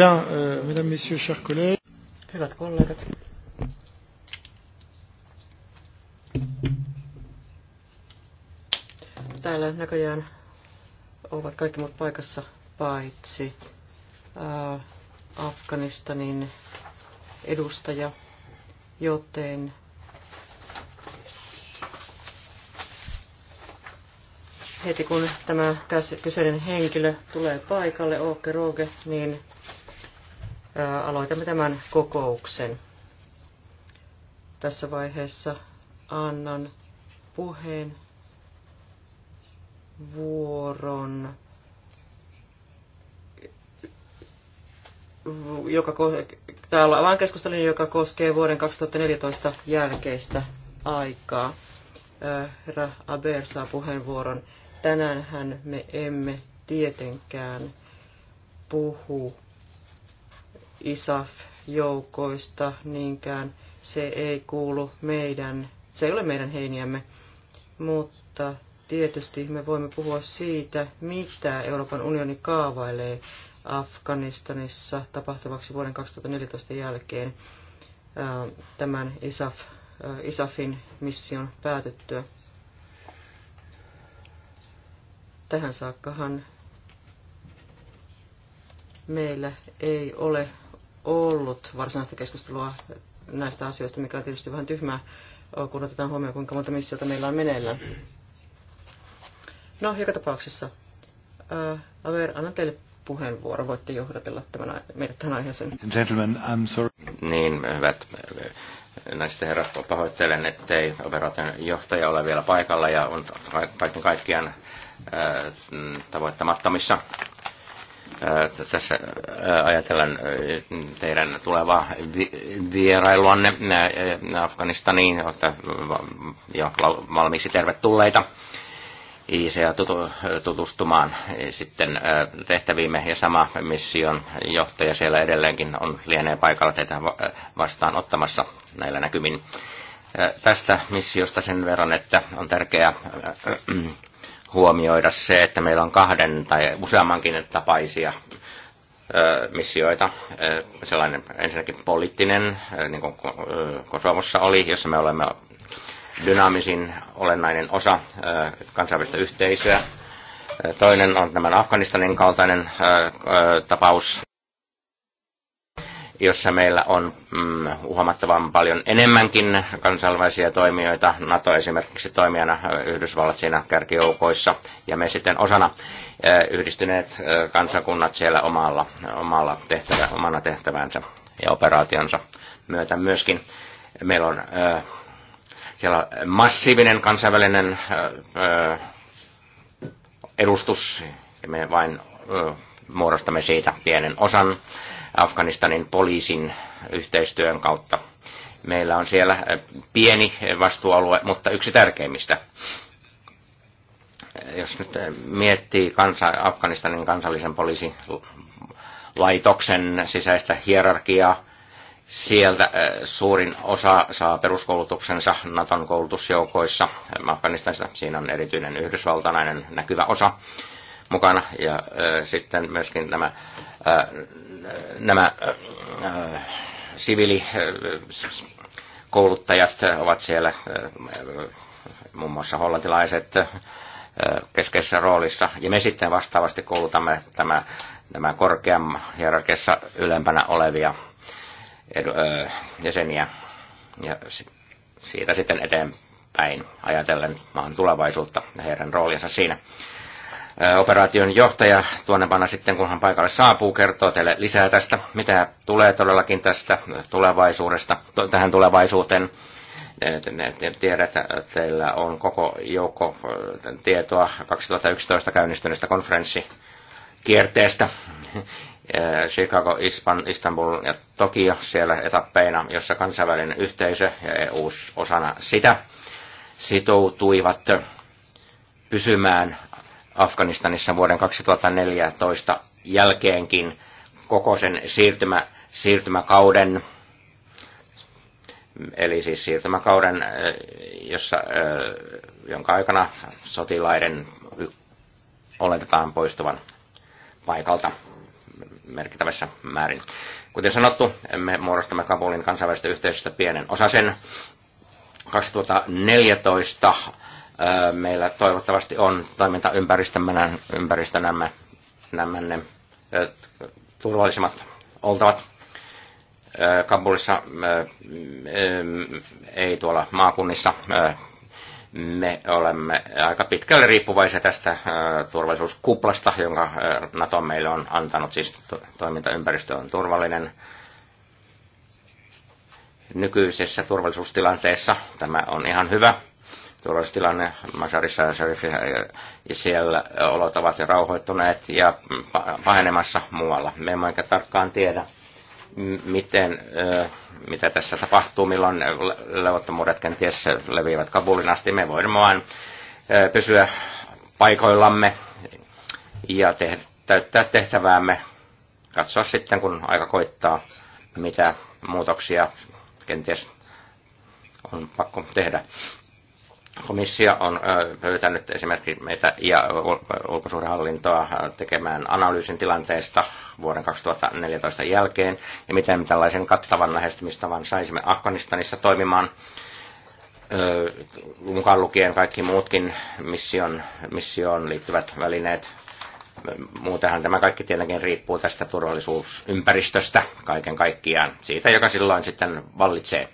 Bien, euh, mesdames, messieurs, chers collègues. Hyvät kollegat. Täällä näköjään ovat kaikki muut paikassa paitsi äh, Afganistanin edustaja, joten heti kun tämä kyseinen henkilö tulee paikalle, Oke Roge, niin aloitamme tämän kokouksen. Tässä vaiheessa annan puheen vuoron, joka, täällä on keskustelun, joka koskee vuoden 2014 jälkeistä aikaa. Herra Aber saa puheenvuoron. Tänäänhän me emme tietenkään puhu ISAF-joukoista niinkään. Se ei kuulu meidän, se ei ole meidän heiniämme, mutta tietysti me voimme puhua siitä, mitä Euroopan unioni kaavailee Afganistanissa tapahtuvaksi vuoden 2014 jälkeen äh, tämän ISAF, äh, ISAFin mission päätettyä Tähän saakkahan meillä ei ole ollut varsinaista keskustelua näistä asioista, mikä on tietysti vähän tyhmää, kun otetaan huomioon, kuinka monta missiota meillä on meneillään. No, joka tapauksessa. Uh, Aver, annan teille puheenvuoro. Voitte johdatella tämän, meidät tähän aiheeseen. Gentlemen, I'm sorry. Niin, hyvät naiset herrat, pahoittelen, ettei operaation johtaja ole vielä paikalla ja on kaiken kaikkiaan äh, tavoittamattomissa tässä ajatellaan teidän tulevaa vierailuanne Afganistaniin, olette jo valmiiksi tervetulleita ja tutustumaan sitten tehtäviimme ja sama mission johtaja siellä edelleenkin on lienee paikalla teitä vastaan ottamassa näillä näkymin. Tästä missiosta sen verran, että on tärkeää huomioida se, että meillä on kahden tai useammankin tapaisia missioita. Sellainen ensinnäkin poliittinen, niin kuin Kosovossa oli, jossa me olemme dynaamisin olennainen osa kansainvälistä yhteisöä. Toinen on tämän Afganistanin kaltainen tapaus, jossa meillä on mm, huomattavan paljon enemmänkin kansainvälisiä toimijoita, NATO esimerkiksi toimijana, Yhdysvallat siinä kärkijoukoissa, ja me sitten osana yhdistyneet kansakunnat siellä omalla, omalla tehtävä, omana tehtävänsä ja operaationsa myötä myöskin. Meillä on siellä on massiivinen kansainvälinen edustus, ja me vain muodostamme siitä pienen osan Afganistanin poliisin yhteistyön kautta. Meillä on siellä eh, pieni vastuualue, mutta yksi tärkeimmistä. Jos nyt eh, miettii kansa, Afganistanin kansallisen poliisilaitoksen sisäistä hierarkiaa, sieltä eh, suurin osa saa peruskoulutuksensa Naton koulutusjoukoissa Afganistanista. Siinä on erityinen yhdysvaltalainen näkyvä osa mukana ja sitten myöskin nämä Äh, nämä äh, siviilikouluttajat äh, ovat siellä, muun muassa hollantilaiset, keskeisessä roolissa. Ja me sitten vastaavasti koulutamme tämä, nämä korkean hierarkiassa ylempänä olevia edu, ö, jäseniä. Ja siitä sitten eteenpäin ajatellen maan tulevaisuutta ja heidän roolinsa siinä operaation johtaja tuonnepana sitten, kun hän paikalle saapuu, kertoo teille lisää tästä, mitä tulee todellakin tästä tulevaisuudesta, tähän tulevaisuuteen. Tiedät, että teillä on koko joukko tietoa 2011 käynnistyneestä konferenssikierteestä. Chicago, Istanbul ja Tokio siellä etappeina, jossa kansainvälinen yhteisö ja EU osana sitä sitoutuivat pysymään Afganistanissa vuoden 2014 jälkeenkin koko sen siirtymä, siirtymäkauden, eli siis siirtymäkauden, jossa, jonka aikana sotilaiden oletetaan poistuvan paikalta merkittävässä määrin. Kuten sanottu, me muodostamme Kabulin kansainvälistä yhteisöstä pienen osasen. 2014 meillä toivottavasti on toimintaympäristönämme ympäristönämme, nämä ne, turvallisimmat oltavat. Kabulissa ei tuolla maakunnissa me olemme aika pitkälle riippuvaisia tästä turvallisuuskuplasta, jonka NATO meille on antanut. Siis toimintaympäristö on turvallinen. Nykyisessä turvallisuustilanteessa tämä on ihan hyvä turvallisuustilanne Masarissa ja ja siellä olot ovat rauhoittuneet ja pahenemassa muualla. Me emme aika tarkkaan tiedä, miten, mitä tässä tapahtuu, milloin levottomuudet kenties leviävät Kabulin asti. Me voimme vain pysyä paikoillamme ja tehdä, täyttää tehtäväämme, katsoa sitten kun aika koittaa, mitä muutoksia kenties on pakko tehdä. Komissio on pyytänyt esimerkiksi meitä ja ulkosuhdehallintoa tekemään analyysin tilanteesta vuoden 2014 jälkeen ja miten tällaisen kattavan lähestymistavan saisimme Afganistanissa toimimaan mukaan lukien kaikki muutkin mission, missioon liittyvät välineet. Muutenhan tämä kaikki tietenkin riippuu tästä turvallisuusympäristöstä kaiken kaikkiaan, siitä joka silloin sitten vallitsee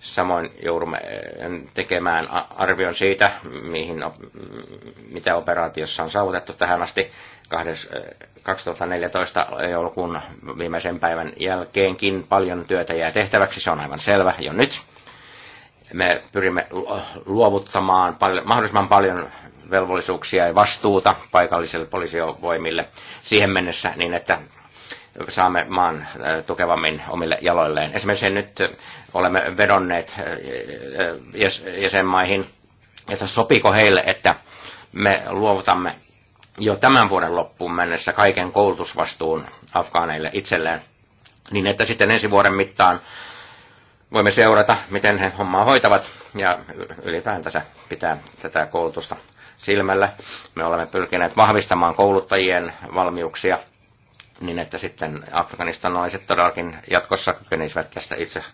Samoin joudumme eh, tekemään arvion siitä, mihin, mitä operaatiossa on saavutettu tähän asti 2014 eh, joulukuun viimeisen päivän jälkeenkin. Paljon työtä jää tehtäväksi, se on aivan selvä jo nyt. Me pyrimme luovuttamaan mahdollisimman paljon velvollisuuksia ja vastuuta paikallisille poliisivoimille siihen mennessä niin, että saamme maan äh, tukevammin omille jaloilleen. Esimerkiksi nyt äh, olemme vedonneet äh, jäsenmaihin, että sopiko heille, että me luovutamme jo tämän vuoden loppuun mennessä kaiken koulutusvastuun afgaaneille itselleen, niin että sitten ensi vuoden mittaan voimme seurata, miten he hommaa hoitavat ja ylipäätänsä pitää tätä koulutusta silmällä. Me olemme pyrkineet vahvistamaan kouluttajien valmiuksia – niin että sitten afganistanilaiset todellakin jatkossa kykenisivät tästä itse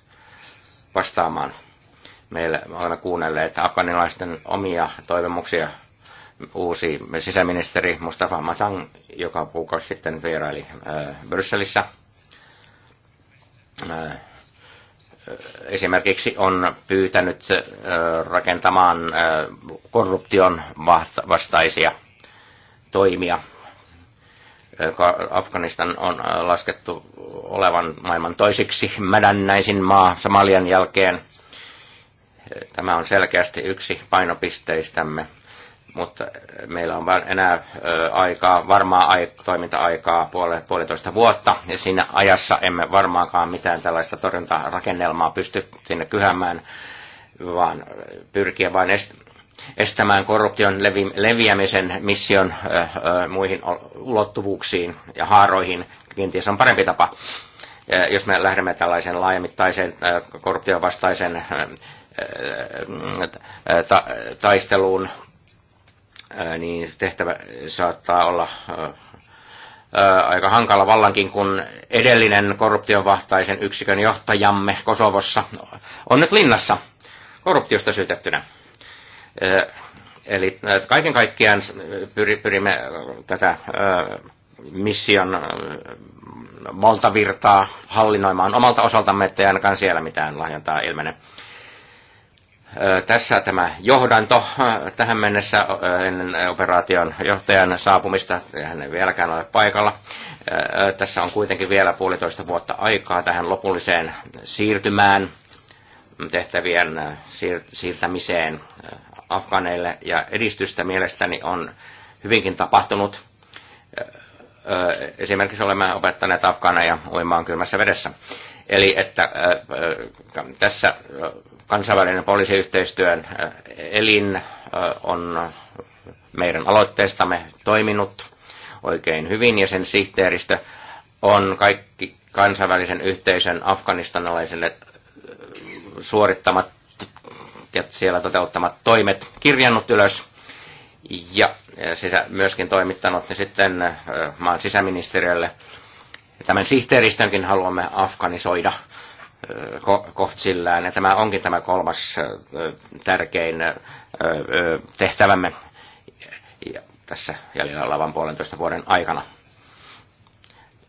vastaamaan. Meillä olemme kuunnelleet afganilaisten omia toivomuksia. Uusi sisäministeri Mustafa Matang, joka kuukausi sitten vieraili ää, äh, Brysselissä, ää, äh, äh, esimerkiksi on pyytänyt rakentamaan korruption vastaisia toimia Afganistan on äh, laskettu olevan maailman toisiksi mädännäisin maa Somalian jälkeen. Tämä on selkeästi yksi painopisteistämme, mutta meillä on enää äh, aikaa, varmaa toiminta-aikaa puole, puolitoista vuotta, ja siinä ajassa emme varmaankaan mitään tällaista torjuntarakennelmaa pysty sinne kyhämään, vaan äh, pyrkiä vain est- estämään korruption levi, leviämisen mission ö, ö, muihin ulottuvuuksiin ja haaroihin kenties on parempi tapa, jos me lähdemme tällaisen laajamittaisen korruption vastaisen ta, taisteluun, niin tehtävä saattaa olla aika hankala vallankin, kun edellinen korruption vastaisen yksikön johtajamme Kosovossa on nyt linnassa korruptiosta syytettynä. Eli kaiken kaikkiaan pyrimme tätä mission valtavirtaa hallinnoimaan omalta osaltamme, ettei ainakaan siellä mitään lahjontaa ilmene. Tässä tämä johdanto tähän mennessä ennen operaation johtajan saapumista, hän ei vieläkään ole paikalla. Tässä on kuitenkin vielä puolitoista vuotta aikaa tähän lopulliseen siirtymään, tehtävien siirtämiseen afgaaneille ja edistystä mielestäni on hyvinkin tapahtunut. Esimerkiksi olemme opettaneet afgaaneja uimaan kylmässä vedessä. Eli että tässä kansainvälinen poliisiyhteistyön elin on meidän aloitteestamme toiminut oikein hyvin ja sen sihteeristö on kaikki kansainvälisen yhteisön afganistanalaisille suorittamat ja siellä toteuttamat toimet kirjannut ylös ja sisä, myöskin toimittanut niin sitten maan sisäministeriölle. Tämän sihteeristönkin haluamme afganisoida kohtsillään. Ja tämä onkin tämä kolmas tärkein tehtävämme tässä jäljellä olevan puolentoista vuoden aikana.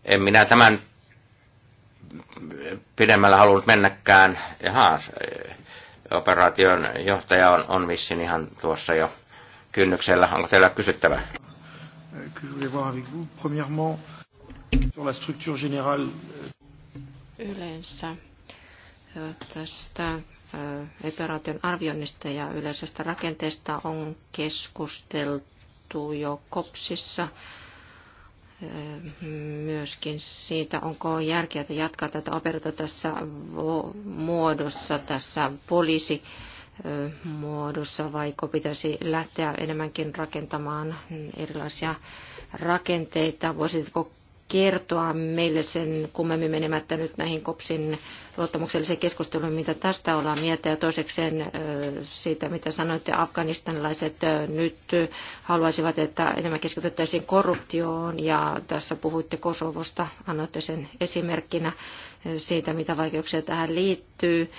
En minä tämän pidemmällä halunnut mennäkään. Jaha, operaation johtaja on, on vissiin ihan tuossa jo kynnyksellä. Onko teillä kysyttävää? Euh, Yleensä äh, tästä äh, operaation arvioinnista ja yleisestä rakenteesta on keskusteltu jo KOPSissa myöskin siitä, onko järkeä jatkaa tätä operata tässä muodossa, tässä poliisi muodossa, vai pitäisi lähteä enemmänkin rakentamaan erilaisia rakenteita. Voisitko kertoa meille sen kummemmin menemättä nyt näihin kopsin luottamukselliseen keskusteluun, mitä tästä ollaan mieltä. Ja toisekseen siitä, mitä sanoitte, afganistanilaiset nyt haluaisivat, että enemmän keskityttäisiin korruptioon. Ja tässä puhuitte Kosovosta, annoitte sen esimerkkinä siitä, mitä vaikeuksia tähän liittyy.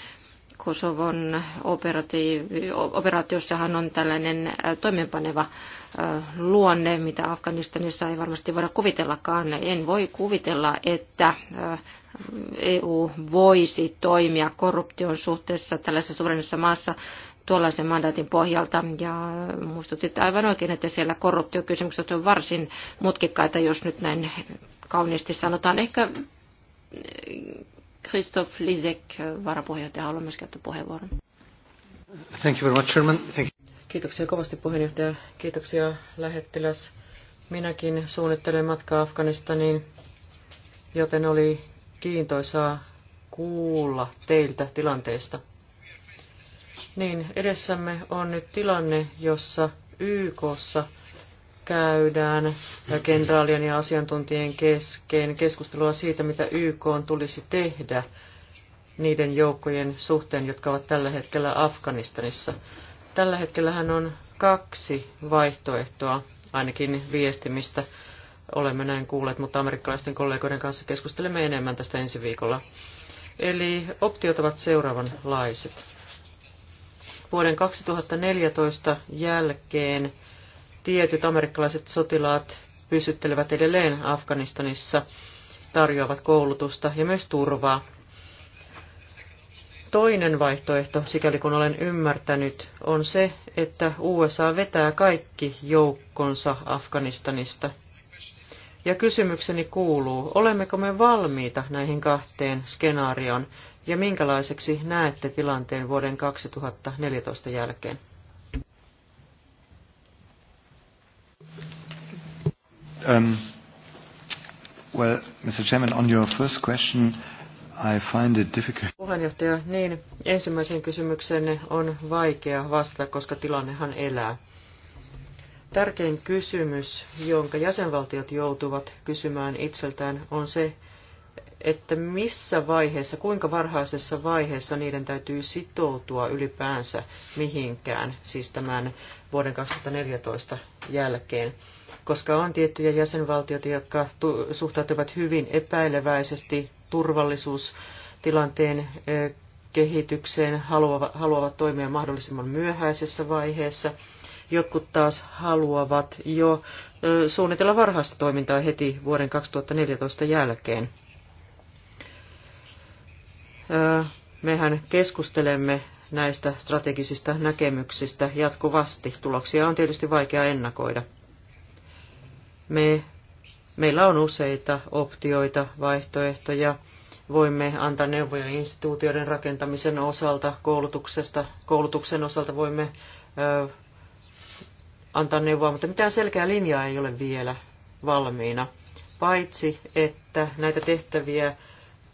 Kosovon operatiiv- operaatiossahan on tällainen toimeenpaneva Äh, luonne, mitä Afganistanissa ei varmasti voida kuvitellakaan. En voi kuvitella, että äh, EU voisi toimia korruption suhteessa tällaisessa suurennassa maassa tuollaisen mandaatin pohjalta. Ja äh, muistutit aivan oikein, että siellä korruptiokysymykset on varsin mutkikkaita, jos nyt näin kauniisti sanotaan. Ehkä Christoph Lisek, varapuheenjohtaja, haluaa myös käyttää puheenvuoron. Thank you very much, Chairman. Thank you. Kiitoksia kovasti puheenjohtaja. Kiitoksia lähettiläs. Minäkin suunnittelen matkaa Afganistaniin, joten oli kiintoisaa kuulla teiltä tilanteesta. Niin, edessämme on nyt tilanne, jossa YKssa käydään kenraalien ja asiantuntijien kesken keskustelua siitä, mitä YK on tulisi tehdä niiden joukkojen suhteen, jotka ovat tällä hetkellä Afganistanissa. Tällä hetkellähän on kaksi vaihtoehtoa, ainakin viestimistä olemme näin kuulleet, mutta amerikkalaisten kollegoiden kanssa keskustelemme enemmän tästä ensi viikolla. Eli optiot ovat seuraavanlaiset. Vuoden 2014 jälkeen tietyt amerikkalaiset sotilaat pysyttelevät edelleen Afganistanissa, tarjoavat koulutusta ja myös turvaa Toinen vaihtoehto, sikäli kun olen ymmärtänyt, on se, että USA vetää kaikki joukkonsa Afganistanista. Ja kysymykseni kuuluu, olemmeko me valmiita näihin kahteen skenaarioon ja minkälaiseksi näette tilanteen vuoden 2014 jälkeen? Um, well, Mr. Chairman, on your first question, I find it difficult. Puheenjohtaja, niin ensimmäisen kysymyksenne on vaikea vastata, koska tilannehan elää. Tärkein kysymys, jonka jäsenvaltiot joutuvat kysymään itseltään, on se, että missä vaiheessa, kuinka varhaisessa vaiheessa niiden täytyy sitoutua ylipäänsä mihinkään, siis tämän vuoden 2014 jälkeen. Koska on tiettyjä jäsenvaltioita, jotka suhtautuvat hyvin epäileväisesti turvallisuustilanteen kehitykseen, haluavat, haluavat toimia mahdollisimman myöhäisessä vaiheessa. Jotkut taas haluavat jo suunnitella varhaista toimintaa heti vuoden 2014 jälkeen. Mehän keskustelemme näistä strategisista näkemyksistä jatkuvasti. Tuloksia on tietysti vaikea ennakoida. Me Meillä on useita optioita, vaihtoehtoja. Voimme antaa neuvoja instituutioiden rakentamisen osalta, koulutuksesta, koulutuksen osalta voimme ö, antaa neuvoa, mutta mitään selkeää linjaa ei ole vielä valmiina. Paitsi, että näitä tehtäviä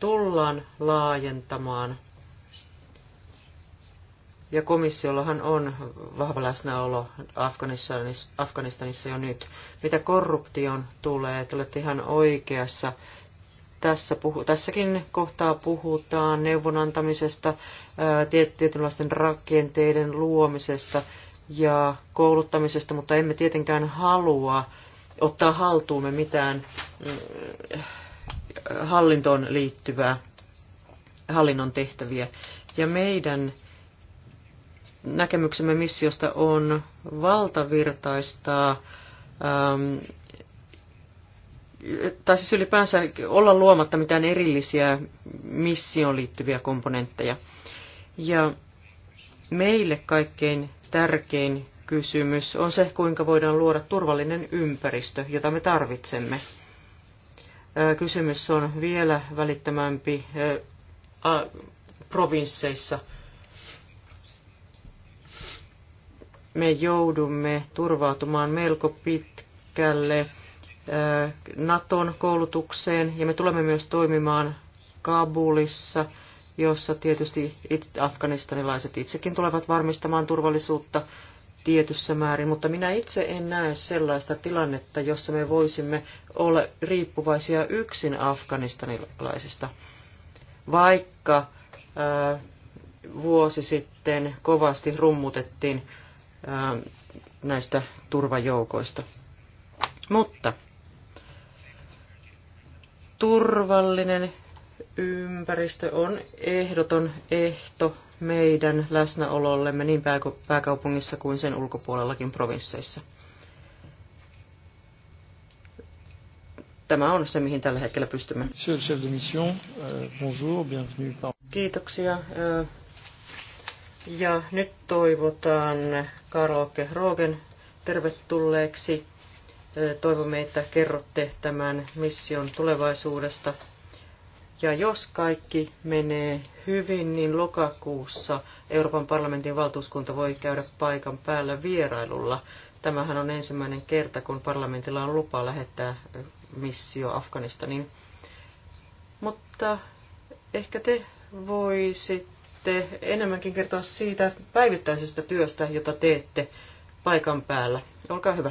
tullaan laajentamaan ja komissiollahan on vahva läsnäolo Afganistanissa, Afganistanissa jo nyt. Mitä korruption tulee, että olette ihan oikeassa. Tässä puhu, tässäkin kohtaa puhutaan neuvonantamisesta, tietynlaisten rakenteiden luomisesta ja kouluttamisesta, mutta emme tietenkään halua ottaa haltuumme mitään hallintoon liittyvää hallinnon tehtäviä. Ja meidän näkemyksemme missiosta on valtavirtaistaa, äm, tai siis ylipäänsä olla luomatta mitään erillisiä missioon liittyviä komponentteja. Ja meille kaikkein tärkein kysymys on se, kuinka voidaan luoda turvallinen ympäristö, jota me tarvitsemme. Äh, kysymys on vielä välittämämpi äh, provinsseissa me joudumme turvautumaan melko pitkälle äh, Naton koulutukseen ja me tulemme myös toimimaan Kabulissa, jossa tietysti afganistanilaiset itsekin tulevat varmistamaan turvallisuutta tietyssä määrin, mutta minä itse en näe sellaista tilannetta, jossa me voisimme olla riippuvaisia yksin afganistanilaisista. Vaikka ää, äh, vuosi sitten kovasti rummutettiin näistä turvajoukoista. Mutta turvallinen ympäristö on ehdoton ehto meidän läsnäolollemme niin pääkaupungissa kuin sen ulkopuolellakin provinsseissa. Tämä on se, mihin tällä hetkellä pystymme. Euh, Kiitoksia ja nyt toivotaan Karaoke Rogen tervetulleeksi. Toivomme, että kerrotte tämän mission tulevaisuudesta. Ja jos kaikki menee hyvin, niin lokakuussa Euroopan parlamentin valtuuskunta voi käydä paikan päällä vierailulla. Tämähän on ensimmäinen kerta, kun parlamentilla on lupa lähettää missio Afganistaniin. Mutta ehkä te voisitte voisitte enemmänkin kertoa siitä päivittäisestä työstä, jota teette paikan päällä. Olkaa hyvä.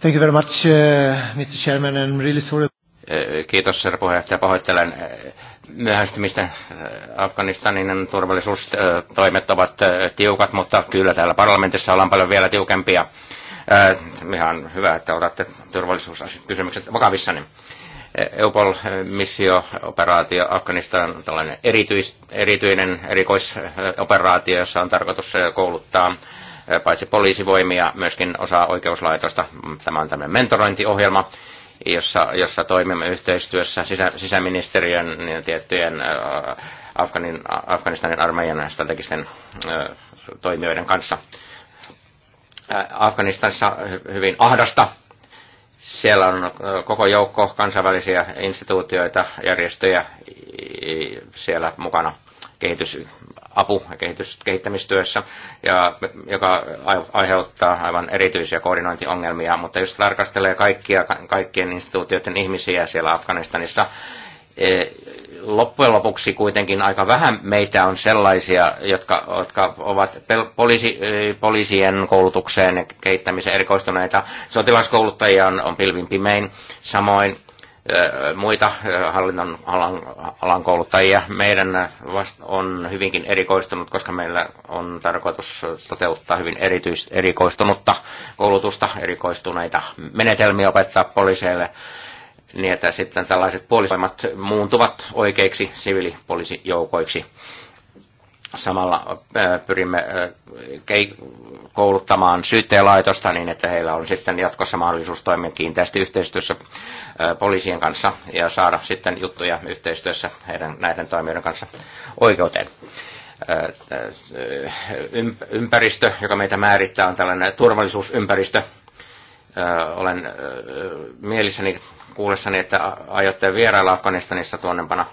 Thank you very much, uh, Mr. Chairman. I'm really sorry. Eh, kiitos, herra puheenjohtaja. Pahoittelen eh, myöhästymistä. Eh, Afganistanin turvallisuustoimet ovat tiukat, mutta kyllä täällä parlamentissa ollaan paljon vielä tiukempia. Ihan hyvä, että otatte turvallisuuskysymykset vakavissani. EUPOL-missio-operaatio Afganistan on tällainen erityis, erityinen erikoisoperaatio, jossa on tarkoitus äh, kouluttaa äh, paitsi poliisivoimia, myöskin osaa oikeuslaitosta. Tämä on tämmöinen mentorointiohjelma, jossa, jossa toimimme yhteistyössä sisä, sisäministeriön ja tiettyjen äh, Afganin, Afganistanin armeijan strategisten toimijoiden kanssa. Afganistanissa hyvin ahdasta siellä on äh, koko joukko kansainvälisiä instituutioita, järjestöjä siellä mukana kehitysapu ja kehitys, kehittämistyössä, ja, joka aiheuttaa aivan erityisiä koordinointiongelmia. Mutta jos tarkastelee kaikkia, kaikkien instituutioiden ihmisiä siellä Afganistanissa, E, loppujen lopuksi kuitenkin aika vähän meitä on sellaisia, jotka, jotka ovat poliisi, e, poliisien koulutukseen ja kehittämiseen erikoistuneita. Sotilaskouluttajia on, on pilvin pimein, samoin e, muita hallinnon alan, alan kouluttajia. Meidän vast on hyvinkin erikoistunut, koska meillä on tarkoitus toteuttaa hyvin erityis, erikoistunutta koulutusta, erikoistuneita menetelmiä opettaa poliiseille niin että sitten tällaiset puolisoimat muuntuvat oikeiksi siviilipoliisijoukoiksi. Samalla äh, pyrimme äh, kouluttamaan syyttäjälaitosta niin, että heillä on sitten jatkossa mahdollisuus toimia kiinteästi yhteistyössä äh, poliisien kanssa ja saada sitten juttuja yhteistyössä heidän, näiden toimijoiden kanssa oikeuteen ympäristö, joka meitä määrittää, on tällainen turvallisuusympäristö, olen mielissäni kuullessani, että aiotte vierailla Afganistanissa tuonnepana.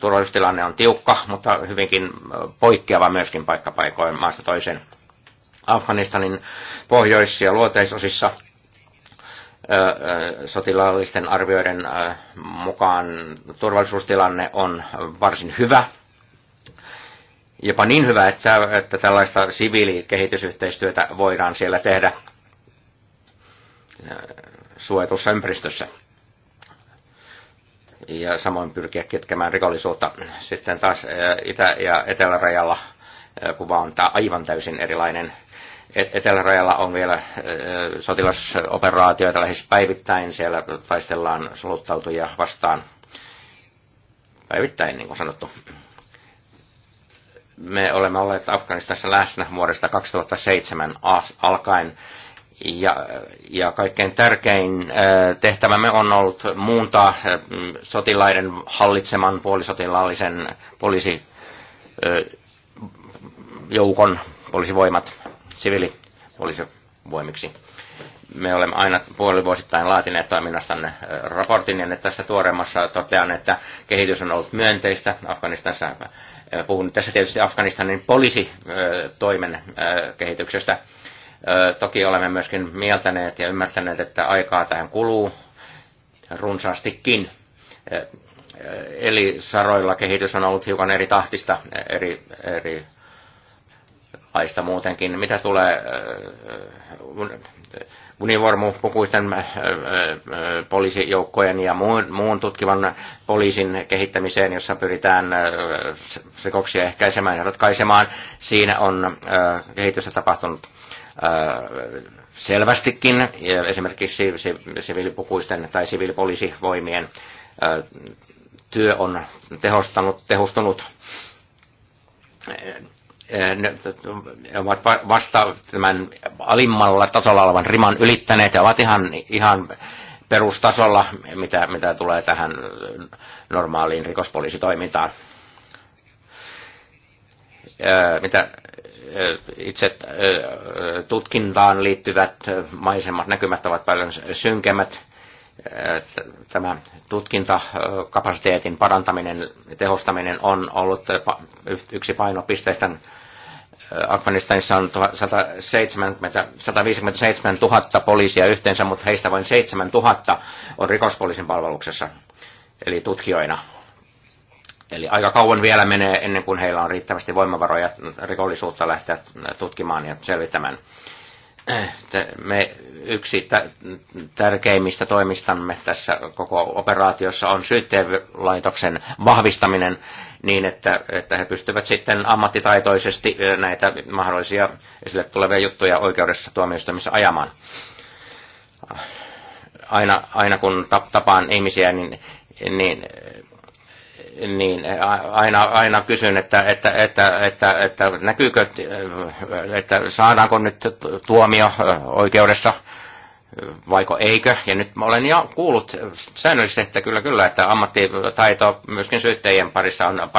Turvallisuustilanne on tiukka, mutta hyvinkin poikkeava myöskin paikkapaikoin maasta toiseen. Afganistanin pohjois- ja luoteisosissa sotilaallisten arvioiden mukaan turvallisuustilanne on varsin hyvä – jopa niin hyvä, että, että tällaista siviilikehitysyhteistyötä voidaan siellä tehdä äh, suojatussa ympäristössä. Ja samoin pyrkiä kitkemään rikollisuutta. Sitten taas äh, itä- ja etelärajalla äh, vaan tämä aivan täysin erilainen. Etelärajalla on vielä sotilasoperaatioita lähes päivittäin. Siellä taistellaan soluttautuja vastaan päivittäin, niin kuin sanottu me olemme olleet Afganistanissa läsnä vuodesta 2007 alkaen. Ja, ja kaikkein tärkein äh, tehtävämme on ollut muuntaa äh, sotilaiden hallitseman puolisotilaallisen poliisijoukon, äh, poliisivoimat, siviilipoliisivoimiksi me olemme aina puolivuosittain laatineet toiminnassanne raportin, ja tässä tuoreemmassa totean, että kehitys on ollut myönteistä Afganistanissa. Puhun tässä tietysti Afganistanin poliisitoimen kehityksestä. Toki olemme myöskin mieltäneet ja ymmärtäneet, että aikaa tähän kuluu runsaastikin. Eli saroilla kehitys on ollut hiukan eri tahtista eri, eri laista muutenkin. Mitä tulee univormupukuisten äh, äh, poliisijoukkojen ja muun, muun tutkivan poliisin kehittämiseen, jossa pyritään äh, rikoksia ehkäisemään ja ratkaisemaan. Siinä on kehitystä tapahtunut selvästikin, esimerkiksi siviilipukuisten tai siviilipoliisivoimien työ on tehostanut, tehostunut ovat vasta tämän alimmalla tasolla olevan riman ylittäneet ja ovat ihan, ihan perustasolla, mitä, mitä tulee tähän normaaliin rikospoliisitoimintaan. Mitä itse tutkintaan liittyvät maisemat, näkymät ovat paljon synkemmät. Tämä tutkintakapasiteetin parantaminen ja tehostaminen on ollut yksi painopisteistä Afganistanissa on 170, 157 000 poliisia yhteensä, mutta heistä vain 7 000 on rikospoliisin palveluksessa, eli tutkijoina. Eli aika kauan vielä menee ennen kuin heillä on riittävästi voimavaroja rikollisuutta lähteä tutkimaan ja selvittämään me yksi tärkeimmistä toimistamme tässä koko operaatiossa on syytteenlaitoksen vahvistaminen niin, että, että he pystyvät sitten ammattitaitoisesti näitä mahdollisia esille tulevia juttuja oikeudessa tuomioistuimissa ajamaan. Aina, aina kun tapaan ihmisiä, niin, niin niin aina, aina kysyn, että, että, että, että, että näkyykö, että saadaanko nyt tuomio oikeudessa vaiko eikö. Ja nyt mä olen jo kuullut säännöllisesti, että kyllä kyllä, että ammattitaito myöskin syyttäjien parissa on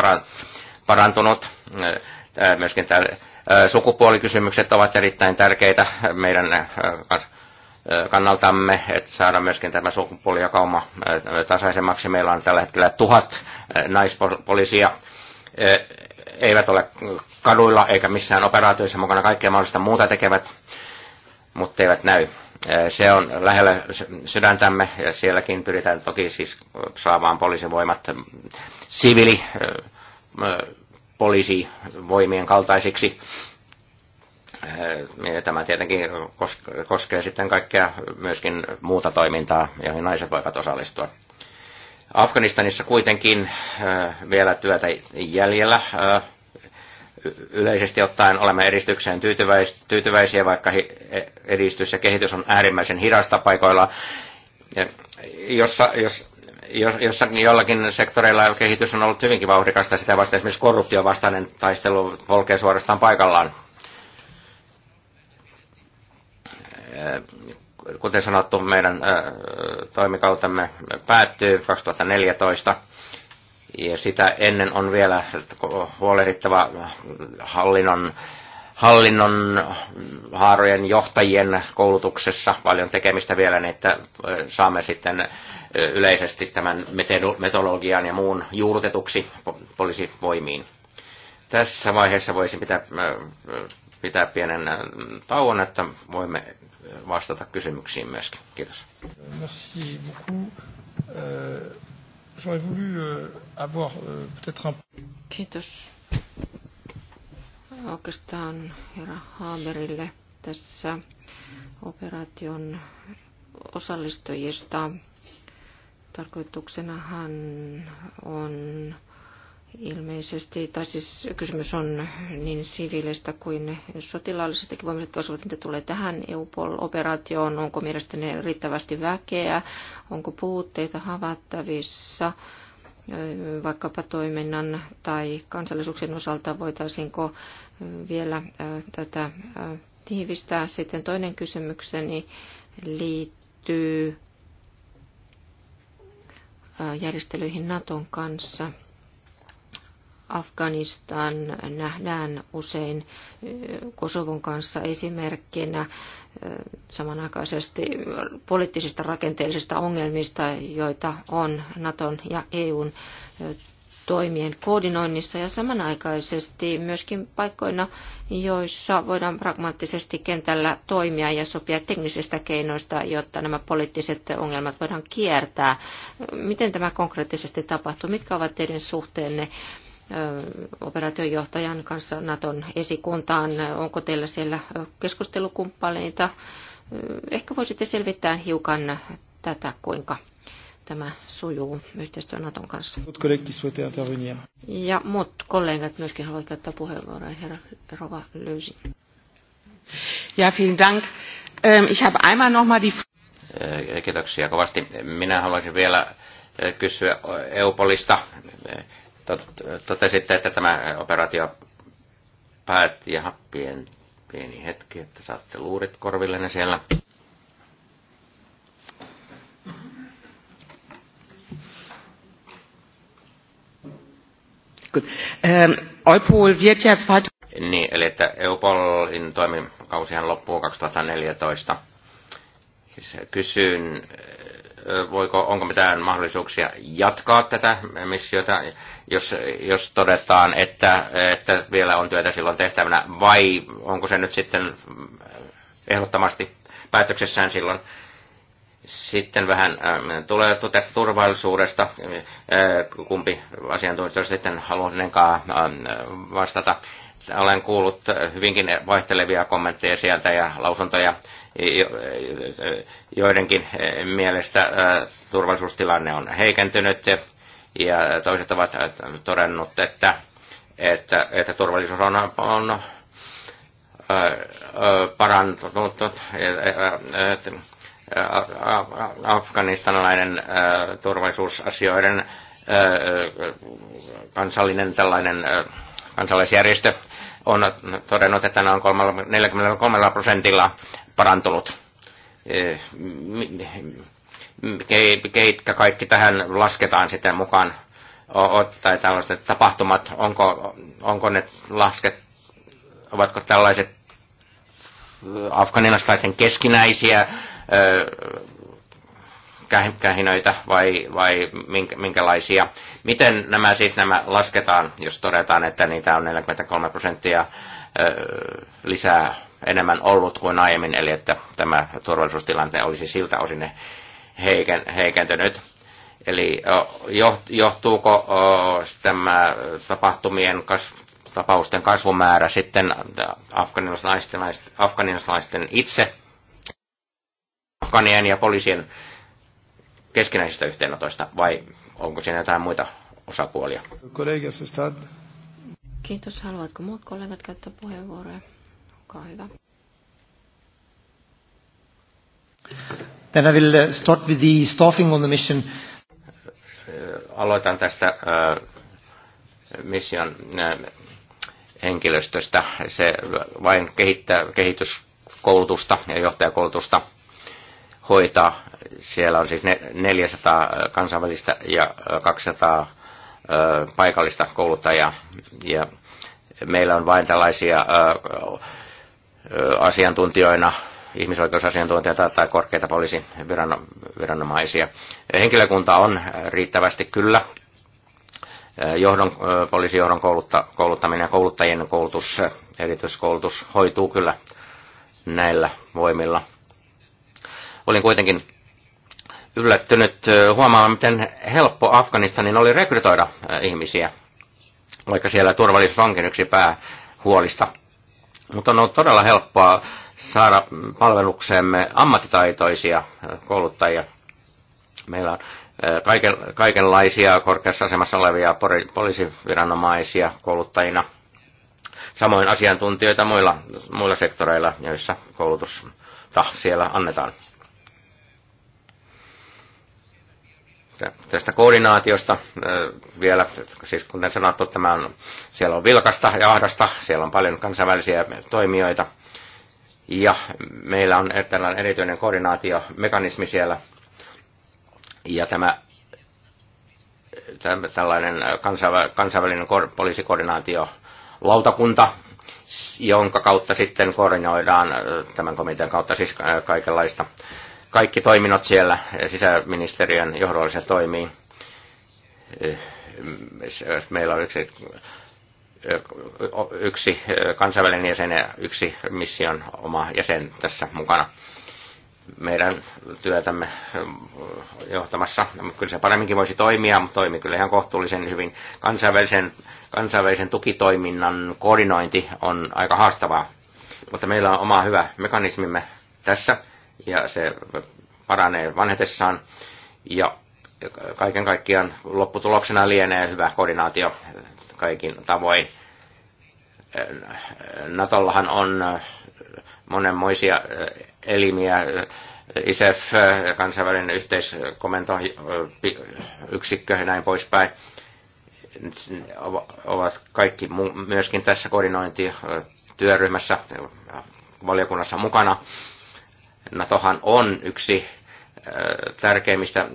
parantunut. Myöskin sukupuolikysymykset ovat erittäin tärkeitä meidän kannaltamme, että saada myöskin tämä sukupuolijakauma tasaisemmaksi. Meillä on tällä hetkellä tuhat naispoliisia, eivät ole kaduilla eikä missään operaatioissa mukana, kaikkea mahdollista muuta tekevät, mutta eivät näy. Se on lähellä sydäntämme ja sielläkin pyritään toki siis saamaan poliisivoimat siviili poliisivoimien kaltaisiksi Tämä tietenkin koskee sitten kaikkea myöskin muuta toimintaa, joihin naiset voivat osallistua. Afganistanissa kuitenkin vielä työtä jäljellä. Yleisesti ottaen olemme edistykseen tyytyväisiä, vaikka e, edistys ja kehitys on äärimmäisen hidasta paikoilla, jossa, jos, jossakin jollakin sektoreilla kehitys on ollut hyvinkin vauhdikasta, sitä vasta esimerkiksi korruptiovastainen taistelu polkee suorastaan paikallaan Äh, kuten sanottu, meidän äh, toimikautemme päättyy 2014. Ja sitä ennen on vielä huolehdittava hallinnon, hallinnon haarojen johtajien koulutuksessa paljon tekemistä vielä, niin että äh, saamme sitten yleisesti tämän metodologian ja muun juurtetuksi poliisivoimiin. Tässä vaiheessa voisin pitää, pitää pienen tauon, että voimme vastata kysymyksiin myöskin. Kiitos. Merci beaucoup. Euh, j'aurais voulu euh, avoir euh, peut-être un... Kiitos. Oikeastaan herra Haaberille tässä operaation osallistujista. Tarkoituksenahan on ilmeisesti, tai siis kysymys on niin siviilistä kuin sotilaallisestakin voimista osuvat, mitä tulee tähän EUPOL-operaatioon, onko mielestäni riittävästi väkeä, onko puutteita havaittavissa, vaikkapa toiminnan tai kansallisuuksien osalta voitaisiinko vielä tätä tiivistää. Sitten toinen kysymykseni liittyy järjestelyihin Naton kanssa – Afganistan nähdään usein Kosovon kanssa esimerkkinä samanaikaisesti poliittisista rakenteellisista ongelmista, joita on Naton ja EUn toimien koordinoinnissa ja samanaikaisesti myöskin paikkoina, joissa voidaan pragmaattisesti kentällä toimia ja sopia teknisistä keinoista, jotta nämä poliittiset ongelmat voidaan kiertää. Miten tämä konkreettisesti tapahtuu? Mitkä ovat teidän suhteenne operaatiojohtajan kanssa Naton esikuntaan. Onko teillä siellä keskustelukumppaneita? Ehkä voisitte selvittää hiukan tätä, kuinka tämä sujuu yhteistyön Naton kanssa. Ja muut kollegat myöskin haluavat käyttää puheenvuoroa. Herra Rova Löysi. Ja, vielen dank. Ähm, ich habe einmal noch mal die... Äh, kiitoksia kovasti. Minä haluaisin vielä äh, kysyä Eupolista Totesitte, että tämä operaatio päätti ja pien, pieni hetki, että saatte luurit korvillenne siellä. Gut. Ähm, Niin, eli että Eupolin toimikausihan loppuu 2014. Kysyn voiko, onko mitään mahdollisuuksia jatkaa tätä missiota, jos, jos todetaan, että, että vielä on työtä silloin tehtävänä, vai onko se nyt sitten ehdottomasti päätöksessään silloin. Sitten vähän äh, tulee tästä turvallisuudesta, äh, kumpi asiantuntija sitten haluan äh, vastata. Olen kuullut hyvinkin vaihtelevia kommentteja sieltä ja lausuntoja äh, joidenkin eh, mielestä eh, turvallisuustilanne on heikentynyt ja toiset ovat todennut, että, että, että turvallisuus on, on eh, parantunut. Afganistanilainen turvallisuusasioiden kansallinen tällainen kansallisjärjestö on todennut, että nämä on 43 prosentilla parantunut. E, keitkä kaikki tähän lasketaan sitten mukaan tai tällaiset tapahtumat, onko, onko ne lasket, ovatko tällaiset afganilaisten keskinäisiä kähinöitä vai, vai minkälaisia. Miten nämä siis nämä lasketaan, jos todetaan, että niitä on 43 prosenttia lisää enemmän ollut kuin aiemmin, eli että tämä turvallisuustilanne olisi siltä osin heikentynyt. Eli johtuuko tämä tapahtumien kas, tapausten kasvumäärä sitten afganilaisten, afganilaisten itse, afganien ja poliisien keskinäisistä yhteenotoista vai onko siinä jotain muita osapuolia? Kiitos. Haluatko muut kollegat käyttää puheenvuoroja? Olkaa hyvä. Then I will uh, start with the staffing on the mission. Äh, aloitan tästä äh, mission äh, henkilöstöstä. Se vain kehittää kehityskoulutusta ja johtajakoulutusta hoitaa. Siellä on siis 400 kansainvälistä ja 200 paikallista kouluttajaa. Ja meillä on vain tällaisia asiantuntijoina, ihmisoikeusasiantuntijoita tai korkeita poliisiviranomaisia. Henkilökunta on riittävästi kyllä. Johdon, poliisijohdon koulutta, kouluttaminen ja kouluttajien koulutus, erityiskoulutus hoituu kyllä näillä voimilla – Olin kuitenkin yllättynyt huomaamaan, miten helppo Afganistanin oli rekrytoida ihmisiä, vaikka siellä turvallisuus onkin yksi päähuolista. Mutta on ollut todella helppoa saada palvelukseemme ammattitaitoisia kouluttajia. Meillä on kaiken, kaikenlaisia korkeassa asemassa olevia poliisiviranomaisia kouluttajina, samoin asiantuntijoita muilla, muilla sektoreilla, joissa koulutusta siellä annetaan. tästä koordinaatiosta vielä, siis kuten sanottu, tämä on, siellä on vilkasta ja ahdasta, siellä on paljon kansainvälisiä toimijoita, ja meillä on tällainen erityinen koordinaatiomekanismi siellä, ja tämä tällainen kansainvälinen poliisikoordinaatio lautakunta, jonka kautta sitten koordinoidaan tämän komitean kautta siis kaikenlaista kaikki toiminnot siellä sisäministeriön johdollisen toimii. Meillä on yksi, yksi kansainvälinen jäsen ja yksi mission oma jäsen tässä mukana meidän työtämme johtamassa. Kyllä se paremminkin voisi toimia, mutta toimii kyllä ihan kohtuullisen hyvin. Kansainvälisen, kansainvälisen tukitoiminnan koordinointi on aika haastavaa, mutta meillä on oma hyvä mekanismimme tässä – ja se paranee vanhetessaan. Ja kaiken kaikkiaan lopputuloksena lienee hyvä koordinaatio kaikin tavoin. Natollahan on monenmoisia elimiä, ISEF, kansainvälinen yhteiskomentoyksikkö ja näin poispäin, ovat kaikki myöskin tässä koordinointityöryhmässä valiokunnassa mukana NATOhan on yksi äh, tärkeimmistä äh,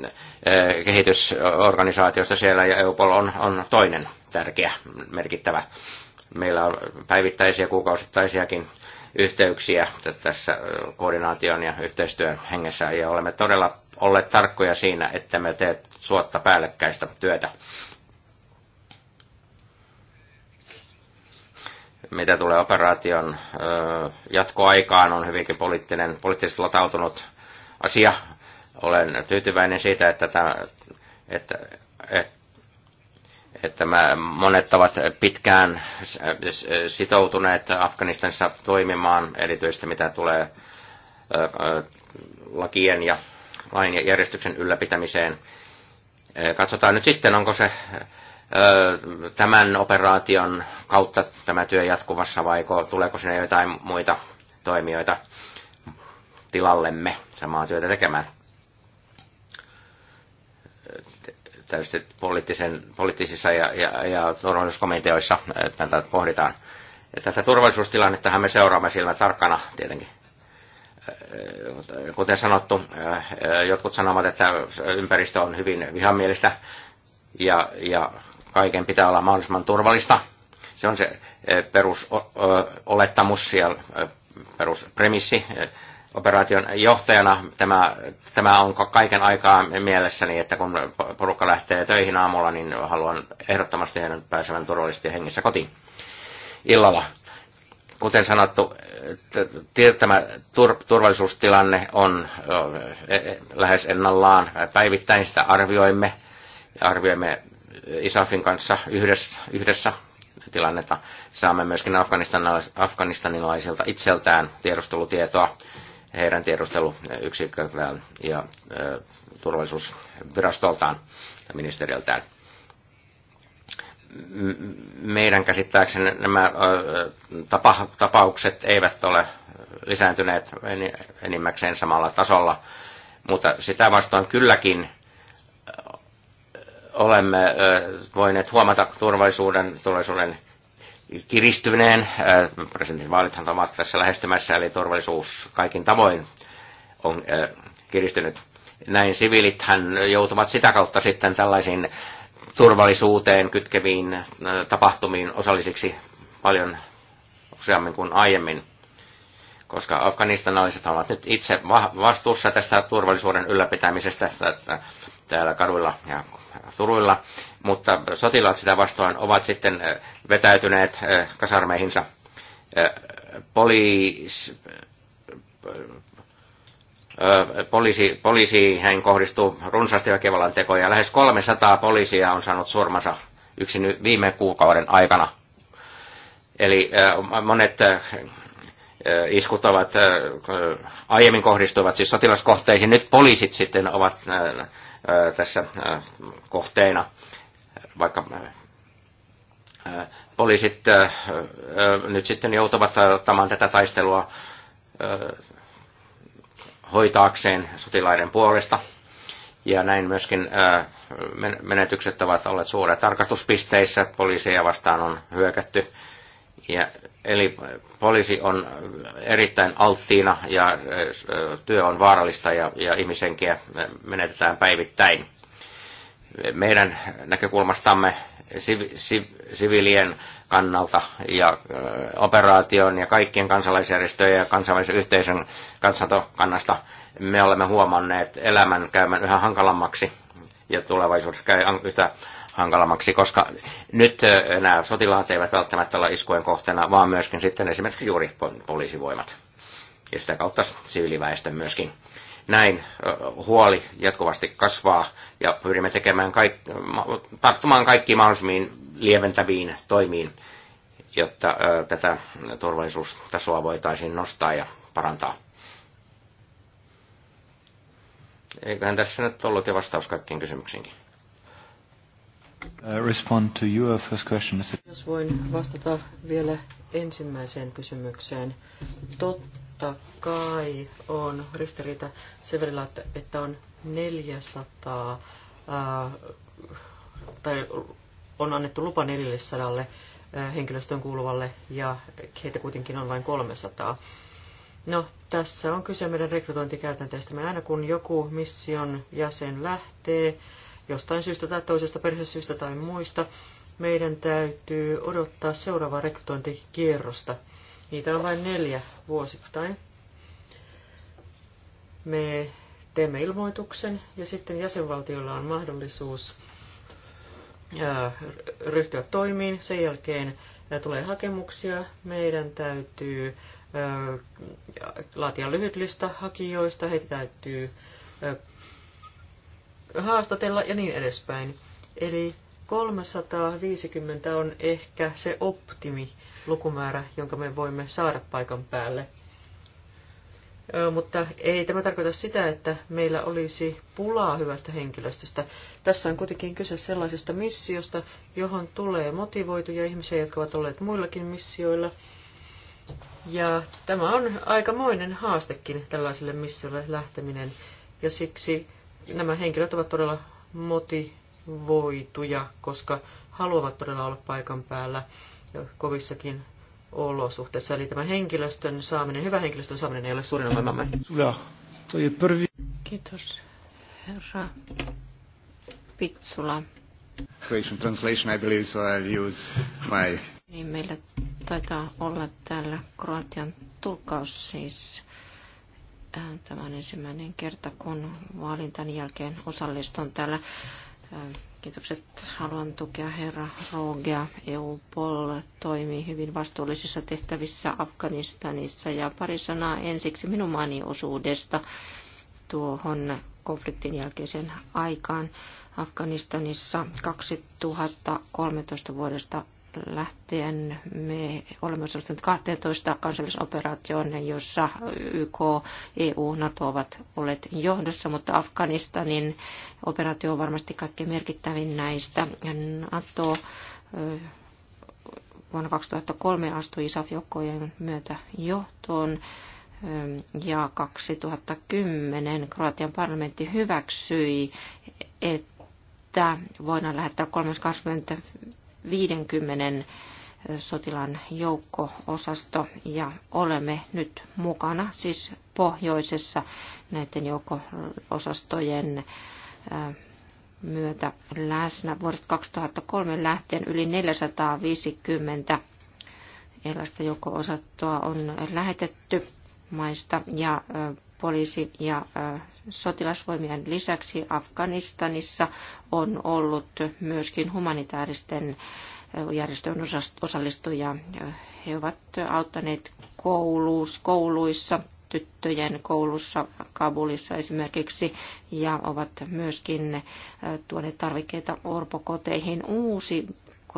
kehitysorganisaatioista siellä ja EUPOL on, on toinen tärkeä, merkittävä. Meillä on päivittäisiä, kuukausittaisiakin yhteyksiä tässä äh, koordinaation ja yhteistyön hengessä ja olemme todella olleet tarkkoja siinä, että me teet suotta päällekkäistä työtä Mitä tulee operaation jatkoaikaan, on hyvinkin poliittinen, poliittisesti latautunut asia. Olen tyytyväinen siitä, että, tämä, että, että että mä, monet ovat pitkään sitoutuneet Afganistanissa toimimaan, erityisesti mitä tulee lakien ja lain ja järjestyksen ylläpitämiseen. Katsotaan nyt sitten, onko se tämän operaation kautta tämä työ jatkuvassa vai tuleeko sinne jotain muita toimijoita tilallemme samaa työtä tekemään? Täysin poliittisen, poliittisissa ja, ja, ja turvallisuuskomiteoissa tätä pohditaan. Tätä turvallisuustilannettahan me seuraamme sillä tarkkana tietenkin kuten sanottu, jotkut sanovat, että ympäristö on hyvin vihamielistä ja, ja kaiken pitää olla mahdollisimman turvallista. Se on se eh, perusolettamus ja eh, peruspremissi. Eh, operaation johtajana tämä, tämä on kaiken aikaa mielessäni, että kun porukka lähtee töihin aamulla, niin haluan ehdottomasti heidän pääsevän turvallisesti hengissä kotiin illalla. Kuten sanottu, tämä turvallisuustilanne on e, e, lähes ennallaan. Päivittäin sitä arvioimme arvioimme ISAFin kanssa yhdessä, yhdessä tilannetta. Saamme myöskin afganistanilaisilta itseltään tiedustelutietoa heidän tiedusteluyksiköltään ja ö, turvallisuusvirastoltaan ja ministeriöltään. Meidän käsittääkseni nämä tapa, tapaukset eivät ole lisääntyneet enimmäkseen samalla tasolla, mutta sitä vastaan kylläkin olemme voineet huomata turvallisuuden, turvallisuuden kiristyneen. vaalithan ovat tässä lähestymässä, eli turvallisuus kaikin tavoin on kiristynyt. Näin siviilithän joutuvat sitä kautta sitten tällaisiin turvallisuuteen kytkeviin tapahtumiin osallisiksi paljon useammin kuin aiemmin, koska afganistanalaiset ovat nyt itse vastuussa tästä turvallisuuden ylläpitämisestä täällä kaduilla ja turuilla, mutta sotilaat sitä vastaan ovat sitten vetäytyneet kasarmeihinsa. Poliis, poliisi, poliisiin kohdistuu runsaasti väkivallan tekoja. Lähes 300 poliisia on saanut surmansa yksin viime kuukauden aikana. Eli monet iskut ovat aiemmin kohdistuvat siis sotilaskohteisiin, nyt poliisit sitten ovat tässä kohteena, vaikka poliisit nyt sitten joutuvat ottamaan tätä taistelua hoitaakseen sotilaiden puolesta. Ja näin myöskin menetykset ovat olleet suuret. Tarkastuspisteissä poliiseja vastaan on hyökätty ja, eli poliisi on erittäin alttiina ja äh, työ on vaarallista ja, ja ihmisenkiä äh, menetetään päivittäin. Meidän näkökulmastamme siv, siv, siviilien kannalta ja ö, äh, operaation ja kaikkien kansalaisjärjestöjen ja kansainvälisen yhteisön kansantokannasta me olemme huomanneet elämän käymän yhä hankalammaksi ja tulevaisuudessa käy yhtä hankalammaksi, koska nyt nämä sotilaat eivät välttämättä ole iskujen kohteena, vaan myöskin sitten esimerkiksi juuri poliisivoimat ja sitä kautta siviiliväestön myöskin. Näin huoli jatkuvasti kasvaa ja pyrimme tekemään kaik, tarttumaan kaikkiin mahdollisiin lieventäviin toimiin, jotta tätä turvallisuustasoa voitaisiin nostaa ja parantaa. Eiköhän tässä nyt ollut jo vastaus kaikkiin kysymyksiinkin. Uh, respond to your first question, Mr. Jos voin vastata vielä ensimmäiseen kysymykseen. Totta kai on ristiriita sen verran, että on 400 ää, uh, tai on annettu lupa 400 uh, henkilöstön kuuluvalle ja heitä kuitenkin on vain 300. No, tässä on kyse meidän rekrytointikäytänteestä. Me aina kun joku mission jäsen lähtee, jostain syystä tai toisesta perhesyistä tai muista, meidän täytyy odottaa seuraavaa rekrytointikierrosta. Niitä on vain neljä vuosittain. Me teemme ilmoituksen ja sitten jäsenvaltiolla on mahdollisuus ryhtyä toimiin. Sen jälkeen tulee hakemuksia. Meidän täytyy laatia lyhyt lista hakijoista. Heitä täytyy haastatella ja niin edespäin. Eli 350 on ehkä se optimi lukumäärä, jonka me voimme saada paikan päälle. Mutta ei tämä tarkoita sitä, että meillä olisi pulaa hyvästä henkilöstöstä. Tässä on kuitenkin kyse sellaisesta missiosta, johon tulee motivoituja ihmisiä, jotka ovat olleet muillakin missioilla. Ja tämä on aikamoinen haastekin tällaiselle missiolle lähteminen. Ja siksi nämä henkilöt ovat todella motivoituja, koska haluavat todella olla paikan päällä kovissakin olosuhteissa. Eli tämä henkilöstön saaminen, hyvä henkilöstön saaminen ei ole suurin ongelma Kiitos, herra Pitsula. translation, I believe, so I'll use my... Niin, meillä taitaa olla täällä kroatian tulkaus siis. Tämä on ensimmäinen kerta, kun tämän jälkeen osallistun täällä. Äh, kiitokset. Haluan tukea herra Rogea. EU toimii hyvin vastuullisissa tehtävissä Afganistanissa. Ja pari sanaa ensiksi minun maani osuudesta tuohon konfliktin jälkeisen aikaan. Afganistanissa 2013 vuodesta lähtien me olemme osallistuneet 12 kansallisoperaatioon, jossa YK, EU, NATO ovat olleet johdossa, mutta Afganistanin operaatio on varmasti kaikkein merkittävin näistä. NATO vuonna 2003 astui ISAF-joukkojen myötä johtoon ja 2010 Kroatian parlamentti hyväksyi, että voidaan lähettää 325 50 sotilan joukko-osasto ja olemme nyt mukana siis pohjoisessa näiden joukko-osastojen äh, myötä läsnä. Vuodesta 2003 lähtien yli 450 erilaista joukko osastoa on lähetetty maista ja äh, poliisi ja äh, sotilasvoimien lisäksi Afganistanissa on ollut myöskin humanitaaristen järjestöjen osallistujia. He ovat auttaneet kouluissa, tyttöjen koulussa Kabulissa esimerkiksi ja ovat myöskin tuoneet tarvikkeita orpokoteihin. Uusi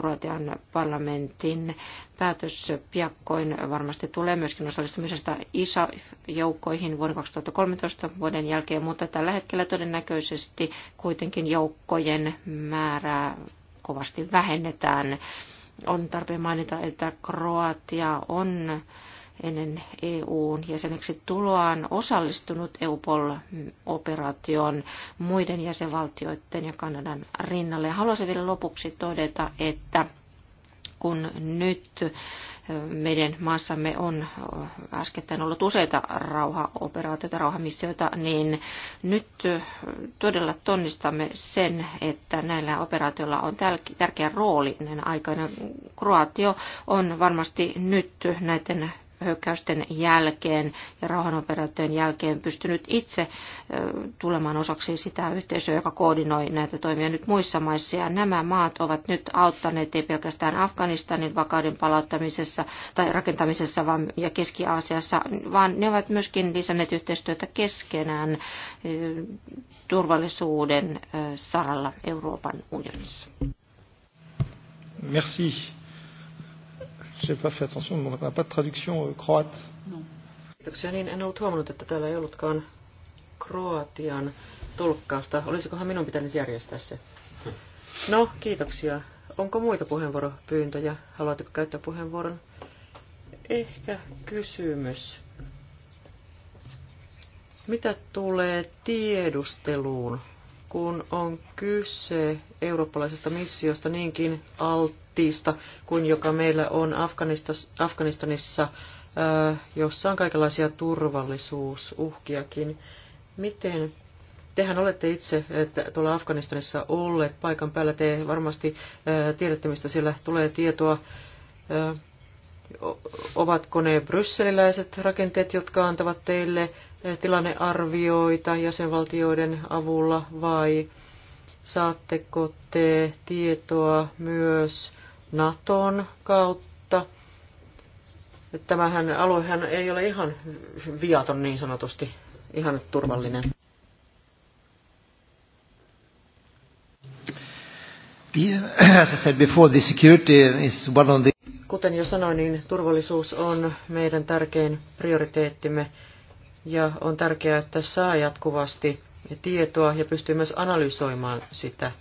Kroatian parlamentin päätös piakkoin varmasti tulee myöskin osallistumisesta ISA-joukkoihin vuoden 2013 vuoden jälkeen, mutta tällä hetkellä todennäköisesti kuitenkin joukkojen määrää kovasti vähennetään. On tarpeen mainita, että Kroatia on ennen EUn jäseneksi tuloaan osallistunut EUPOL-operaation muiden jäsenvaltioiden ja Kanadan rinnalle. Haluaisin vielä lopuksi todeta, että kun nyt meidän maassamme on äskettäin ollut useita rauhaoperaatioita, rauhamissioita, niin nyt todella tunnistamme sen, että näillä operaatioilla on tärkeä rooli näinä aikoina. Kroatio on varmasti nyt näiden hyökkäysten jälkeen ja rauhanoperaation jälkeen pystynyt itse tulemaan osaksi sitä yhteisöä, joka koordinoi näitä toimia nyt muissa maissa. Ja nämä maat ovat nyt auttaneet ei pelkästään Afganistanin vakauden palauttamisessa tai rakentamisessa vaan, ja Keski-Aasiassa, vaan ne ovat myöskin lisänneet yhteistyötä keskenään turvallisuuden saralla Euroopan unionissa. Merci n'ai pas fait attention, on n'a pas de traduction euh, croate. Non. Kiitoksia, niin en ollut huomannut, että täällä ei ollutkaan Kroatian tulkkausta. Olisikohan minun pitänyt järjestää se? No, kiitoksia. Onko muita puheenvuoropyyntöjä? Haluatteko käyttää puheenvuoron? Ehkä kysymys. Mitä tulee tiedusteluun? kun on kyse eurooppalaisesta missiosta niinkin alttiista kuin joka meillä on Afganistanissa, äh, jossa on kaikenlaisia turvallisuusuhkiakin. Miten tehän olette itse että tuolla Afganistanissa olleet paikan päällä, te varmasti äh, tiedätte, mistä siellä tulee tietoa. Äh, Ovatko ne brysseliläiset rakenteet, jotka antavat teille eh, tilannearvioita jäsenvaltioiden avulla vai saatteko te tietoa myös Naton kautta? Tämähän aluehan ei ole ihan viaton niin sanotusti, ihan turvallinen. Yeah, as I said before, the security is one of the Kuten jo sanoin, niin turvallisuus on meidän tärkein prioriteettimme ja on tärkeää, että saa jatkuvasti tietoa ja pystyy myös analysoimaan sitä.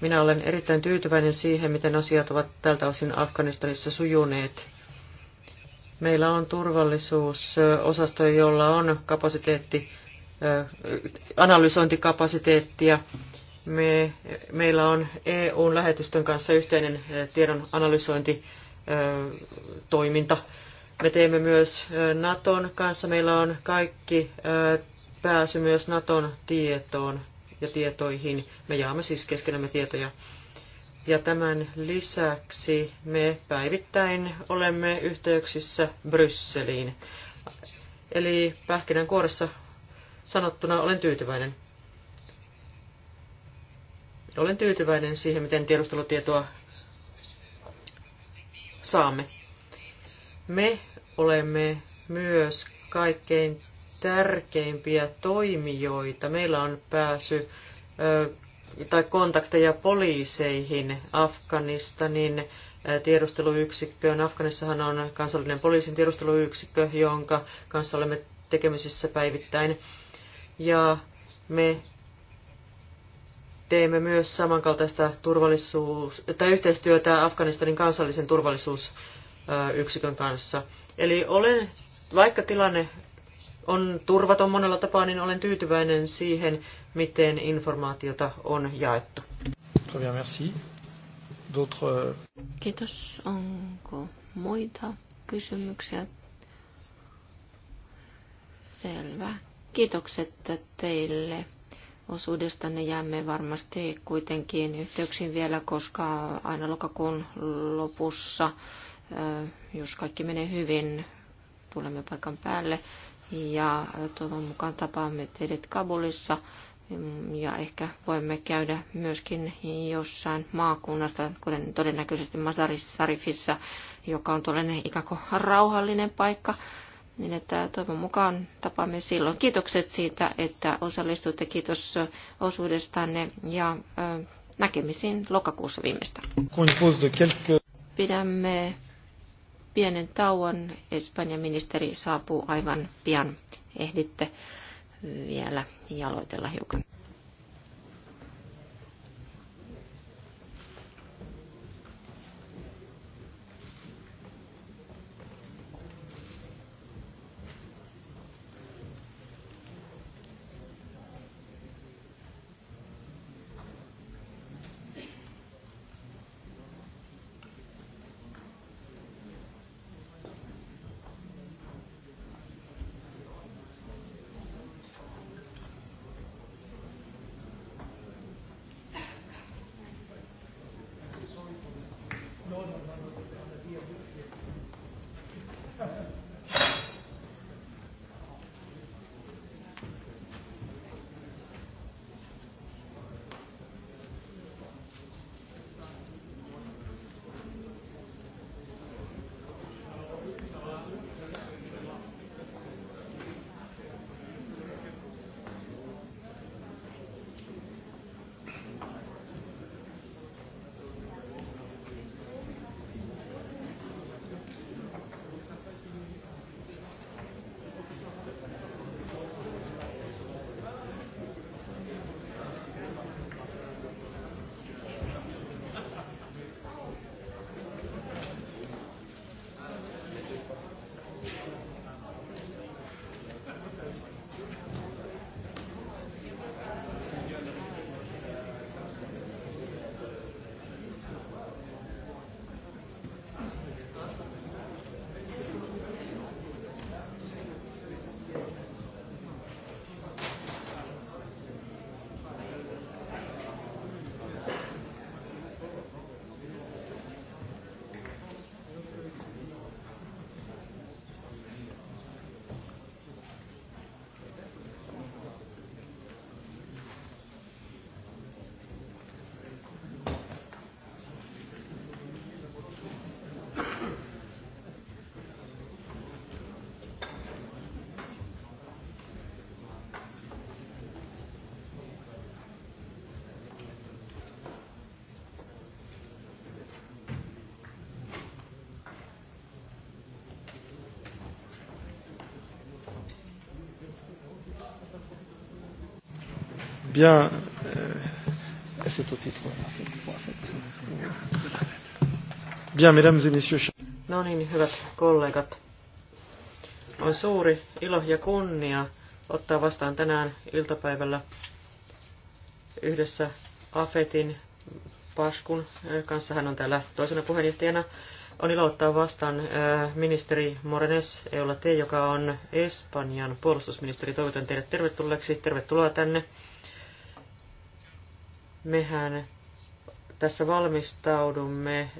Minä olen erittäin tyytyväinen siihen, miten asiat ovat tältä osin Afganistanissa sujuneet. Meillä on turvallisuusosasto, jolla on kapasiteetti, analysointikapasiteettia me, meillä on EUn lähetystön kanssa yhteinen eh, tiedon analysointitoiminta. Eh, me teemme myös eh, Naton kanssa. Meillä on kaikki pääsy myös Naton tietoon ja tietoihin. Me jaamme siis keskenämme tietoja. Ja tämän lisäksi me päivittäin olemme yhteyksissä Brysseliin. Eli pähkinän kuoressa sanottuna olen tyytyväinen. Olen tyytyväinen siihen, miten tiedustelutietoa saamme. Me olemme myös kaikkein tärkeimpiä toimijoita. Meillä on pääsy tai kontakteja poliiseihin, Afganistanin tiedusteluyksikköön. Afganissahan on kansallinen poliisin tiedusteluyksikkö, jonka kanssa olemme tekemisissä päivittäin. Ja me teemme myös samankaltaista turvallisuus- tai yhteistyötä Afganistanin kansallisen turvallisuusyksikön kanssa. Eli olen, vaikka tilanne on turvaton monella tapaa, niin olen tyytyväinen siihen, miten informaatiota on jaettu. Kiitos. Onko muita kysymyksiä? Selvä. Kiitokset teille osuudestanne jäämme varmasti kuitenkin yhteyksiin vielä, koska aina lokakuun lopussa, jos kaikki menee hyvin, tulemme paikan päälle ja toivon mukaan tapaamme teidät Kabulissa ja ehkä voimme käydä myöskin jossain maakunnassa, kuten todennäköisesti Masarissa Sarifissa, joka on tuollainen ikään kuin rauhallinen paikka niin että toivon mukaan tapaamme silloin. Kiitokset siitä, että osallistuitte. Kiitos osuudestanne ja näkemisiin lokakuussa viimeistä. Pidämme pienen tauon. Espanjan ministeri saapuu aivan pian. Ehditte vielä jaloitella hiukan. bien. Euh, bien, mesdames et messieurs. No niin, hyvät kollegat. On suuri ilo ja kunnia ottaa vastaan tänään iltapäivällä yhdessä Afetin Paskun kanssa. Hän on täällä toisena puheenjohtajana. On ilo ottaa vastaan ministeri Morenes T, joka on Espanjan puolustusministeri. Toivotan teidät tervetulleeksi. Tervetuloa tänne mehän tässä valmistaudumme eh,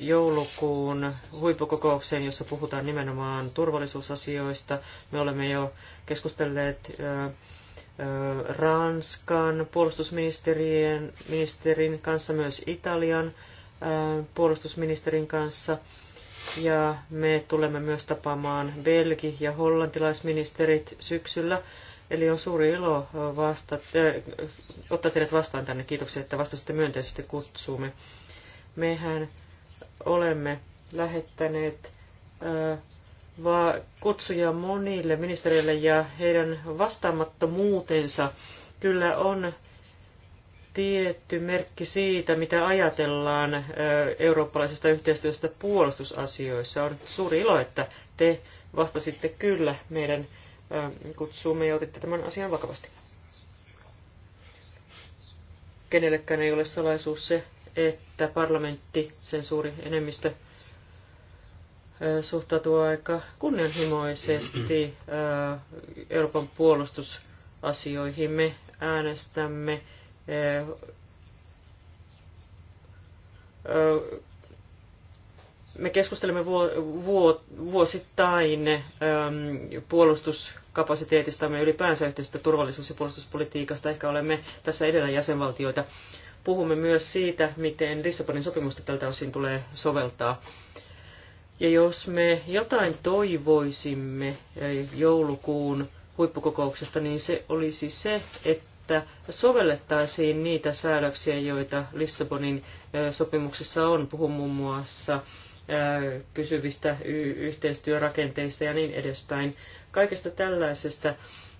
joulukuun huippukokoukseen, jossa puhutaan nimenomaan turvallisuusasioista. Me olemme jo keskustelleet eh, eh, Ranskan puolustusministerien ministerin kanssa, myös Italian puolustusministerin kanssa. Ja me tulemme myös tapaamaan belgi- ja hollantilaisministerit syksyllä. Eli on suuri ilo äh, vastata, äh, ottaa teidät vastaan tänne. Kiitoksia, että vastasitte myönteisesti kutsuumme. Mehän olemme lähettäneet äh, va- kutsuja monille ministerille ja heidän vastaamattomuutensa kyllä on tietty merkki siitä, mitä ajatellaan äh, eurooppalaisesta yhteistyöstä puolustusasioissa. On suuri ilo, että te vastasitte kyllä meidän kutsuumme ja otitte tämän asian vakavasti. Kenellekään ei ole salaisuus se, että parlamentti, sen suuri enemmistö, suhtautuu aika kunnianhimoisesti Euroopan puolustusasioihin. Me äänestämme me keskustelemme vuosittain ähm, puolustuskapasiteetistamme ylipäänsä yhteisestä turvallisuus- ja puolustuspolitiikasta. Ehkä olemme tässä edellä jäsenvaltioita. Puhumme myös siitä, miten Lissabonin sopimusta tältä osin tulee soveltaa. Ja jos me jotain toivoisimme äh, joulukuun huippukokouksesta, niin se olisi se, että sovellettaisiin niitä säädöksiä, joita Lissabonin äh, sopimuksessa on. Puhun muun muassa pysyvistä yhteistyörakenteista ja niin edespäin. Kaikesta tällaisesta,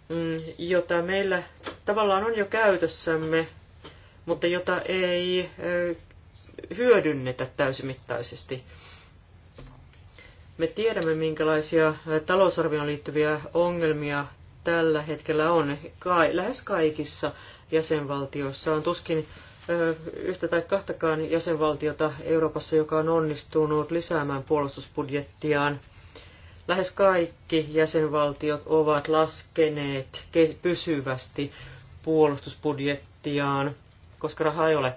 mm, jota meillä tavallaan on jo käytössämme, mutta jota ei hyödynnetä täysimittaisesti. Me tiedämme, minkälaisia talousarvioon liittyviä ongelmia tällä hetkellä on lähes kaikissa jäsenvaltioissa. On tuskin yhtä tai kahtakaan jäsenvaltiota Euroopassa, joka on onnistunut lisäämään puolustusbudjettiaan. Lähes kaikki jäsenvaltiot ovat laskeneet pysyvästi puolustusbudjettiaan, koska rahaa ei ole.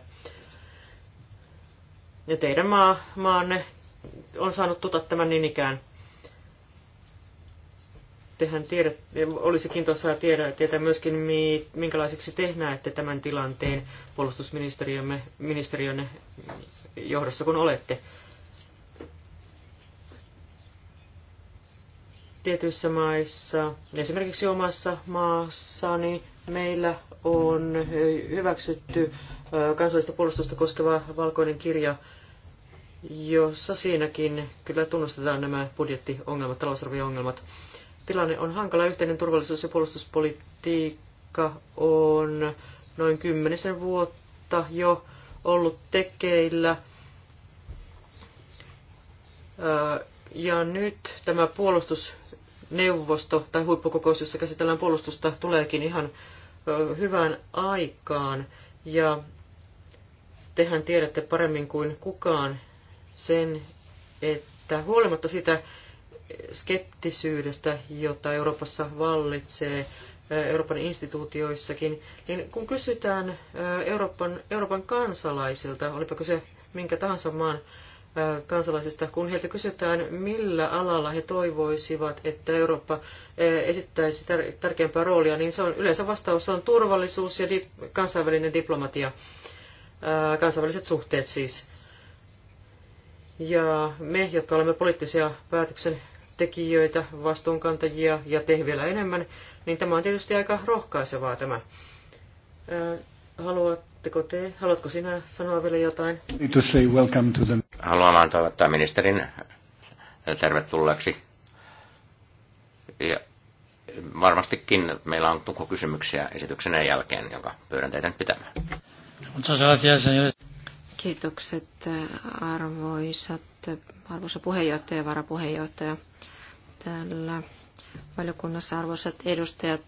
Ja teidän maa, maanne on saanut tuta tämän niin ikään tehän tiedä, olisi kiintoisaa tiedä, tietää myöskin, minkälaiseksi te näette tämän tilanteen puolustusministeriömme ministeriönne johdossa, kun olette. Tietyissä maissa, esimerkiksi omassa maassani, meillä on hyväksytty kansallista puolustusta koskeva valkoinen kirja, jossa siinäkin kyllä tunnustetaan nämä budjettiongelmat, talousarvio-ongelmat. talousarvio tilanne on hankala. Yhteinen turvallisuus- ja puolustuspolitiikka on noin kymmenisen vuotta jo ollut tekeillä. Ja nyt tämä puolustusneuvosto tai huippukokous, jossa käsitellään puolustusta, tuleekin ihan hyvään aikaan. Ja tehän tiedätte paremmin kuin kukaan sen, että huolimatta siitä, skeptisyydestä, jota Euroopassa vallitsee, eh, Euroopan instituutioissakin, niin kun kysytään eh, Euroopan, Euroopan kansalaisilta, olipa kyse minkä tahansa maan eh, kansalaisista, kun heiltä kysytään, millä alalla he toivoisivat, että Eurooppa esittäisi tärkeämpää roolia, niin se on yleensä vastaus on turvallisuus ja kansainvälinen diplomatia, kansainväliset suhteet siis. Ja me, jotka olemme poliittisia päätöksen tekijöitä, vastuunkantajia ja tee vielä enemmän, niin tämä on tietysti aika rohkaisevaa tämä. Haluatteko te, haluatko sinä sanoa vielä jotain? To say welcome to them. Haluan toivottaa ministerin tervetulleeksi. Ja varmastikin meillä on kysymyksiä esityksen jälkeen, jonka pyydän teitä pitämään. Kiitokset arvoisat, arvoisa puheenjohtaja ja varapuheenjohtaja täällä valiokunnassa arvoisat edustajat,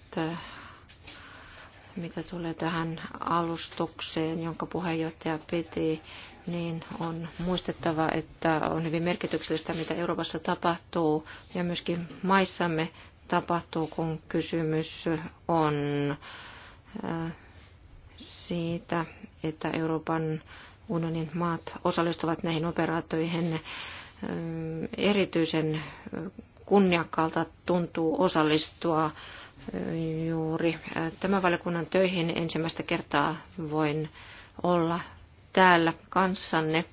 mitä tulee tähän alustukseen, jonka puheenjohtaja piti, niin on muistettava, että on hyvin merkityksellistä, mitä Euroopassa tapahtuu ja myöskin maissamme tapahtuu, kun kysymys on siitä, että Euroopan unionin maat osallistuvat näihin operaatioihin erityisen kunniakkaalta tuntuu osallistua juuri tämän valiokunnan töihin. Ensimmäistä kertaa voin olla täällä kanssanne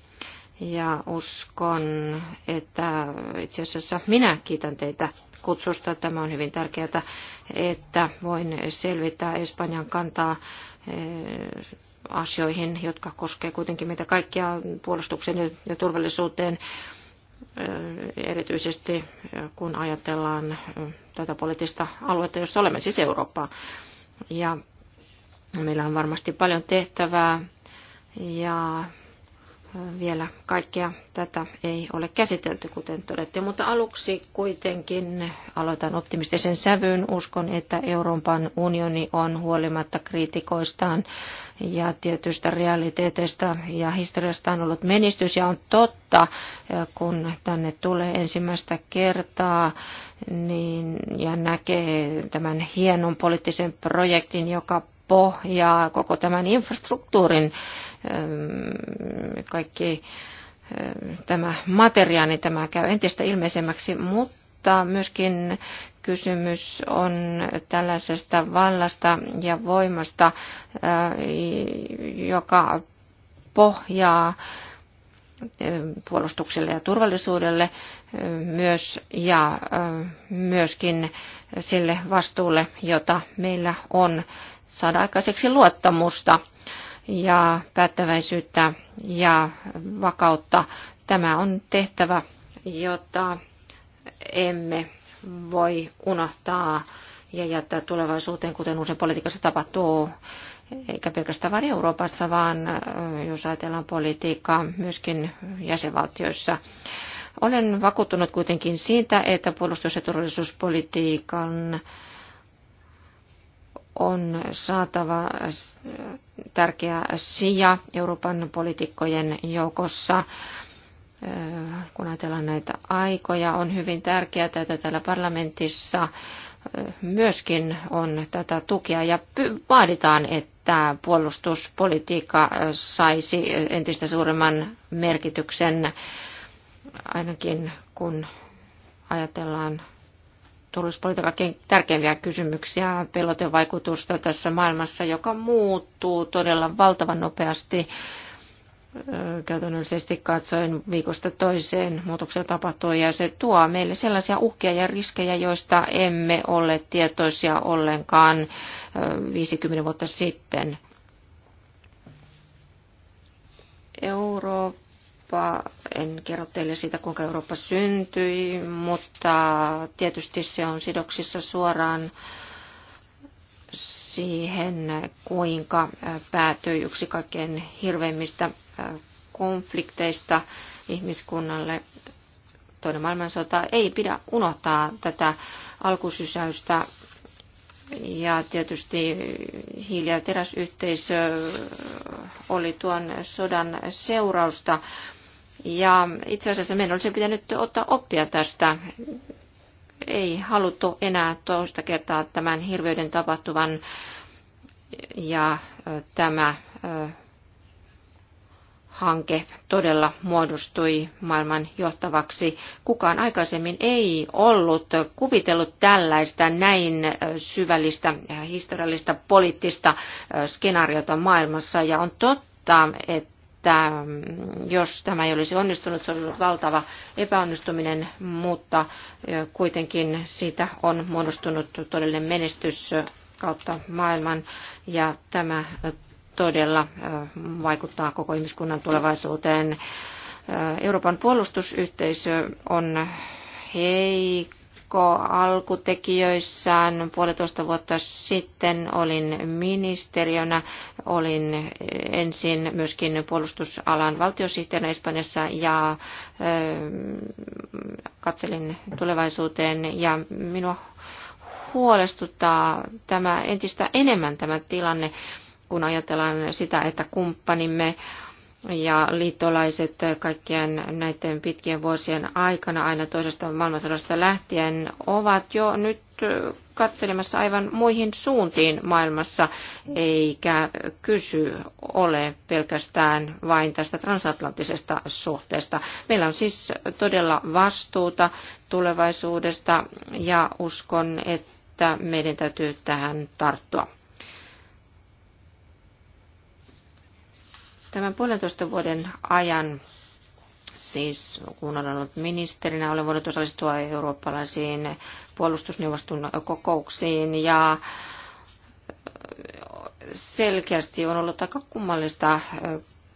ja uskon, että itse asiassa minä kiitän teitä kutsusta. Tämä on hyvin tärkeää, että voin selvittää Espanjan kantaa asioihin, jotka koskee kuitenkin meitä kaikkia puolustuksen ja turvallisuuteen, erityisesti kun ajatellaan tätä poliittista aluetta, jossa olemme siis Eurooppaa. Ja meillä on varmasti paljon tehtävää ja vielä kaikkea tätä ei ole käsitelty, kuten todettiin. Mutta aluksi kuitenkin aloitan optimistisen sävyyn. Uskon, että Euroopan unioni on huolimatta kriitikoistaan ja tietystä realiteeteista ja historiastaan ollut menestys. Ja on totta, kun tänne tulee ensimmäistä kertaa niin, ja näkee tämän hienon poliittisen projektin, joka pohjaa koko tämän infrastruktuurin kaikki tämä materia, niin tämä käy entistä ilmeisemmäksi, mutta myöskin kysymys on tällaisesta vallasta ja voimasta, äh, joka pohjaa puolustukselle ja turvallisuudelle myös ja myöskin sille vastuulle, jota meillä on saada aikaiseksi luottamusta ja päättäväisyyttä ja vakautta. Tämä on tehtävä, jota emme voi unohtaa ja jättää tulevaisuuteen, kuten usein politiikassa tapahtuu, eikä pelkästään vain Euroopassa, vaan jos ajatellaan politiikkaa myöskin jäsenvaltioissa. Olen vakuuttunut kuitenkin siitä, että puolustus- ja turvallisuuspolitiikan on saatava tärkeä sija Euroopan poliitikkojen joukossa. Kun ajatellaan näitä aikoja, on hyvin tärkeää, että täällä parlamentissa myöskin on tätä tukea ja vaaditaan, että puolustuspolitiikka saisi entistä suuremman merkityksen, ainakin kun ajatellaan turvallisuuspolitiikan tärkeimpiä kysymyksiä, pelotevaikutusta tässä maailmassa, joka muuttuu todella valtavan nopeasti käytännöllisesti katsoen viikosta toiseen muutoksia tapahtuu ja se tuo meille sellaisia uhkia ja riskejä, joista emme ole tietoisia ollenkaan 50 vuotta sitten. Eurooppa Eurooppa. En kerro teille siitä, kuinka Eurooppa syntyi, mutta tietysti se on sidoksissa suoraan siihen, kuinka päätyi yksi kaikkein hirveimmistä konflikteista ihmiskunnalle toinen maailmansota. Ei pidä unohtaa tätä alkusysäystä ja tietysti hiili- ja teräsyhteisö oli tuon sodan seurausta ja itse asiassa meidän olisi pitänyt ottaa oppia tästä. Ei haluttu enää toista kertaa tämän hirveyden tapahtuvan. Ja tämä hanke todella muodostui maailman johtavaksi. Kukaan aikaisemmin ei ollut kuvitellut tällaista näin syvällistä historiallista poliittista skenaariota maailmassa. Ja on totta, että että mm, jos tämä ei olisi onnistunut, se olisi ollut valtava epäonnistuminen, mutta kuitenkin siitä on muodostunut todellinen menestys kautta maailman ja tämä todella vaikuttaa koko ihmiskunnan tulevaisuuteen. Euroopan puolustusyhteisö on heikko Afko alkutekijöissään puolitoista vuotta sitten olin ministeriönä, olin ensin myöskin puolustusalan valtiosihteerinä Espanjassa ja ähm, katselin tulevaisuuteen ja minua huolestuttaa tämä entistä enemmän tämä tilanne, kun ajatellaan sitä, että kumppanimme ja liittolaiset kaikkien näiden pitkien vuosien aikana aina toisesta maailmansodasta lähtien ovat jo nyt katselemassa aivan muihin suuntiin maailmassa, eikä kysy ole pelkästään vain tästä transatlanttisesta suhteesta. Meillä on siis todella vastuuta tulevaisuudesta ja uskon, että meidän täytyy tähän tarttua. Tämän puolentoista vuoden ajan, siis kun olen ollut ministerinä, olen voinut osallistua eurooppalaisiin puolustusneuvoston kokouksiin ja äh, selkeästi on ollut aika kummallista äh,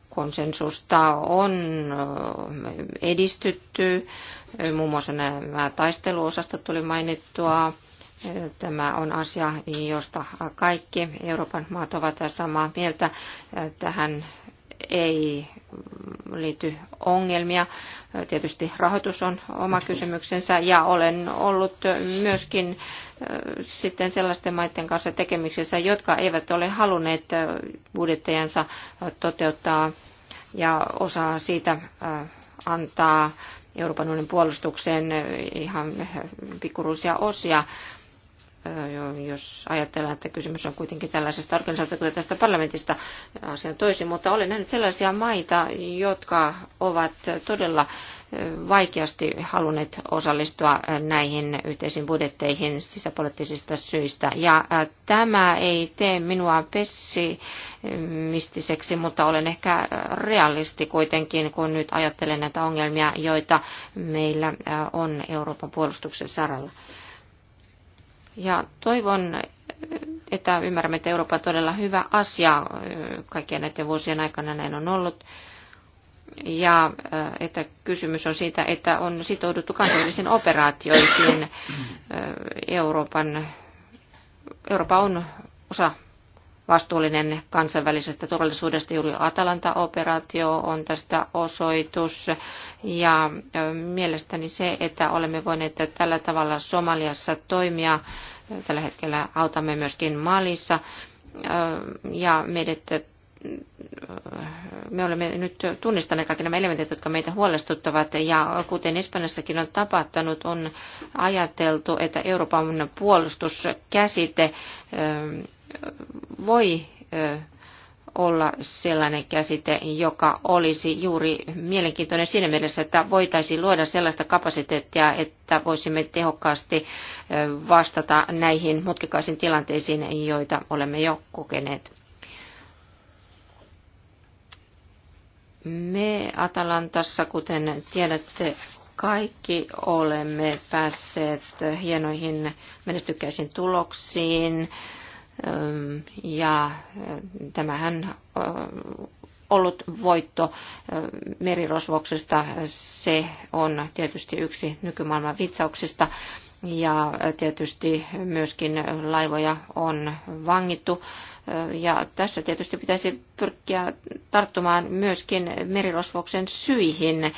konsensusta on äh, edistytty. Muun muassa nämä taisteluosastot tuli mainittua. Tämä on asia, josta kaikki Euroopan maat ovat samaa mieltä. Tähän ei mm, liity ongelmia. Tietysti rahoitus on oma kysymyksensä ja olen ollut myöskin sitten sellaisten maiden kanssa tekemisissä, jotka eivät ole halunneet budjettejansa toteuttaa ja osaa siitä antaa Euroopan unionin puolustukseen ihan pikkuruisia osia jos ajatellaan, että kysymys on kuitenkin tällaisesta organisaatiosta, kuten tästä parlamentista asian toisin, mutta olen nähnyt sellaisia maita, jotka ovat todella vaikeasti halunneet osallistua näihin yhteisiin budjetteihin sisäpoliittisista syistä. Ja tämä ei tee minua pessimistiseksi, mutta olen ehkä realisti kuitenkin, kun nyt ajattelen näitä ongelmia, joita meillä on Euroopan puolustuksen saralla. Ja toivon, että ymmärrämme, että Eurooppa on todella hyvä asia kaikkien näiden vuosien aikana näin on ollut. Ja äh, että kysymys on siitä, että on sitouduttu kansainvälisiin operaatioihin. Äh, Euroopan, Eurooppa on osa vastuullinen kansainvälisestä turvallisuudesta. Juuri Atalanta-operaatio on tästä osoitus. Ja mielestäni se, että olemme voineet tällä tavalla Somaliassa toimia, tällä hetkellä autamme myöskin Malissa, ja meidät me olemme nyt tunnistaneet kaikki nämä elementit, jotka meitä huolestuttavat. Ja kuten Espanjassakin on tapahtunut, on ajateltu, että Euroopan puolustuskäsite voi olla sellainen käsite, joka olisi juuri mielenkiintoinen siinä mielessä, että voitaisiin luoda sellaista kapasiteettia, että voisimme tehokkaasti vastata näihin mutkikaisiin tilanteisiin, joita olemme jo kokeneet. Me Atalantassa, kuten tiedätte, kaikki olemme päässeet hienoihin menestykkäisiin tuloksiin ja tämähän ollut voitto merirosvoksesta, se on tietysti yksi nykymaailman vitsauksista. Ja tietysti myöskin laivoja on vangittu. Ja tässä tietysti pitäisi pyrkiä tarttumaan myöskin merirosvoksen syihin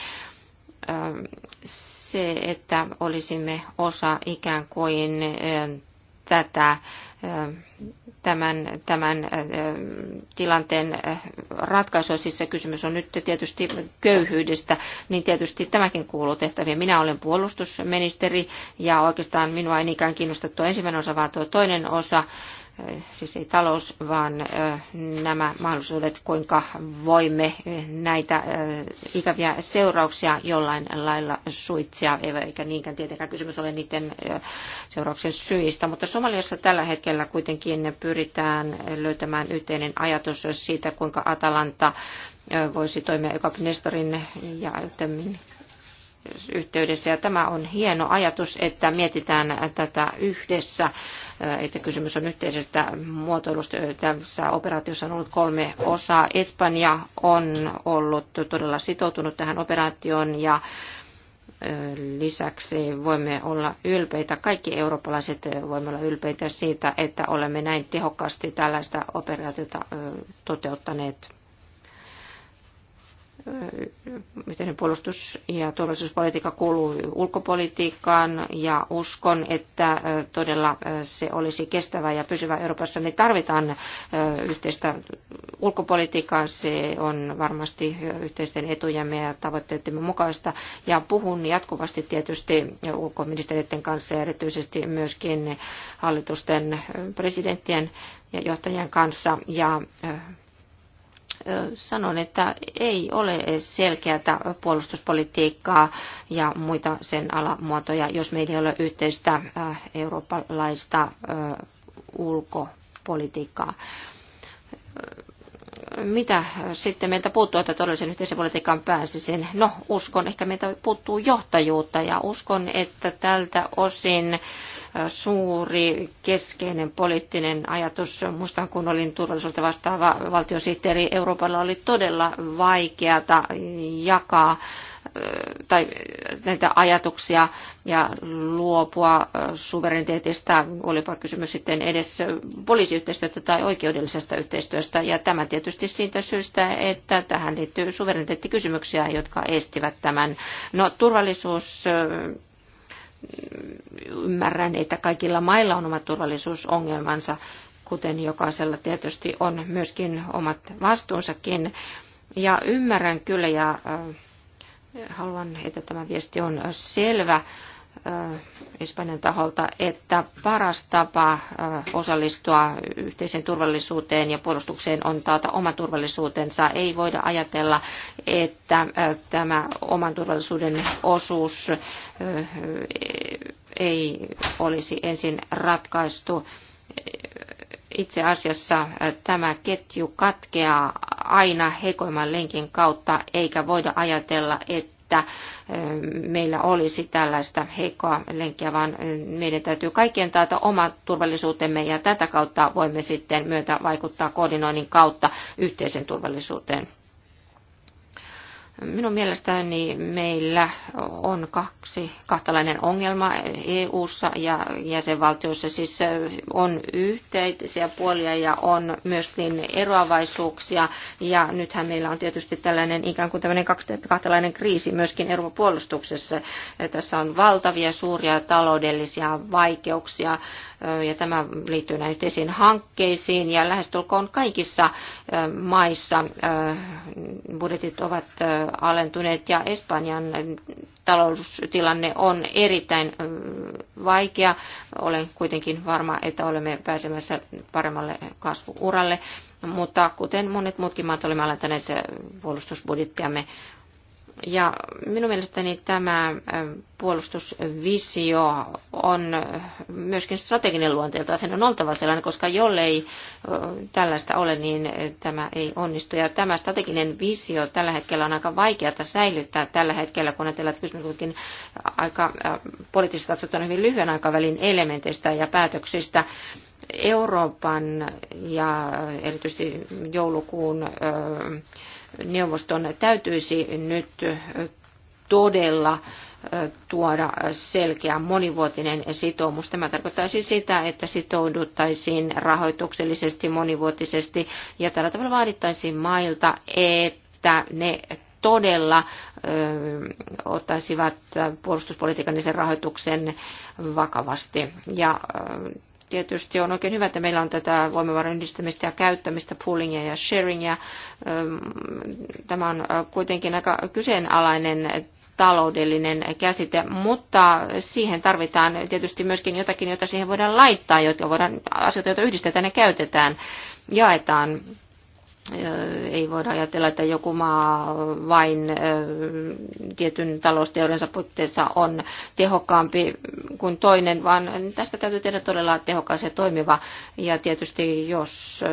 se, että olisimme osa ikään kuin tätä tämän, tämän tilanteen ratkaisua, siis se kysymys on nyt tietysti köyhyydestä, niin tietysti tämäkin kuuluu tehtäviin. Minä olen puolustusministeri ja oikeastaan minua ei niinkään kiinnosta tuo ensimmäinen osa, vaan tuo toinen osa, siis ei talous, vaan nämä mahdollisuudet, kuinka voimme näitä ikäviä seurauksia jollain lailla suitsia, eikä niinkään tietenkään kysymys ole niiden seurauksen syistä, mutta Somaliassa tällä hetkellä hetkellä kuitenkin pyritään löytämään yhteinen ajatus siitä, kuinka Atalanta voisi toimia joka Nestorin ja Ytemin yhteydessä. Ja tämä on hieno ajatus, että mietitään tätä yhdessä, että kysymys on yhteisestä muotoilusta. Tässä operaatiossa on ollut kolme osaa. Espanja on ollut todella sitoutunut tähän operaatioon ja lisäksi voimme olla ylpeitä, kaikki eurooppalaiset voimme olla ylpeitä siitä, että olemme näin tehokkaasti tällaista operaatiota toteuttaneet. Äh, yhteinen puolustus- ja turvallisuuspolitiikka kuuluu ulkopolitiikkaan ja uskon, että äh, todella äh, se olisi kestävä ja pysyvä Euroopassa. Niin tarvitaan yhteistä ulkopolitiikkaa, se on varmasti yhteisten etujemme ja tavoitteidemme mukaista. Ja puhun jatkuvasti tietysti ulkoministeriöiden kanssa ja erityisesti myöskin hallitusten presidenttien ja johtajien kanssa ja sanon, että ei ole selkeää puolustuspolitiikkaa ja muita sen alamuotoja, jos meillä ei ole yhteistä eurooppalaista ulkopolitiikkaa mitä sitten meiltä puuttuu, että todellisen yhteisen politiikan pääsisin? No, uskon, ehkä meiltä puuttuu johtajuutta ja uskon, että tältä osin suuri keskeinen poliittinen ajatus. Muistan, kun olin turvallisuutta vastaava valtiosihteeri, Euroopalla oli todella vaikeata jakaa tai näitä ajatuksia ja luopua suvereniteetista, olipa kysymys sitten edes poliisiyhteistyöstä tai oikeudellisesta yhteistyöstä. Ja tämä tietysti siitä syystä, että tähän liittyy suvereniteettikysymyksiä, jotka estivät tämän. No turvallisuus ymmärrän, että kaikilla mailla on omat turvallisuusongelmansa, kuten jokaisella tietysti on myöskin omat vastuunsakin. Ja ymmärrän kyllä ja äh, haluan, että tämä viesti on selvä Espanjan taholta, että paras tapa osallistua yhteiseen turvallisuuteen ja puolustukseen on taata oma turvallisuutensa. Ei voida ajatella, että tämä oman turvallisuuden osuus ei olisi ensin ratkaistu itse asiassa tämä ketju katkeaa aina heikoimman lenkin kautta, eikä voida ajatella, että että meillä olisi tällaista heikkoa lenkkiä, vaan meidän täytyy kaikkien taata oma turvallisuutemme ja tätä kautta voimme sitten myötä vaikuttaa koordinoinnin kautta yhteisen turvallisuuteen. Minun mielestäni meillä on kaksi kahtalainen ongelma EU-ssa ja jäsenvaltioissa. Siis on yhteisiä puolia ja on myös niin eroavaisuuksia. Ja nythän meillä on tietysti tällainen ikään kuin tämmöinen kahtalainen kriisi myöskin Euroopan puolustuksessa. Tässä on valtavia suuria taloudellisia vaikeuksia ja tämä liittyy näihin yhteisiin hankkeisiin, ja lähestulkoon kaikissa maissa budjetit ovat alentuneet, ja Espanjan taloustilanne on erittäin vaikea. Olen kuitenkin varma, että olemme pääsemässä paremmalle kasvuuralle, mutta kuten monet muutkin maat olemme alentaneet puolustusbudjettiamme ja minun mielestäni tämä puolustusvisio on myöskin strateginen luonteelta. Sen on oltava sellainen, koska jollei tällaista ole, niin tämä ei onnistu. Ja tämä strateginen visio tällä hetkellä on aika vaikeaa säilyttää tällä hetkellä, kun ajatellaan, että kysymys kuitenkin aika poliittisesti katsottuna hyvin lyhyen aikavälin elementeistä ja päätöksistä. Euroopan ja erityisesti joulukuun neuvoston täytyisi nyt todella tuoda selkeä monivuotinen sitoumus. Tämä tarkoittaisi sitä, että sitouduttaisiin rahoituksellisesti, monivuotisesti ja tällä tavalla vaadittaisiin mailta, että ne todella ö, ottaisivat puolustuspolitiikan ja sen rahoituksen vakavasti. Ja ö, tietysti on oikein hyvä, että meillä on tätä voimavarojen yhdistämistä ja käyttämistä, poolingia ja sharingia. Tämä on kuitenkin aika kyseenalainen taloudellinen käsite, mutta siihen tarvitaan tietysti myöskin jotakin, jota siihen voidaan laittaa, jotka voidaan, asioita, joita yhdistetään ja käytetään, jaetaan ei voida ajatella, että joku maa vain tietyn talousteoriansa puitteissa on tehokkaampi kuin toinen, vaan tästä täytyy tehdä todella tehokas ja toimiva. Ja tietysti jos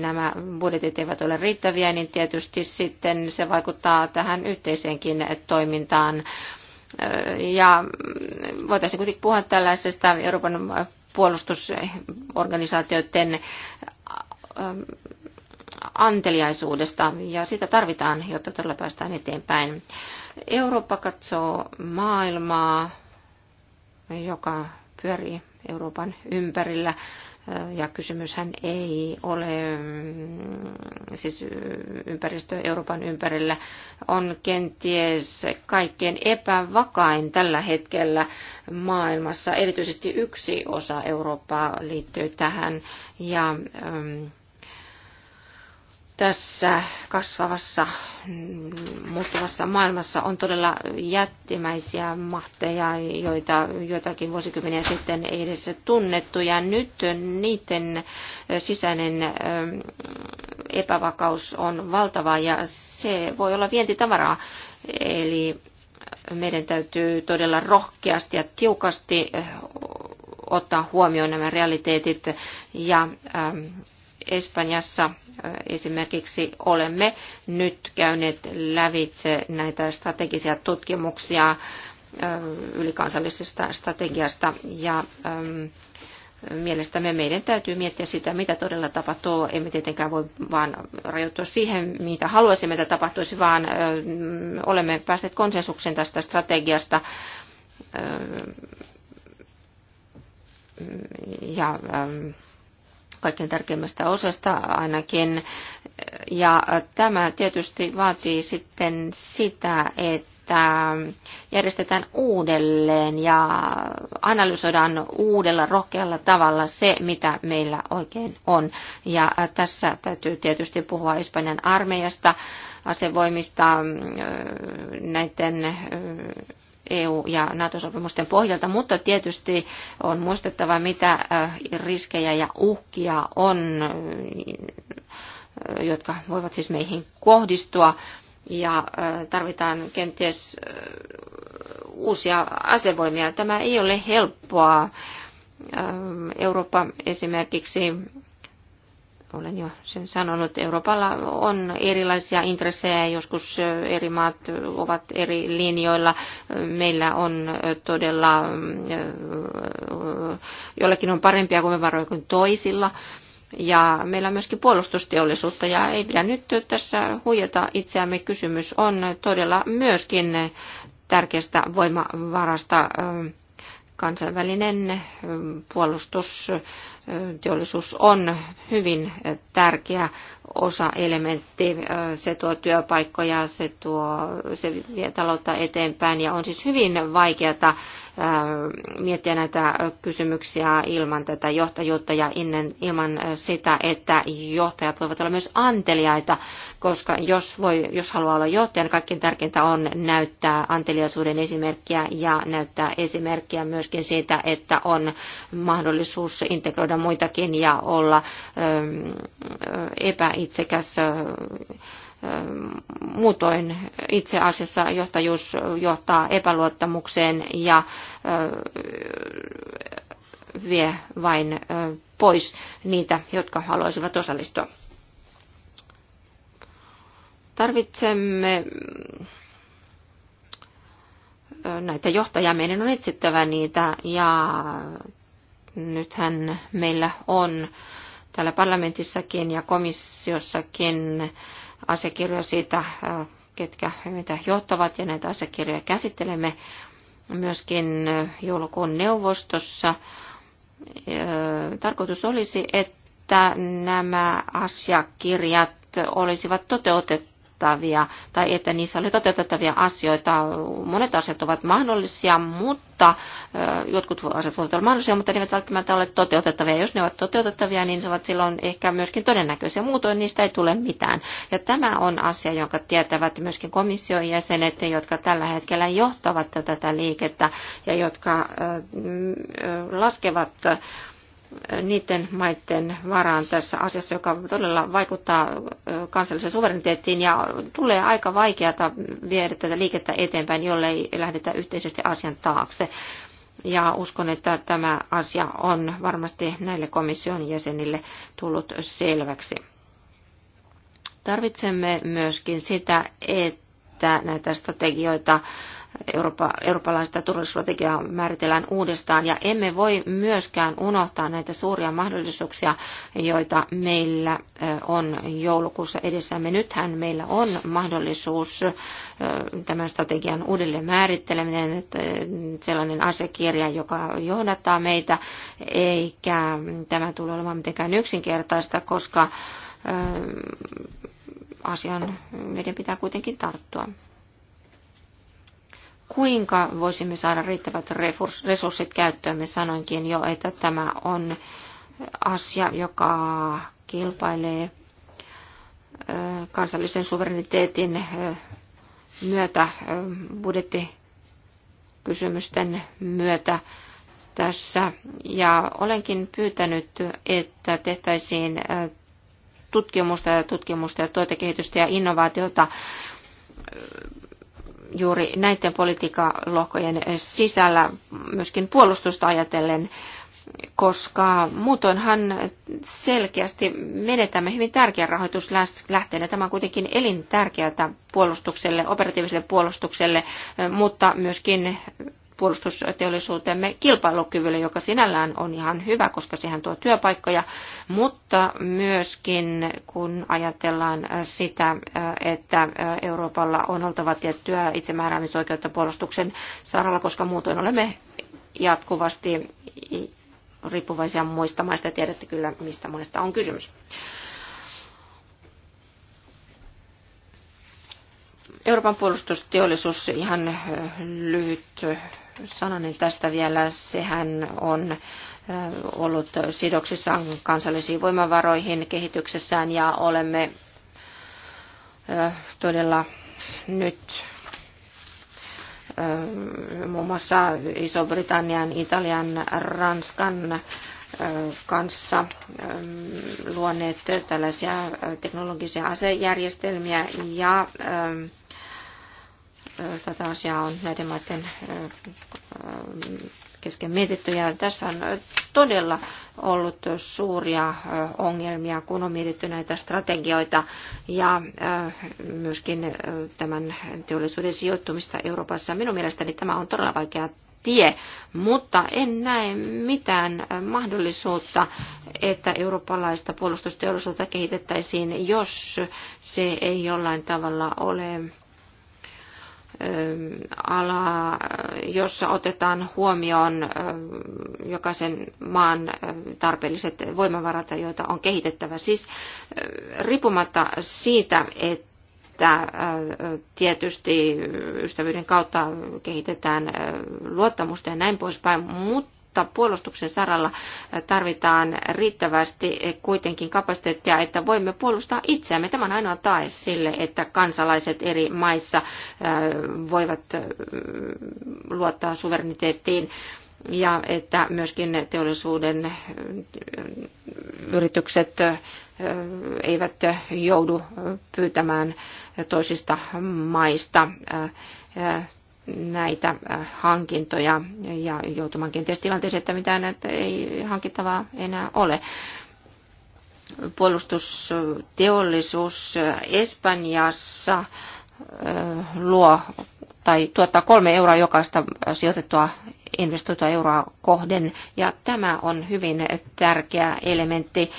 nämä budjetit eivät ole riittäviä, niin tietysti sitten se vaikuttaa tähän yhteiseenkin toimintaan. Ja voitaisiin kuitenkin puhua tällaisesta Euroopan puolustusorganisaatioiden anteliaisuudesta ja sitä tarvitaan, jotta todella päästään eteenpäin. Eurooppa katsoo maailmaa, joka pyörii Euroopan ympärillä. Ja kysymyshän ei ole, mm, siis ympäristö Euroopan ympärillä on kenties kaikkein epävakain tällä hetkellä maailmassa. Erityisesti yksi osa Eurooppaa liittyy tähän ja mm, tässä kasvavassa mm, muuttuvassa maailmassa on todella jättimäisiä mahteja, joita joitakin vuosikymmeniä sitten ei edes tunnettu. Ja nyt niiden sisäinen mm, epävakaus on valtava ja se voi olla vientitavaraa. Eli meidän täytyy todella rohkeasti ja tiukasti ottaa huomioon nämä realiteetit ja mm, Espanjassa esimerkiksi olemme nyt käyneet lävitse näitä strategisia tutkimuksia ylikansallisesta strategiasta ja mielestämme meidän täytyy miettiä sitä, mitä todella tapahtuu. Emme tietenkään voi vaan rajoittua siihen, mitä haluaisimme, että tapahtuisi, vaan olemme päässeet konsensuksen tästä strategiasta ja kaikkein tärkeimmästä osasta ainakin. Ja tämä tietysti vaatii sitten sitä, että järjestetään uudelleen ja analysoidaan uudella rohkealla tavalla se, mitä meillä oikein on. Ja tässä täytyy tietysti puhua Espanjan armeijasta, asevoimista, näiden EU- ja NATO-sopimusten pohjalta, mutta tietysti on muistettava, mitä äh, riskejä ja uhkia on, äh, jotka voivat siis meihin kohdistua. Ja äh, tarvitaan kenties uusia asevoimia. Tämä ei ole helppoa. Ähm, Eurooppa esimerkiksi olen jo sen sanonut, Euroopalla on erilaisia intressejä, joskus eri maat ovat eri linjoilla. Meillä on todella, jollekin on parempia varoja kuin toisilla. Ja meillä on myöskin puolustusteollisuutta ja ei pidä nyt tässä huijata itseämme. Kysymys on todella myöskin tärkeästä voimavarasta kansainvälinen puolustus teollisuus on hyvin tärkeä osa-elementti. Se tuo työpaikkoja, se, tuo, se vie taloutta eteenpäin ja on siis hyvin vaikeata Äh, miettiä näitä kysymyksiä ilman tätä johtajuutta ja innen, ilman äh, sitä, että johtajat voivat olla myös anteliaita, koska jos, voi, jos haluaa olla johtaja, niin kaikkein tärkeintä on näyttää anteliaisuuden esimerkkiä ja näyttää esimerkkiä myöskin siitä, että on mahdollisuus integroida muitakin ja olla ähm, äh, epäitsekäs Muutoin itse asiassa johtajuus johtaa epäluottamukseen ja vie vain pois niitä, jotka haluaisivat osallistua. Tarvitsemme näitä johtajia, meidän on etsittävä niitä ja nythän meillä on täällä parlamentissakin ja komissiossakin asiakirjoja siitä, äh, ketkä mitä johtavat, ja näitä asiakirjoja käsittelemme myöskin äh, joulukuun neuvostossa. Äh, tarkoitus olisi, että nämä asiakirjat olisivat toteutettu toteutettavia tai että niissä oli toteutettavia asioita. Monet asiat ovat mahdollisia, mutta jotkut asiat voivat olla mahdollisia, mutta ne eivät välttämättä ole toteutettavia. Jos ne ovat toteutettavia, niin se ovat silloin ehkä myöskin todennäköisiä. Muutoin niistä ei tule mitään. Ja tämä on asia, jonka tietävät myöskin komission jäsenet, jotka tällä hetkellä johtavat tätä liikettä ja jotka laskevat niiden maiden varaan tässä asiassa, joka todella vaikuttaa kansalliseen suvereniteettiin ja tulee aika vaikeata viedä tätä liikettä eteenpäin, jollei lähdetä yhteisesti asian taakse. Ja uskon, että tämä asia on varmasti näille komission jäsenille tullut selväksi. Tarvitsemme myöskin sitä, että näitä strategioita Eurooppa, eurooppalaista turvallisuusstrategiaa määritellään uudestaan. Ja emme voi myöskään unohtaa näitä suuria mahdollisuuksia, joita meillä on joulukuussa edessämme. Nythän meillä on mahdollisuus tämän strategian uudelleen määritteleminen, että sellainen asiakirja, joka johdattaa meitä, eikä tämä tule olemaan mitenkään yksinkertaista, koska asian meidän pitää kuitenkin tarttua kuinka voisimme saada riittävät resurssit käyttöömme. Sanoinkin jo, että tämä on asia, joka kilpailee kansallisen suvereniteetin myötä, budjettikysymysten myötä tässä. Ja olenkin pyytänyt, että tehtäisiin tutkimusta ja tutkimusta ja tuotekehitystä ja innovaatiota juuri näiden politiikalohkojen sisällä myöskin puolustusta ajatellen, koska muutoinhan selkeästi menetämme hyvin tärkeän rahoituslähteenä. Tämä on kuitenkin elintärkeää puolustukselle, operatiiviselle puolustukselle, mutta myöskin puolustusteollisuutemme kilpailukyvylle, joka sinällään on ihan hyvä, koska sehän tuo työpaikkoja, mutta myöskin kun ajatellaan sitä, että Euroopalla on oltava tiettyä itsemääräämisoikeutta puolustuksen saralla, koska muutoin olemme jatkuvasti riippuvaisia muista maista. Tiedätte kyllä, mistä maista on kysymys. Euroopan puolustusteollisuus, ihan äh, lyhyt sananen tästä vielä, sehän on äh, ollut sidoksissa kansallisiin voimavaroihin kehityksessään ja olemme äh, todella nyt muun muassa Iso-Britannian, Italian, Ranskan kanssa ähm, luoneet tällaisia teknologisia asejärjestelmiä ja ähm, tätä asiaa on näiden maiden äh, kesken mietitty. Ja tässä on äh, todella ollut suuria äh, ongelmia, kun on mietitty näitä strategioita ja myöskin tämän teollisuuden sijoittumista Euroopassa. Minun mielestäni tämä on todella vaikea tie, mutta en näe mitään mahdollisuutta, että eurooppalaista puolustusteollisuutta kehitettäisiin, jos se ei jollain tavalla ole ala, jossa otetaan huomioon jokaisen maan tarpeelliset voimavarat, joita on kehitettävä. Siis riippumatta siitä, että että öö, tietysti ystävyyden kautta kehitetään öö, luottamusta ja näin poispäin, mutta mutta puolustuksen saralla tarvitaan riittävästi kuitenkin kapasiteettia, että voimme puolustaa itseämme. Tämä on ainoa tae sille, että kansalaiset eri maissa voivat luottaa suvereniteettiin ja että myöskin teollisuuden yritykset eivät joudu pyytämään toisista maista näitä äh, hankintoja ja joutumaan kenties tilanteeseen, että mitään että ei hankittavaa enää ole. Puolustusteollisuus äh, Espanjassa äh, luo tai tuottaa kolme euroa jokaista sijoitettua investoitua euroa kohden. Ja tämä on hyvin tärkeä elementti,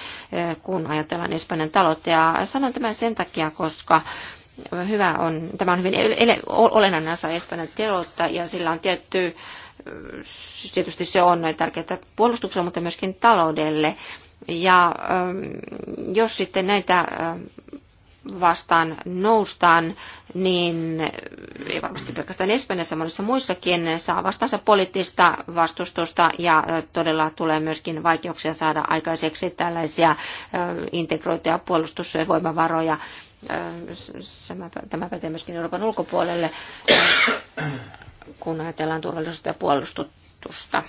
kun ajatellaan Espanjan taloutta. Ja sanon tämän sen takia, koska hyvä on, tämä on hyvin olennainen osa Espanjan teloutta ja sillä on tietty, tietysti se on tärkeää puolustukselle, mutta myöskin taloudelle. Ja jos sitten näitä vastaan noustaan, niin ei varmasti pelkästään Espanjassa, monissa muissakin saa vastaansa poliittista vastustusta ja todella tulee myöskin vaikeuksia saada aikaiseksi tällaisia integroituja puolustusvoimavaroja Äh, tämä pätee myöskin Euroopan ulkopuolelle, kun ajatellaan turvallisuutta ja puolustusta.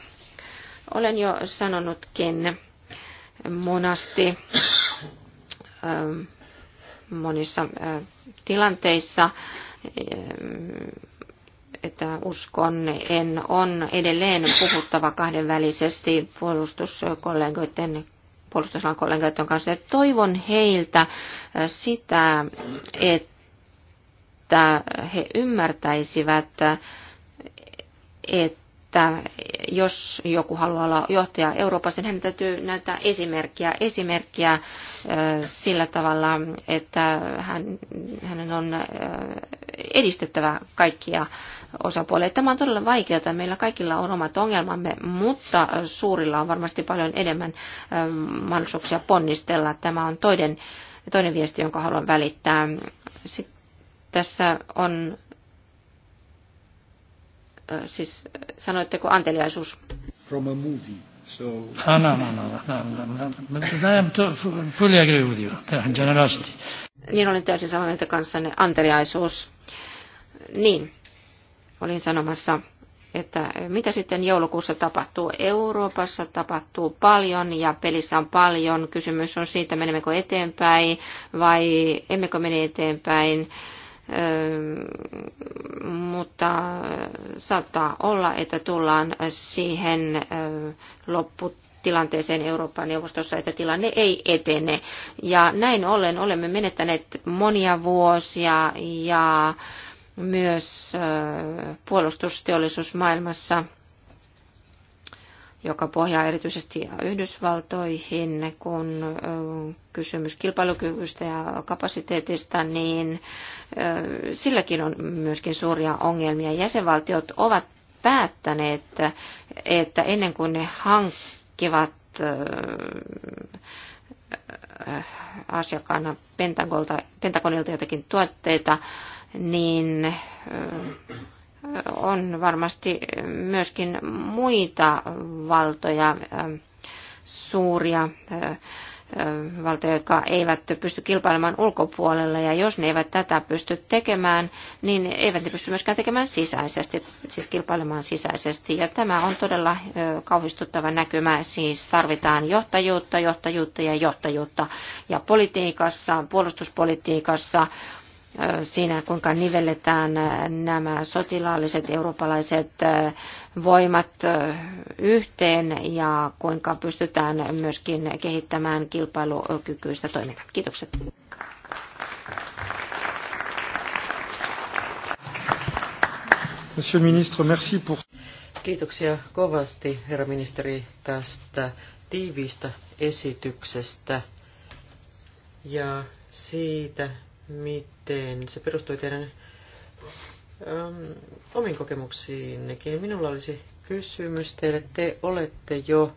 Olen jo sanonutkin monasti ähm, monissa äh, tilanteissa, äh, että uskon, en on edelleen puhuttava kahdenvälisesti puolustuskollegoiden puolustusalan kollegoiden kanssa. Ja toivon heiltä sitä, että he ymmärtäisivät, että että jos joku haluaa olla johtaja Euroopassa, niin hänen täytyy näyttää esimerkkiä, esimerkkiä sillä tavalla, että hän, hänen on edistettävä kaikkia osapuolia. Tämä on todella vaikeaa. Meillä kaikilla on omat ongelmamme, mutta suurilla on varmasti paljon enemmän mahdollisuuksia ponnistella. Tämä on toinen, toinen viesti, jonka haluan välittää. Sitten tässä on siis sanoitteko anteliaisuus? From a movie. So... Ah, no, no, no, no, no, no, no, no. I am fully agree with you. Generosity. Niin olen täysin samaa mieltä kanssanne. Anteliaisuus. Niin, olin sanomassa, että mitä sitten joulukuussa tapahtuu. Euroopassa tapahtuu paljon ja pelissä on paljon. Kysymys on siitä, menemmekö eteenpäin vai emmekö mene eteenpäin mutta saattaa olla, että tullaan siihen lopputilanteeseen Euroopan neuvostossa, että tilanne ei etene. Ja näin ollen olemme menettäneet monia vuosia ja myös puolustusteollisuusmaailmassa maailmassa – joka pohjaa erityisesti Yhdysvaltoihin, kun kysymys kilpailukyvystä ja kapasiteetista, niin silläkin on myöskin suuria ongelmia. Jäsenvaltiot ovat päättäneet, että ennen kuin ne hankkivat asiakkaana Pentagonilta jotakin tuotteita, niin on varmasti myöskin muita valtoja, suuria valtoja, jotka eivät pysty kilpailemaan ulkopuolella, ja jos ne eivät tätä pysty tekemään, niin eivät ne pysty myöskään tekemään sisäisesti, siis kilpailemaan sisäisesti. Ja tämä on todella kauhistuttava näkymä, siis tarvitaan johtajuutta, johtajuutta ja johtajuutta. Ja politiikassa, puolustuspolitiikassa, siinä, kuinka nivelletään nämä sotilaalliset eurooppalaiset voimat yhteen ja kuinka pystytään myöskin kehittämään kilpailukykyistä toimintaa. Kiitokset. Monsieur ministre, merci pour... Kiitoksia kovasti, herra ministeri, tästä tiiviistä esityksestä ja siitä, miten se perustui teidän äm, omiin kokemuksiinnekin. Minulla olisi kysymys teille. Te olette jo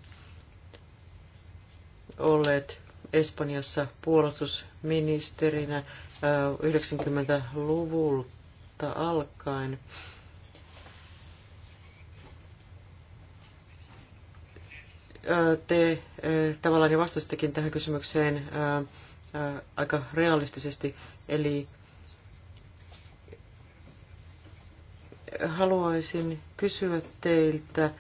olleet Espanjassa puolustusministerinä 90-luvulta äh, alkaen. Äh, te äh, tavallaan jo vastasittekin tähän kysymykseen aika realistisesti. Eli haluaisin kysyä teiltä,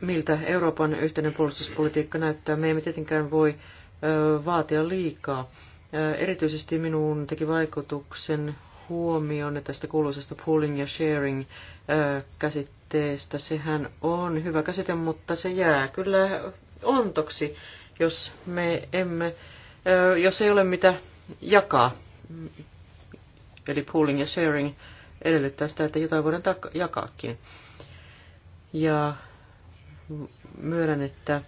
miltä Euroopan yhteinen puolustuspolitiikka näyttää. Me emme tietenkään voi vaatia liikaa. Erityisesti minun teki vaikutuksen huomioon tästä kuuluisesta pooling ja sharing käsitteestä. Sehän on hyvä käsite, mutta se jää kyllä ontoksi jos me emme, jos ei ole mitä jakaa, eli pooling ja sharing edellyttää sitä, että jotain voidaan jakaakin. Ja myönnän, että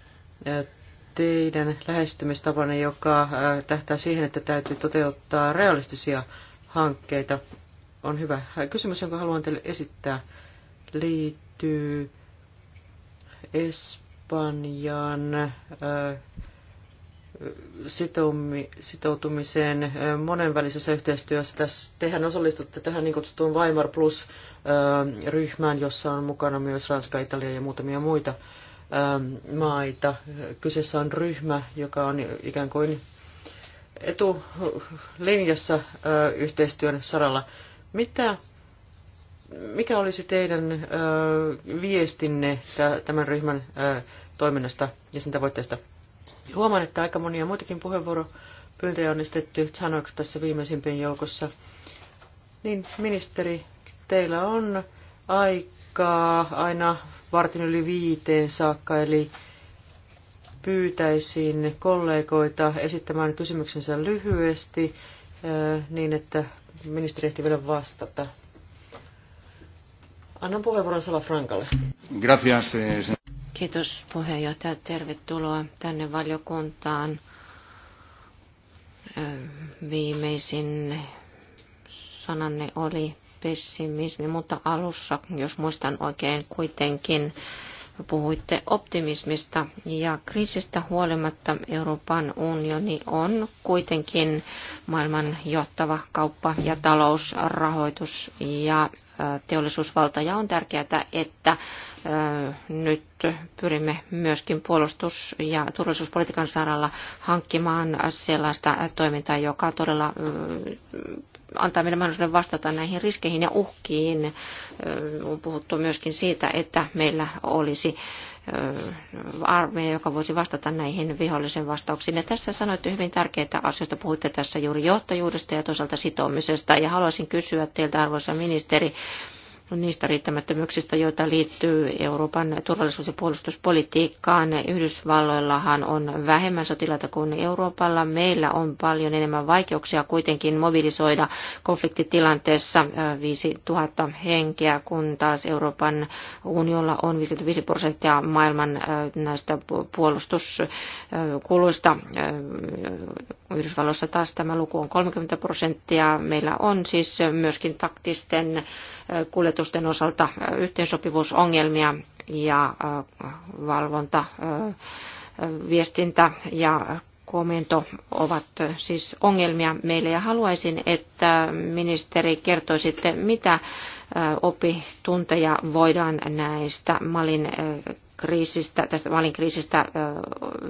teidän lähestymistapanne, joka tähtää siihen, että täytyy toteuttaa realistisia hankkeita, on hyvä. Kysymys, jonka haluan teille esittää, liittyy Espanjaan kampanjan sitoutumiseen monenvälisessä yhteistyössä. Tässä, tehän osallistutte tähän niin kutsuttuun Weimar Plus-ryhmään, jossa on mukana myös Ranska, Italia ja muutamia muita maita. Kyseessä on ryhmä, joka on ikään kuin etulinjassa yhteistyön saralla. Mitä mikä olisi teidän viestinne tämän ryhmän toiminnasta ja sen tavoitteesta? Huomaan, että aika monia muitakin puheenvuoropyyntöjä on estetty sanoiko tässä viimeisimpien joukossa. Niin, ministeri, teillä on aikaa aina vartin yli viiteen saakka, eli pyytäisin kollegoita esittämään kysymyksensä lyhyesti niin, että ministeri ehti vielä vastata Annan puheenvuoron Sala Frankalle. Gracias. Eh, Kiitos puheenjohtaja. Tervetuloa tänne valiokuntaan. Viimeisin sananne oli pessimismi, mutta alussa, jos muistan oikein kuitenkin, puhuitte optimismista ja kriisistä huolimatta Euroopan unioni on kuitenkin maailman johtava kauppa- ja talousrahoitus ja teollisuusvalta. Ja on tärkeää, että nyt pyrimme myöskin puolustus- ja turvallisuuspolitiikan saralla hankkimaan sellaista toimintaa, joka todella antaa meille mahdollisuuden vastata näihin riskeihin ja uhkiin. On puhuttu myöskin siitä, että meillä olisi armeija, joka voisi vastata näihin vihollisen vastauksiin. Ja tässä sanoitte hyvin tärkeitä asioita. Puhuitte tässä juuri johtajuudesta ja toisaalta sitoumisesta. Ja haluaisin kysyä teiltä, arvoisa ministeri, niistä riittämättömyyksistä, joita liittyy Euroopan turvallisuus- ja puolustuspolitiikkaan. Yhdysvalloillahan on vähemmän sotilaita kuin Euroopalla. Meillä on paljon enemmän vaikeuksia kuitenkin mobilisoida konfliktitilanteessa 5000 henkeä, kun taas Euroopan unionilla on 55 prosenttia maailman näistä puolustuskuluista. Yhdysvalloissa taas tämä luku on 30 prosenttia. Meillä on siis myöskin taktisten kuljetusten osalta yhteensopivuusongelmia ja valvonta, viestintä ja komento ovat siis ongelmia meille ja haluaisin, että ministeri kertoisi, mitä opitunteja voidaan näistä Malin kriisistä, tästä Malin kriisistä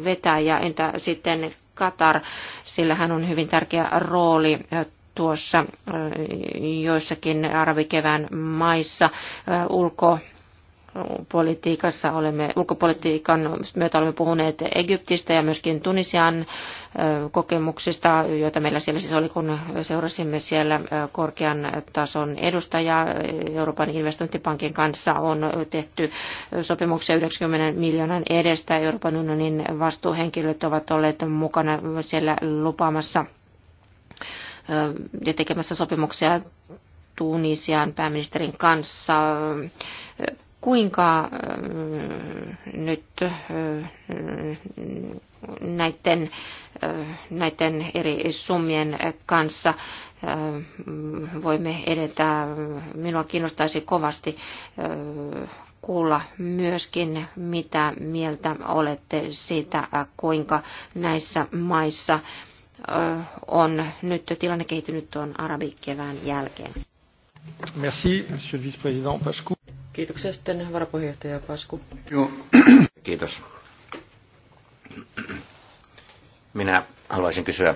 vetää ja entä sitten Katar, sillä hän on hyvin tärkeä rooli tuossa äh, joissakin arabikevään maissa äh, ulko politiikassa olemme, ulkopolitiikan myötä olemme puhuneet Egyptistä ja myöskin Tunisian äh, kokemuksista, joita meillä siellä siis oli, kun seurasimme siellä korkean tason edustaja Euroopan investointipankin kanssa on tehty sopimuksia 90 miljoonan edestä. Euroopan unionin vastuuhenkilöt ovat olleet mukana siellä lupaamassa ja tekemässä sopimuksia Tunisian pääministerin kanssa. Kuinka äh, nyt näiden, äh, näiden äh, eri summien kanssa voimme edetä. Minua kiinnostaisi kovasti kuulla myöskin, mitä mieltä olette siitä, kuinka näissä maissa on nyt tilanne kehittynyt tuon arabikevään jälkeen. Merci, monsieur le vice-président Pascu. Kiitoksia sitten varapuheenjohtaja Pascu. Joo. Kiitos. Minä haluaisin kysyä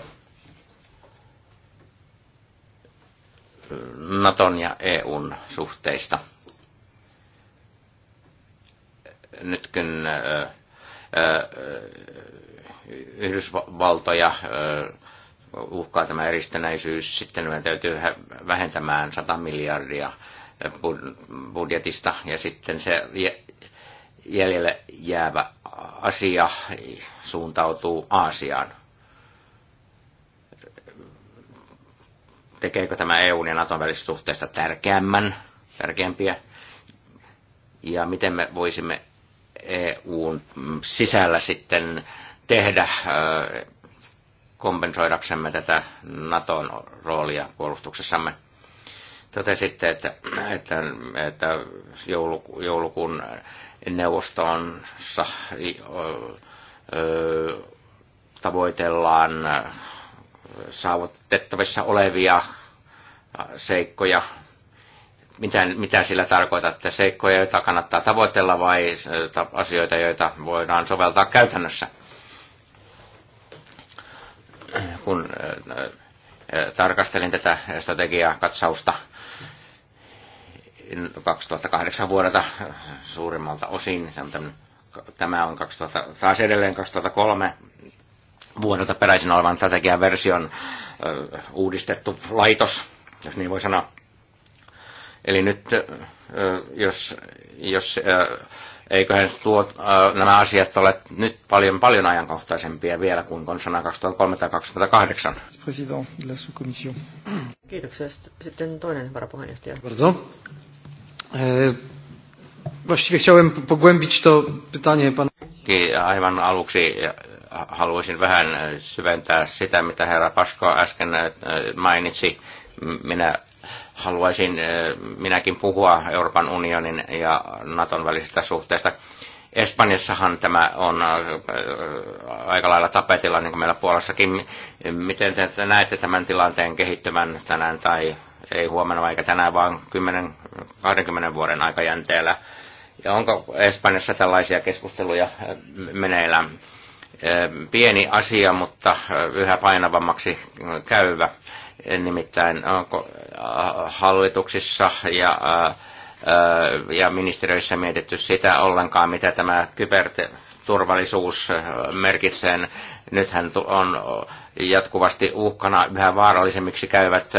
Naton ja EUn suhteista. Nyt kun Yhdysvaltoja uhkaa tämä eristenäisyys. Sitten meidän täytyy vähentämään 100 miljardia budjetista ja sitten se jäljelle jäävä asia suuntautuu Aasiaan. Tekeekö tämä EUn ja Naton välisistä suhteista tärkeämmän, tärkeämpiä? Ja miten me voisimme EUn sisällä sitten tehdä äh, kompensoidaksemme tätä Naton roolia puolustuksessamme. Totesitte, että, että, että joulukuun neuvostoonsa äh, tavoitellaan saavutettavissa olevia seikkoja mitä, mitä sillä että seikkoja, joita kannattaa tavoitella vai asioita, joita voidaan soveltaa käytännössä? Kun tarkastelin tätä strategiakatsausta 2008 vuodelta suurimmalta osin, tämä on 2000, taas edelleen 2003 vuodelta peräisin olevan strategian version uudistettu laitos, jos niin voi sanoa Eli nyt jos, jos eiköhän tuo, nämä asiat ole nyt paljon, paljon ajankohtaisempia vielä kuin konsana 2003-2008. President Kiitoksia. Sitten toinen varapuheenjohtaja. Bardzo. E, właściwie chciałem pogłębić to pytanie pana. Aivan aluksi e, haluaisin vähän e, syventää sitä, mitä herra Pasko äsken mainitsi. Minä haluaisin eh, minäkin puhua Euroopan unionin ja Naton välisistä suhteista. Espanjassahan tämä on eh, aika lailla tapetilla, niin kuin meillä Puolassakin. Miten te näette tämän tilanteen kehittymän tänään tai ei huomenna eikä tänään, vaan 10-20 vuoden aikajänteellä? Ja onko Espanjassa tällaisia keskusteluja eh, meneillään? Pieni asia, mutta yhä painavammaksi käyvä nimittäin äh, hallituksissa ja, äh, äh, ja ministeriöissä mietitty sitä ollenkaan, mitä tämä kyberturvallisuus merkitsee. Nythän on jatkuvasti uhkana yhä vaarallisemmiksi käyvät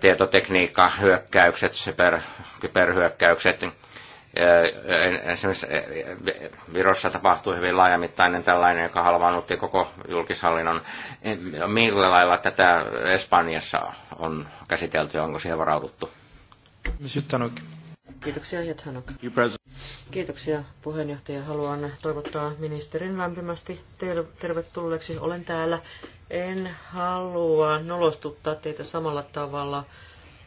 tietotekniikka, hyökkäykset, kyberhyökkäykset Esimerkiksi Virossa tapahtui hyvin laajamittainen tällainen, joka halvaannutti koko julkishallinnon. Millä lailla tätä Espanjassa on käsitelty ja onko siihen varauduttu? Kiitoksia Jethanok. Kiitoksia puheenjohtaja. Haluan toivottaa ministerin lämpimästi tervetulleeksi. Olen täällä. En halua nolostuttaa teitä samalla tavalla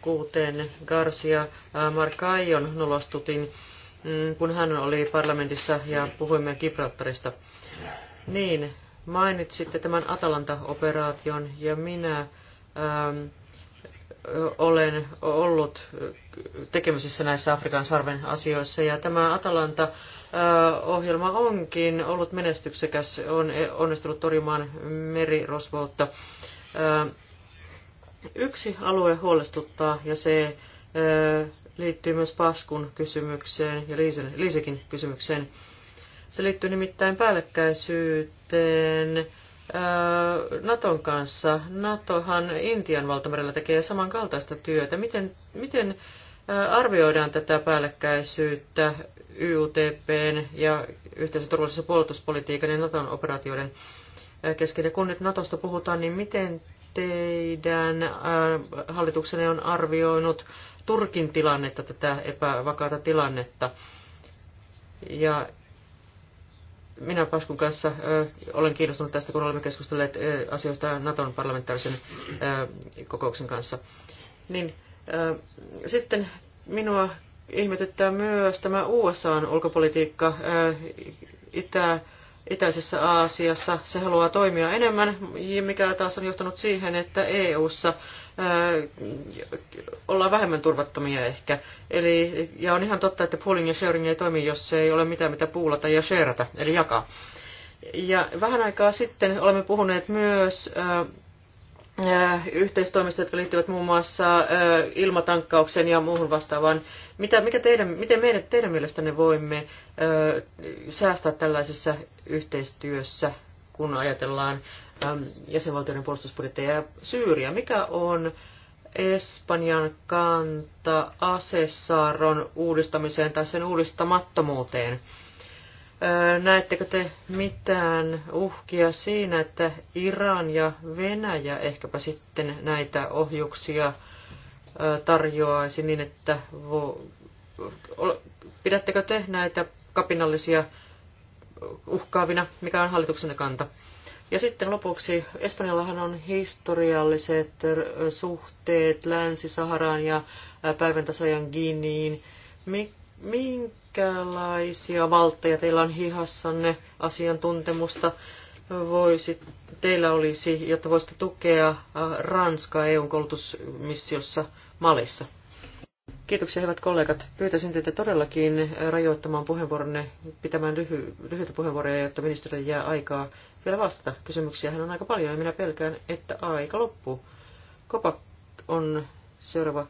kuten Garcia Marcaion nolostutin Mm, kun hän oli parlamentissa ja puhuimme Gibraltarista. Niin, mainitsitte tämän Atalanta-operaation ja minä ähm, olen ollut tekemisissä näissä Afrikan sarven asioissa ja tämä Atalanta äh, ohjelma onkin ollut menestyksekäs, on e- onnistunut torjumaan merirosvoutta. Äh, yksi alue huolestuttaa ja se äh, liittyy myös Paskun kysymykseen ja Liisekin kysymykseen. Se liittyy nimittäin päällekkäisyyteen äh, Naton kanssa. Natohan Intian valtamerellä tekee samankaltaista työtä. Miten, miten äh, arvioidaan tätä päällekkäisyyttä YUTPn ja yhteisen turvallisuus- ja puolustuspolitiikan ja Naton operaatioiden äh, kesken? Ja kun nyt Natosta puhutaan, niin miten teidän hallituksenne on arvioinut Turkin tilannetta, tätä epävakaata tilannetta. Ja minä Paskun kanssa ö, olen kiinnostunut tästä, kun olemme keskustelleet ö, asioista Naton parlamentaarisen ö, kokouksen kanssa. Niin, ö, sitten minua ihmetyttää myös tämä USAn ulkopolitiikka ö, itä, itäisessä Aasiassa. Se haluaa toimia enemmän, mikä taas on johtanut siihen, että EUssa ollaan vähemmän turvattomia ehkä. Eli, ja on ihan totta, että pooling ja sharing ei toimi, jos ei ole mitään mitä puulata ja sharata, eli jakaa. Ja vähän aikaa sitten olemme puhuneet myös yhteistoimista, jotka liittyvät muun muassa ilmatankkaukseen ja muuhun vastaavaan. Mitä, mikä teidän, miten meidän, teidän mielestänne voimme säästää tällaisessa yhteistyössä, kun ajatellaan Ähm, jäsenvaltioiden puolustusbudjetteja. Ja mikä on Espanjan kanta asessaaron uudistamiseen tai sen uudistamattomuuteen? Äh, näettekö te mitään uhkia siinä, että Iran ja Venäjä ehkäpä sitten näitä ohjuksia äh, tarjoaisi niin, että vo... pidättekö te näitä kapinallisia uhkaavina, mikä on hallituksen kanta? Ja sitten lopuksi, Espanjallahan on historialliset suhteet Länsi-Saharaan ja päivän tasajan Giniin. Minkälaisia valtteja teillä on hihassanne asiantuntemusta? Voisit, teillä olisi, jotta voisitte tukea Ranskaa eu koulutusmissiossa Malissa. Kiitoksia hyvät kollegat. Pyytäisin teitä todellakin rajoittamaan puheenvuoronne, pitämään lyhy- lyhyitä puheenvuoroja, jotta ministerille jää aikaa vielä vastata. Kysymyksiähän on aika paljon ja minä pelkään, että aika loppuu. Kopa on seuraava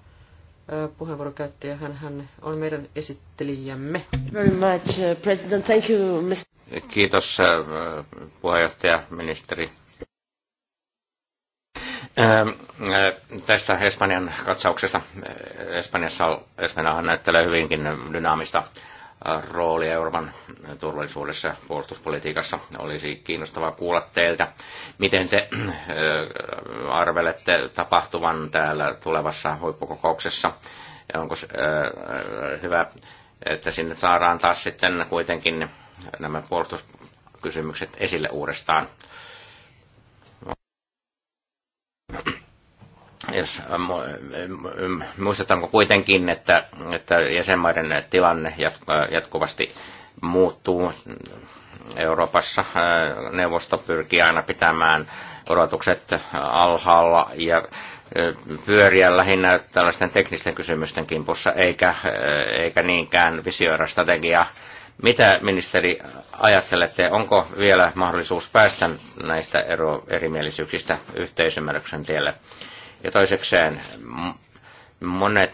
puheenvuorokäyttäjä. Hän, hän on meidän esittelijämme. Very much, uh, President. Thank you, Mr. Kiitos puheenjohtaja, ministeri. Tästä Espanjan katsauksesta. Espanjassa Espanjahan näyttelee hyvinkin dynaamista rooli Euroopan turvallisuudessa puolustuspolitiikassa. Olisi kiinnostavaa kuulla teiltä, miten se äh, arvelette tapahtuvan täällä tulevassa huippukokouksessa. Onko äh, hyvä, että sinne saadaan taas sitten kuitenkin nämä puolustuskysymykset esille uudestaan jos äh, äh, äh, muistetaanko kuitenkin, että, että jäsenmaiden tilanne jatkuvasti muuttuu Euroopassa. Neuvosto pyrkii aina pitämään odotukset alhaalla ja pyöriä lähinnä tällaisten teknisten kysymysten kimpussa, eikä, eikä niinkään visioida strategiaa. Mitä ministeri ajattelette, onko vielä mahdollisuus päästä näistä ero, erimielisyyksistä yhteisymmärryksen tielle? Ja toisekseen monet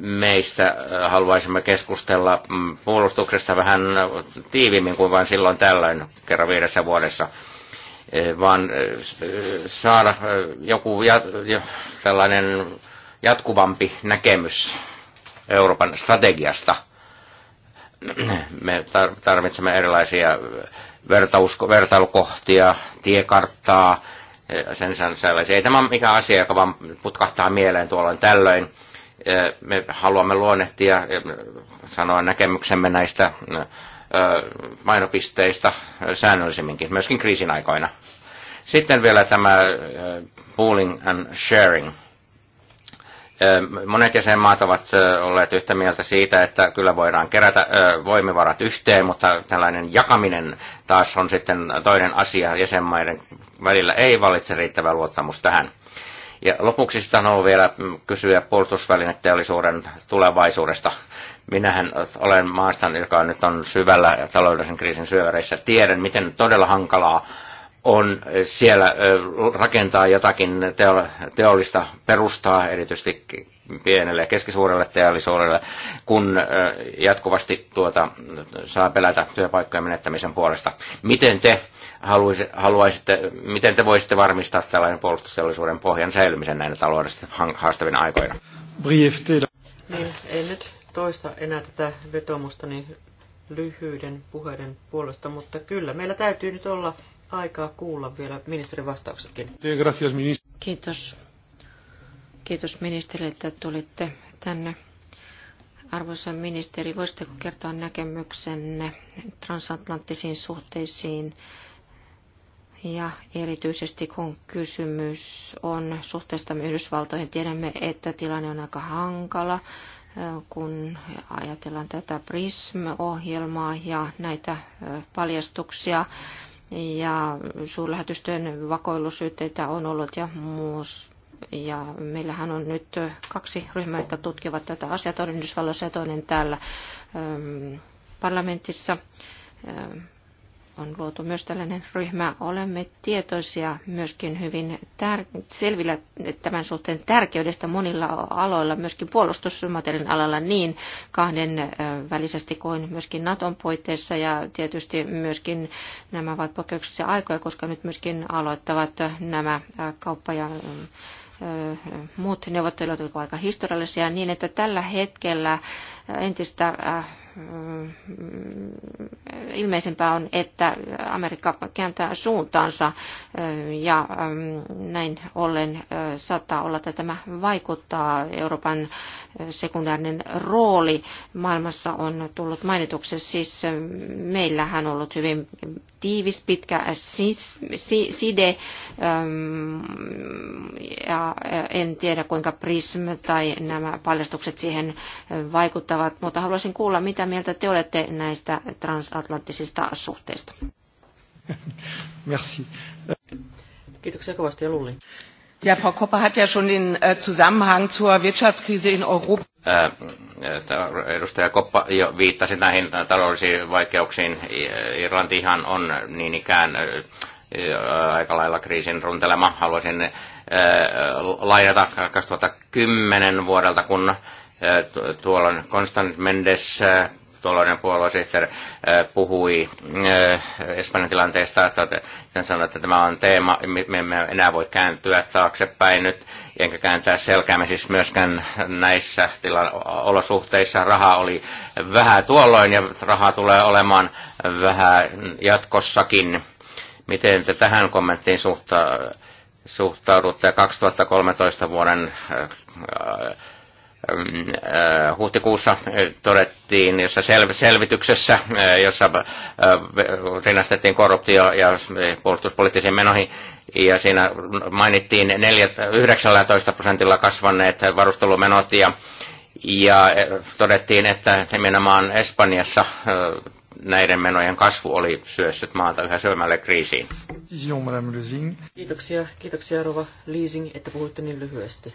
meistä äh, haluaisimme keskustella mm, puolustuksesta vähän tiiviimmin kuin vain silloin tällöin kerran viidessä vuodessa, äh, vaan äh, saada joku jat, tällainen jatkuvampi näkemys Euroopan strategiasta. Me tarvitsemme erilaisia vertausko, vertailukohtia, tiekarttaa, sen sellaisia. Ei tämä ole mikään asia, joka vaan putkahtaa mieleen tuolloin tällöin. Me haluamme luonnehtia sanoa näkemyksemme näistä mainopisteistä säännöllisemminkin, myöskin kriisin aikoina. Sitten vielä tämä pooling and sharing – Monet jäsenmaat ovat olleet yhtä mieltä siitä, että kyllä voidaan kerätä voimivarat yhteen, mutta tällainen jakaminen taas on sitten toinen asia. Jäsenmaiden välillä ei valitse riittävä luottamus tähän. Ja lopuksi on ollut vielä kysyä puolustusvälineteollisuuden tulevaisuudesta. Minähän olen maasta, joka nyt on syvällä taloudellisen kriisin syöväreissä. Tiedän, miten todella hankalaa on siellä rakentaa jotakin teollista perustaa, erityisesti pienelle ja keskisuurelle teollisuudelle, kun jatkuvasti tuota, saa pelätä työpaikkojen menettämisen puolesta. Miten te haluaisitte, miten te voisitte varmistaa tällainen puolustusteollisuuden pohjan säilymisen näinä taloudellisesti haastavina aikoina? Niin, en nyt toista enää tätä niin lyhyiden puheiden puolesta, mutta kyllä meillä täytyy nyt olla aikaa kuulla vielä ministerin vastauksetkin. Kiitos. Kiitos ministerille, että tulitte tänne. Arvoisa ministeri, voisitteko kertoa näkemyksenne transatlanttisiin suhteisiin ja erityisesti kun kysymys on suhteesta Yhdysvaltoihin, tiedämme, että tilanne on aika hankala, kun ajatellaan tätä PRISM-ohjelmaa ja näitä paljastuksia ja suurlähetystön vakoilusyytteitä on ollut ja muus. Ja meillähän on nyt kaksi ryhmää, jotka tutkivat tätä asiaa, toinen Yhdysvalloissa ja toinen täällä ähm, parlamentissa. Ähm, on luotu myös tällainen ryhmä. Olemme tietoisia myöskin hyvin tär- selvillä tämän suhteen tärkeydestä monilla aloilla, myöskin puolustusmateriaalin alalla niin kahden välisesti kuin myöskin Naton puitteissa ja tietysti myöskin nämä ovat poikkeuksellisia aikoja, koska nyt myöskin aloittavat nämä kauppa- ja muut neuvottelut ovat aika historiallisia niin, että tällä hetkellä entistä Mm, ilmeisempää on, että Amerikka kääntää suuntaansa eh, ja mm, näin ollen eh, saattaa olla, että tämä vaikuttaa. Euroopan eh, sekundaarinen rooli maailmassa on tullut mainituksi. Siis meillähän on ollut hyvin tiivis, pitkä side ja en tiedä kuinka Prism tai nämä paljastukset siihen vaikuttavat, mutta haluaisin kuulla, mitä mitä mieltä te olette näistä transatlanttisista suhteista? Merci. Kiitoksia kovasti Lulli. Ja Frau Koppa hat ja schon den äh, Zusammenhang zur Wirtschaftskrise in Europa. Äh, edustaja Koppa jo viittasi näihin taloudellisiin vaikeuksiin. Irlanti ihan on niin ikään äh, aika lailla kriisin runtelema. Haluaisin lainata 2010 vuodelta, kun tuolloin Konstant Mendes tuolloinen puoluesihteeri puhui Espanjan tilanteesta, että sen sanoi, että tämä on teema, me emme enää voi kääntyä taaksepäin nyt, enkä kääntää selkäämme siis myöskään näissä tilan olosuhteissa. Raha oli vähän tuolloin ja raha tulee olemaan vähän jatkossakin. Miten te tähän kommenttiin suhtaudutte 2013 vuoden huhtikuussa todettiin jossa sel- selvityksessä, jossa rinnastettiin korruptio ja puolustuspoliittisiin menoihin, ja siinä mainittiin 19 prosentilla kasvaneet varustelumenot, ja, ja todettiin, että nimenomaan Espanjassa näiden menojen kasvu oli syössyt maata yhä syömälle kriisiin. Kiitoksia, kiitoksia Rova Leasing, että puhuitte niin lyhyesti.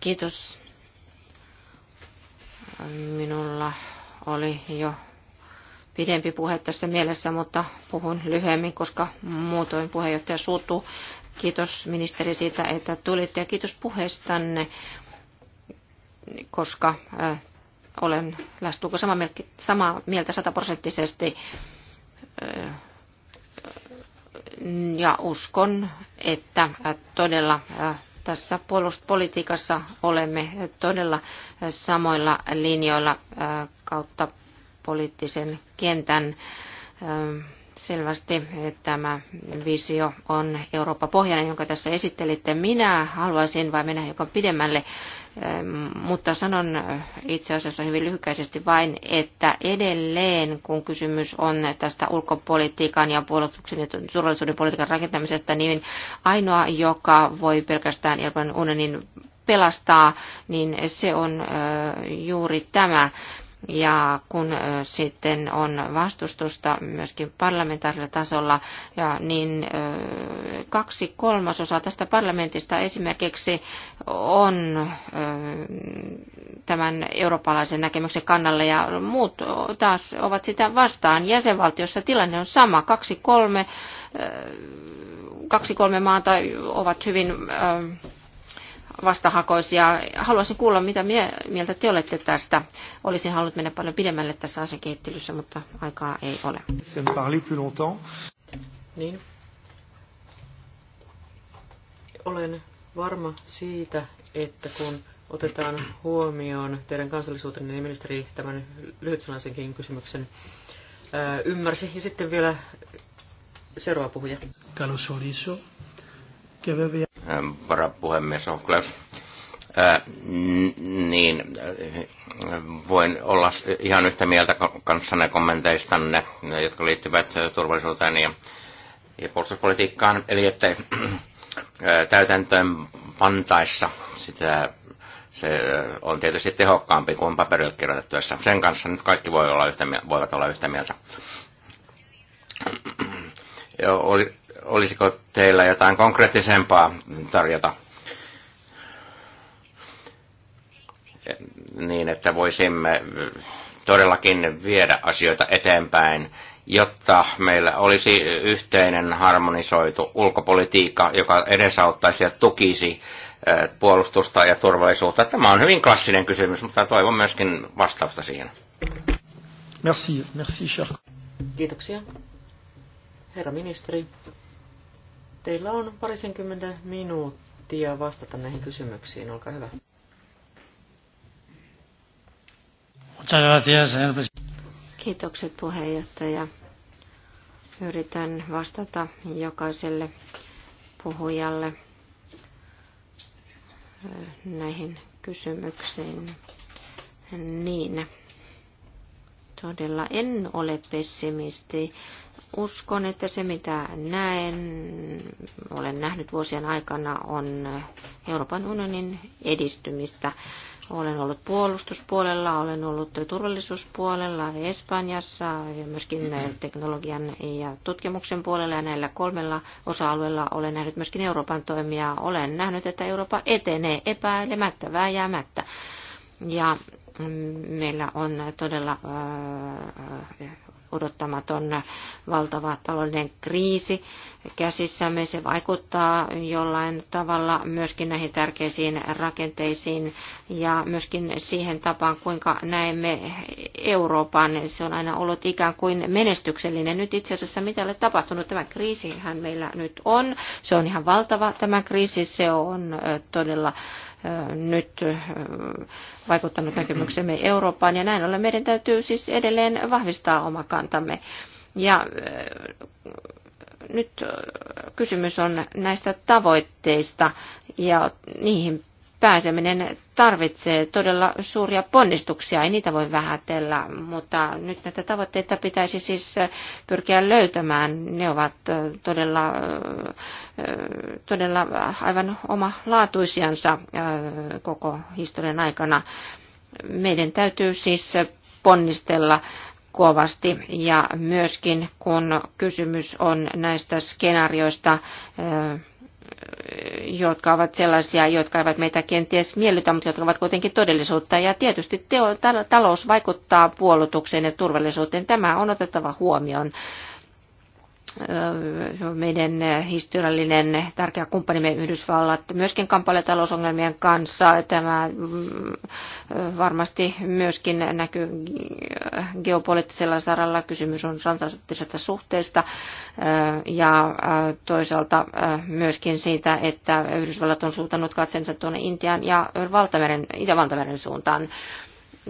Kiitos. Minulla oli jo pidempi puhe tässä mielessä, mutta puhun lyhyemmin, koska muutoin puheenjohtaja suuttuu. Kiitos ministeri siitä, että tulitte ja kiitos puheestanne, koska olen lähestulko samaa mieltä sataprosenttisesti ja uskon, että todella tässä puolustuspolitiikassa olemme todella samoilla linjoilla kautta poliittisen kentän selvästi tämä visio on Eurooppa-pohjainen, jonka tässä esittelitte. Minä haluaisin vain mennä hiukan pidemmälle, ähm, mutta sanon itse asiassa hyvin lyhykäisesti vain, että edelleen kun kysymys on tästä ulkopolitiikan ja puolustuksen ja turvallisuuden politiikan rakentamisesta, niin ainoa, joka voi pelkästään Euroopan unionin pelastaa, niin se on äh, juuri tämä ja kun sitten on vastustusta myöskin parlamentaarilla tasolla, ja niin kaksi kolmasosaa tästä parlamentista esimerkiksi on tämän eurooppalaisen näkemyksen kannalla, ja muut taas ovat sitä vastaan. Jäsenvaltiossa tilanne on sama, kaksi kolme, kaksi kolme maata ovat hyvin vastahakoisia. Haluaisin kuulla, mitä mieltä te olette tästä. Olisin halunnut mennä paljon pidemmälle tässä asian mutta aikaa ei ole. Niin. Olen varma siitä, että kun otetaan huomioon teidän kansallisuutenne, niin ministeri tämän lyhytsanaisenkin kysymyksen ää, äh, ymmärsi. Ja sitten vielä seuraava puhuja. Carlos και Ähm, varapuhemies Ofklaus. Äh, niin, äh, voin olla ihan yhtä mieltä kanssanne kommenteistanne, jotka liittyvät äh, turvallisuuteen ja, ja puolustuspolitiikkaan. Eli että täytäntöön pantaessa sitä se on tietysti tehokkaampi kuin paperille kirjoitettuessa. Sen kanssa nyt kaikki voi olla yhtä, voivat olla yhtä mieltä. Ja oli, olisiko teillä jotain konkreettisempaa tarjota? Niin, että voisimme todellakin viedä asioita eteenpäin, jotta meillä olisi yhteinen harmonisoitu ulkopolitiikka, joka edesauttaisi ja tukisi eh, puolustusta ja turvallisuutta. Tämä on hyvin klassinen kysymys, mutta toivon myöskin vastausta siihen. Merci, merci cher. Kiitoksia. Herra ministeri, Teillä on parisenkymmentä minuuttia vastata näihin kysymyksiin. Olkaa hyvä. Kiitokset puheenjohtaja. Yritän vastata jokaiselle puhujalle eh, näihin kysymyksiin. Niin, todella en ole pessimisti uskon, että se mitä näen, olen nähnyt vuosien aikana, on Euroopan unionin edistymistä. Olen ollut puolustuspuolella, olen ollut turvallisuuspuolella Espanjassa, myöskin teknologian ja tutkimuksen puolella ja näillä kolmella osa-alueella olen nähnyt myöskin Euroopan toimia. Olen nähnyt, että Eurooppa etenee epäilemättä, vääjäämättä. Ja mm, meillä on todella äh, odottamaton valtava taloudellinen kriisi käsissämme. Se vaikuttaa jollain tavalla myöskin näihin tärkeisiin rakenteisiin ja myöskin siihen tapaan, kuinka näemme Euroopan. Se on aina ollut ikään kuin menestyksellinen. Nyt itse asiassa mitä ole tapahtunut? Tämä kriisihän meillä nyt on. Se on ihan valtava tämä kriisi. Se on todella nyt vaikuttanut näkemyksemme Eurooppaan ja näin ollen meidän täytyy siis edelleen vahvistaa oma kantamme. Ja nyt kysymys on näistä tavoitteista ja niihin pääseminen tarvitsee todella suuria ponnistuksia, ei niitä voi vähätellä, mutta nyt näitä tavoitteita pitäisi siis pyrkiä löytämään. Ne ovat todella, todella aivan oma laatuisiansa koko historian aikana. Meidän täytyy siis ponnistella kovasti. Ja myöskin kun kysymys on näistä skenaarioista, jotka ovat sellaisia, jotka eivät meitä kenties miellytä, mutta jotka ovat kuitenkin todellisuutta. Ja tietysti teo, talous vaikuttaa puolutukseen ja turvallisuuteen. Tämä on otettava huomioon meidän historiallinen tärkeä kumppanimme Yhdysvallat myöskin kamppailee talousongelmien kanssa. Tämä mm, varmasti myöskin näkyy geopoliittisella saralla. Kysymys on transatlanttisesta suhteesta ja toisaalta myöskin siitä, että Yhdysvallat on suuntanut katsensa tuonne Intian ja Valtameren, Itä-Valtameren suuntaan.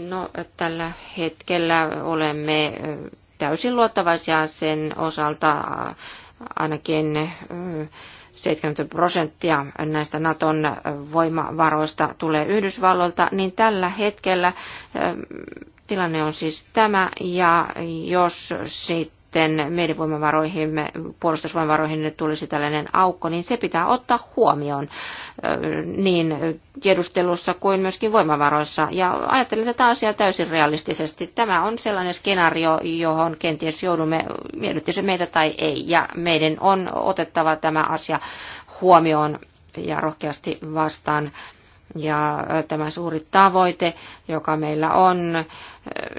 No, tällä hetkellä olemme täysin luottavaisia sen osalta ainakin 70 prosenttia näistä Naton voimavaroista tulee Yhdysvalloilta, niin tällä hetkellä tilanne on siis tämä, ja jos sitten sitten meidän voimavaroihimme, puolustusvoimavaroihin tulisi tällainen aukko, niin se pitää ottaa huomioon niin tiedustelussa kuin myöskin voimavaroissa. Ja ajattelen tätä asiaa täysin realistisesti. Tämä on sellainen skenaario, johon kenties joudumme, miellytti se meitä tai ei, ja meidän on otettava tämä asia huomioon ja rohkeasti vastaan. Ja tämä suuri tavoite, joka meillä on,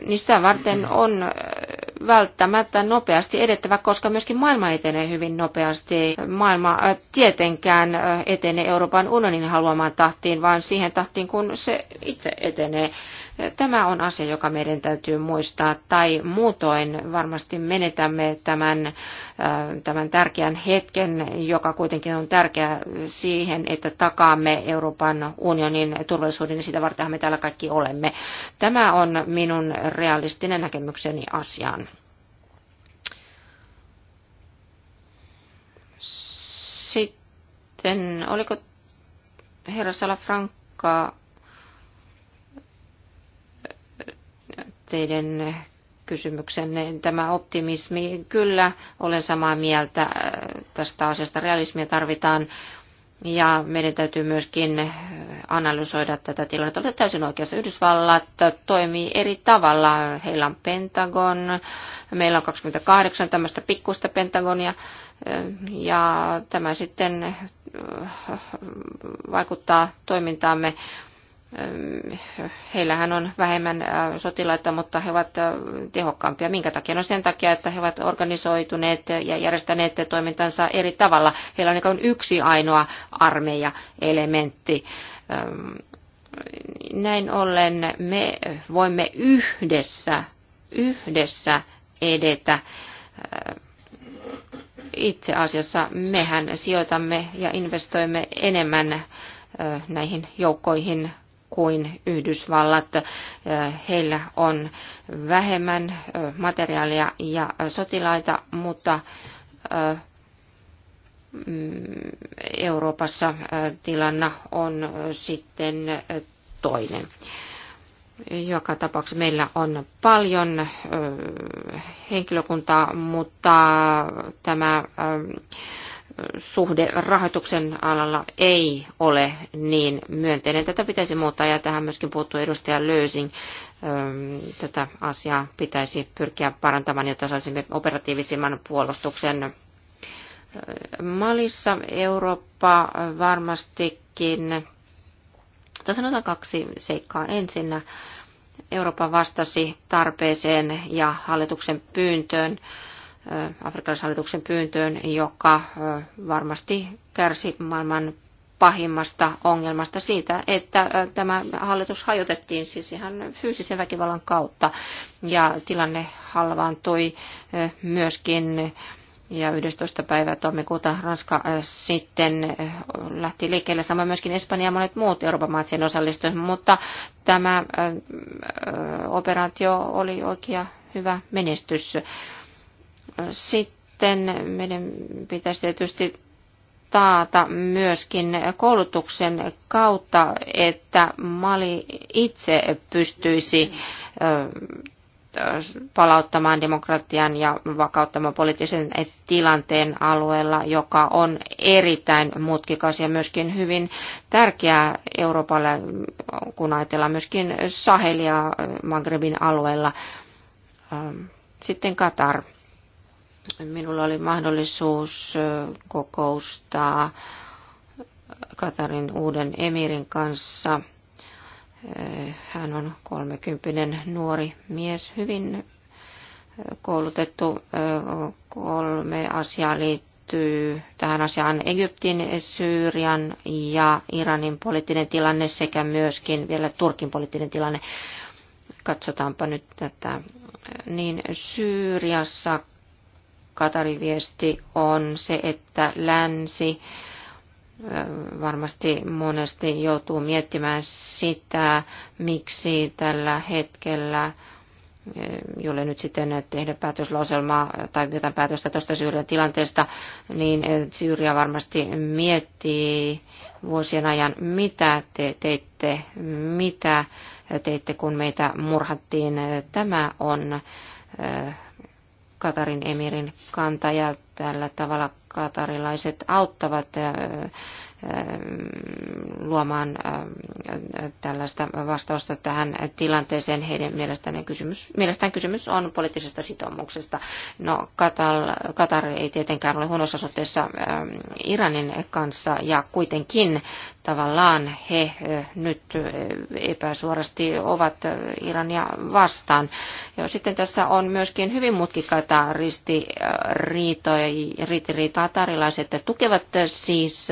niin sitä varten on välttämättä nopeasti edettävä, koska myöskin maailma etenee hyvin nopeasti. Maailma tietenkään etenee Euroopan unionin haluamaan tahtiin, vaan siihen tahtiin, kun se itse etenee. Tämä on asia, joka meidän täytyy muistaa, tai muutoin varmasti menetämme tämän, äh, tämän tärkeän hetken, joka kuitenkin on tärkeä siihen, että takaamme Euroopan unionin turvallisuuden, ja sitä varten me täällä kaikki olemme. Tämä on minun realistinen näkemykseni asiaan. Sitten, oliko herra Salafranca teidän kysymyksen Tämä optimismi, kyllä olen samaa mieltä äh, tästä asiasta. Realismia tarvitaan ja meidän täytyy myöskin äh, analysoida tätä tilannetta. Olet täysin oikeassa. Yhdysvallat toimii eri tavalla. Heillä on Pentagon, meillä on 28 tämmöistä pikkusta Pentagonia. Äh, ja tämä sitten vaikuttaa toimintaamme heillähän on vähemmän sotilaita, mutta he ovat tehokkaampia. Minkä takia? No sen takia, että he ovat organisoituneet ja järjestäneet toimintansa eri tavalla. Heillä on niin yksi ainoa armeija-elementti. Näin ollen me voimme yhdessä, yhdessä edetä itse asiassa mehän sijoitamme ja investoimme enemmän näihin joukkoihin kuin Yhdysvallat. Äh, heillä on vähemmän äh, materiaalia ja äh, sotilaita, mutta mm, Euroopassa tilanne on sitten toinen. Joka tapauksessa meillä on paljon henkilökuntaa, mutta tämä suhde rahoituksen alalla ei ole niin myönteinen. Tätä pitäisi muuttaa ja tähän myöskin puuttuu edustaja Löysing. Tätä asiaa pitäisi pyrkiä parantamaan, jotta saisimme operatiivisimman puolustuksen. Malissa Eurooppa varmastikin, tai sanotaan kaksi seikkaa ensinnä, Eurooppa vastasi tarpeeseen ja hallituksen pyyntöön afrikkalaishallituksen pyyntöön, joka varmasti kärsi maailman pahimmasta ongelmasta siitä, että tämä hallitus hajotettiin siis ihan fyysisen väkivallan kautta ja tilanne halvaantui myöskin ja 11. päivä tammikuuta Ranska sitten lähti liikkeelle, samoin myöskin Espanja ja monet muut Euroopan maat siihen osallistuivat, mutta tämä operaatio oli oikea hyvä menestys. Sitten meidän pitäisi tietysti taata myöskin koulutuksen kautta, että Mali itse pystyisi palauttamaan demokratian ja vakauttamaan poliittisen tilanteen alueella, joka on erittäin mutkikas ja myöskin hyvin tärkeä Euroopalle, kun ajatellaan myöskin Sahelia Magrebin alueella. Sitten Katar. Minulla oli mahdollisuus kokoustaa Katarin uuden emirin kanssa. Hän on kolmekymppinen nuori mies, hyvin koulutettu. Kolme asiaa liittyy tähän asiaan Egyptin, Syyrian ja Iranin poliittinen tilanne sekä myöskin vielä Turkin poliittinen tilanne. Katsotaanpa nyt tätä. Niin Syyriassa Katarin viesti on se, että länsi varmasti monesti joutuu miettimään sitä, miksi tällä hetkellä jolle nyt sitten tehdä päätöslauselmaa tai jotain päätöstä tuosta Syyrian tilanteesta, niin Syyria varmasti miettii vuosien ajan, mitä te teitte, mitä teitte, kun meitä murhattiin. Tämä on Katarin emirin kanta ja tällä tavalla katarilaiset auttavat luomaan tällaista vastausta tähän tilanteeseen. Heidän mielestään kysymys, mielestään kysymys on poliittisesta sitoumuksesta. No, Katar, Katar ei tietenkään ole huonossa suhteessa Iranin kanssa ja kuitenkin tavallaan he nyt epäsuorasti ovat Irania vastaan. Ja sitten tässä on myöskin hyvin mutkikkaita ristiriitoja, tarilaiset tukevat siis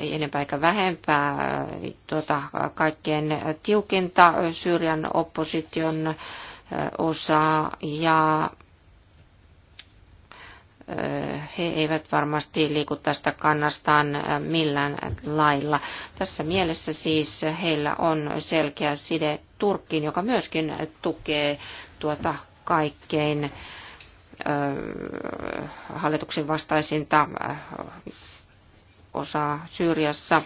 enempää eikä vähempää tuota, kaikkien tiukinta Syyrian opposition osaa ja he eivät varmasti liiku tästä kannastaan äh, millään lailla. Tässä mielessä siis heillä on selkeä side Turkkiin, joka myöskin tukee tuota kaikkein äh, hallituksen vastaisinta äh, osaa Syyriassa,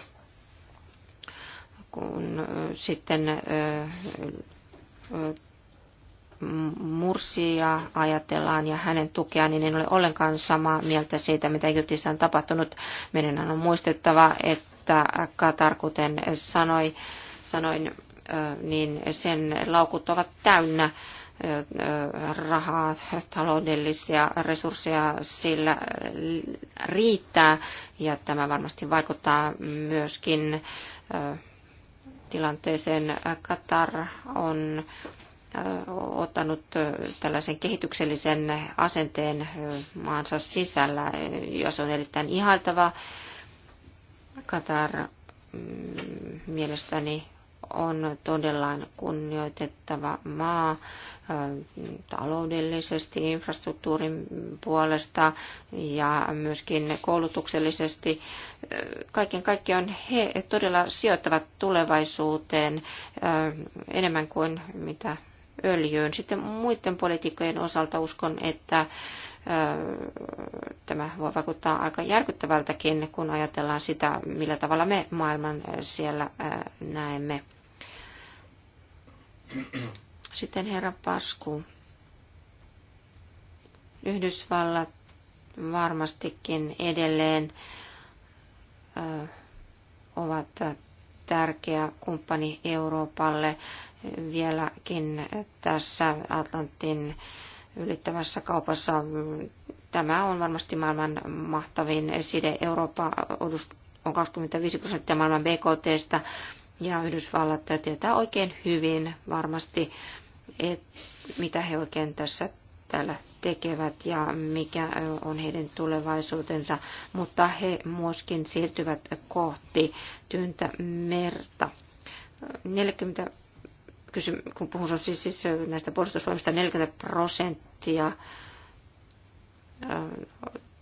kun sitten Mursia ajatellaan ja hänen tukeaan, niin en ole ollenkaan samaa mieltä siitä, mitä Egyptissä on tapahtunut. Meidän on muistettava, että Katar, kuten sanoi, sanoin, niin sen laukut ovat täynnä rahaa, taloudellisia resursseja sillä riittää ja tämä varmasti vaikuttaa myöskin tilanteeseen. Katar on ottanut tällaisen kehityksellisen asenteen maansa sisällä, jos on erittäin ihailtava. Katar mm, mielestäni on todella kunnioitettava maa taloudellisesti, infrastruktuurin puolesta ja myöskin koulutuksellisesti. Kaiken kaikkiaan he todella sijoittavat tulevaisuuteen enemmän kuin mitä öljyyn. Sitten muiden politiikkojen osalta uskon, että tämä voi vaikuttaa aika järkyttävältäkin, kun ajatellaan sitä, millä tavalla me maailman siellä näemme. Sitten herra Pasku. Yhdysvallat varmastikin edelleen ovat tärkeä kumppani Euroopalle vieläkin tässä Atlantin ylittävässä kaupassa. Tämä on varmasti maailman mahtavin side. Eurooppa on 25 prosenttia maailman BKTstä ja Yhdysvallat tietää oikein hyvin varmasti, et, mitä he oikein tässä täällä tekevät ja mikä on heidän tulevaisuutensa, mutta he myöskin siirtyvät kohti tyyntä merta. 40 kun puhun siis, siis näistä puolustusvoimista 40 prosenttia äh,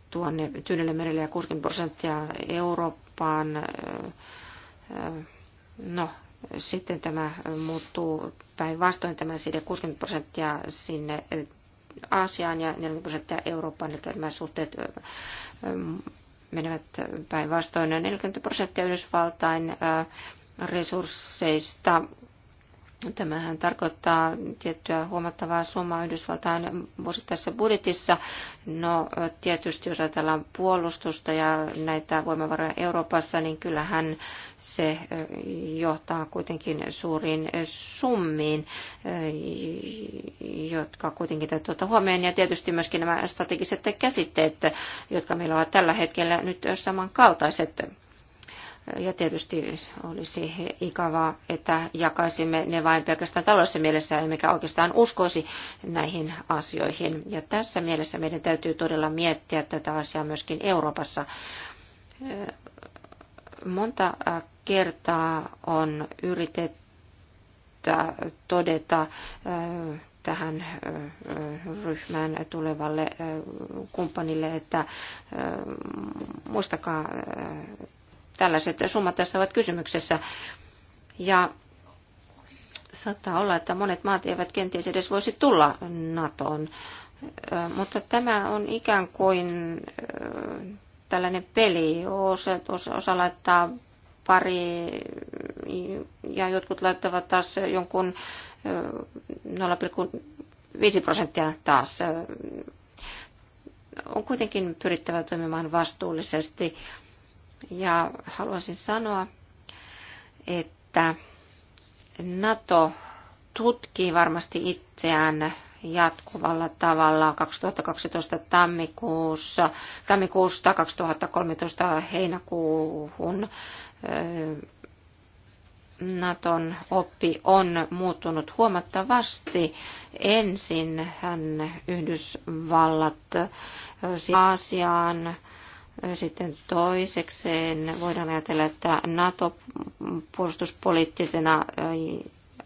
tuonne Tyynelle merelle ja 60 prosenttia Eurooppaan. Äh, äh, no, sitten tämä muuttuu päinvastoin tämä siitä 60 prosenttia sinne Aasiaan ja 40 prosenttia Eurooppaan, eli nämä suhteet menevät päinvastoin. 40 prosenttia Yhdysvaltain resursseista Tämähän tarkoittaa tiettyä huomattavaa summaa Yhdysvaltain vuosittaisessa budjetissa. No tietysti jos ajatellaan puolustusta ja näitä voimavaroja Euroopassa, niin kyllähän se eh, johtaa kuitenkin suuriin eh, summiin, eh, jotka kuitenkin täytyy ottaa huomioon. Ja tietysti myöskin nämä strategiset käsitteet, jotka meillä ovat tällä hetkellä nyt samankaltaiset ja tietysti olisi ikävää, että jakaisimme ne vain pelkästään taloudessa mielessä, emmekä oikeastaan uskoisi näihin asioihin. Ja tässä mielessä meidän täytyy todella miettiä tätä asiaa myöskin Euroopassa. Monta kertaa on yritetty todeta äh, tähän äh, ryhmään tulevalle äh, kumppanille, että muistakaa Tällaiset summat tässä ovat kysymyksessä. Ja saattaa olla, että monet maat eivät kenties edes voisi tulla NATOon. Mutta tämä on ikään kuin tällainen peli, osa, osa, osa laittaa pari ja jotkut laittavat taas jonkun 0,5 prosenttia taas. On kuitenkin pyrittävä toimimaan vastuullisesti ja haluaisin sanoa, että NATO tutkii varmasti itseään jatkuvalla tavalla 2012 tammikuussa, tammikuusta 2013 heinäkuuhun Naton oppi on muuttunut huomattavasti. Ensin hän Yhdysvallat Aasiaan, sitten toisekseen voidaan ajatella, että NATO puolustuspoliittisena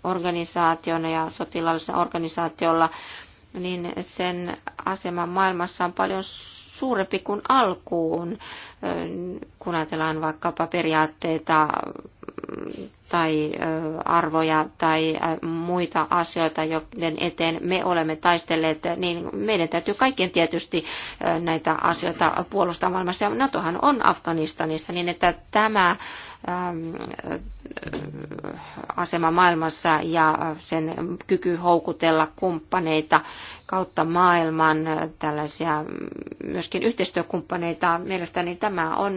organisaationa ja sotilaallisena organisaatiolla, niin sen asema maailmassa on paljon suurempi kuin alkuun, kun ajatellaan vaikkapa periaatteita tai arvoja tai muita asioita, joiden eteen me olemme taistelleet, niin meidän täytyy kaikkien tietysti näitä asioita puolustaa maailmassa. Ja NATOhan on Afganistanissa, niin että tämä asema maailmassa ja sen kyky houkutella kumppaneita kautta maailman, tällaisia myöskin yhteistyökumppaneita, mielestäni tämä on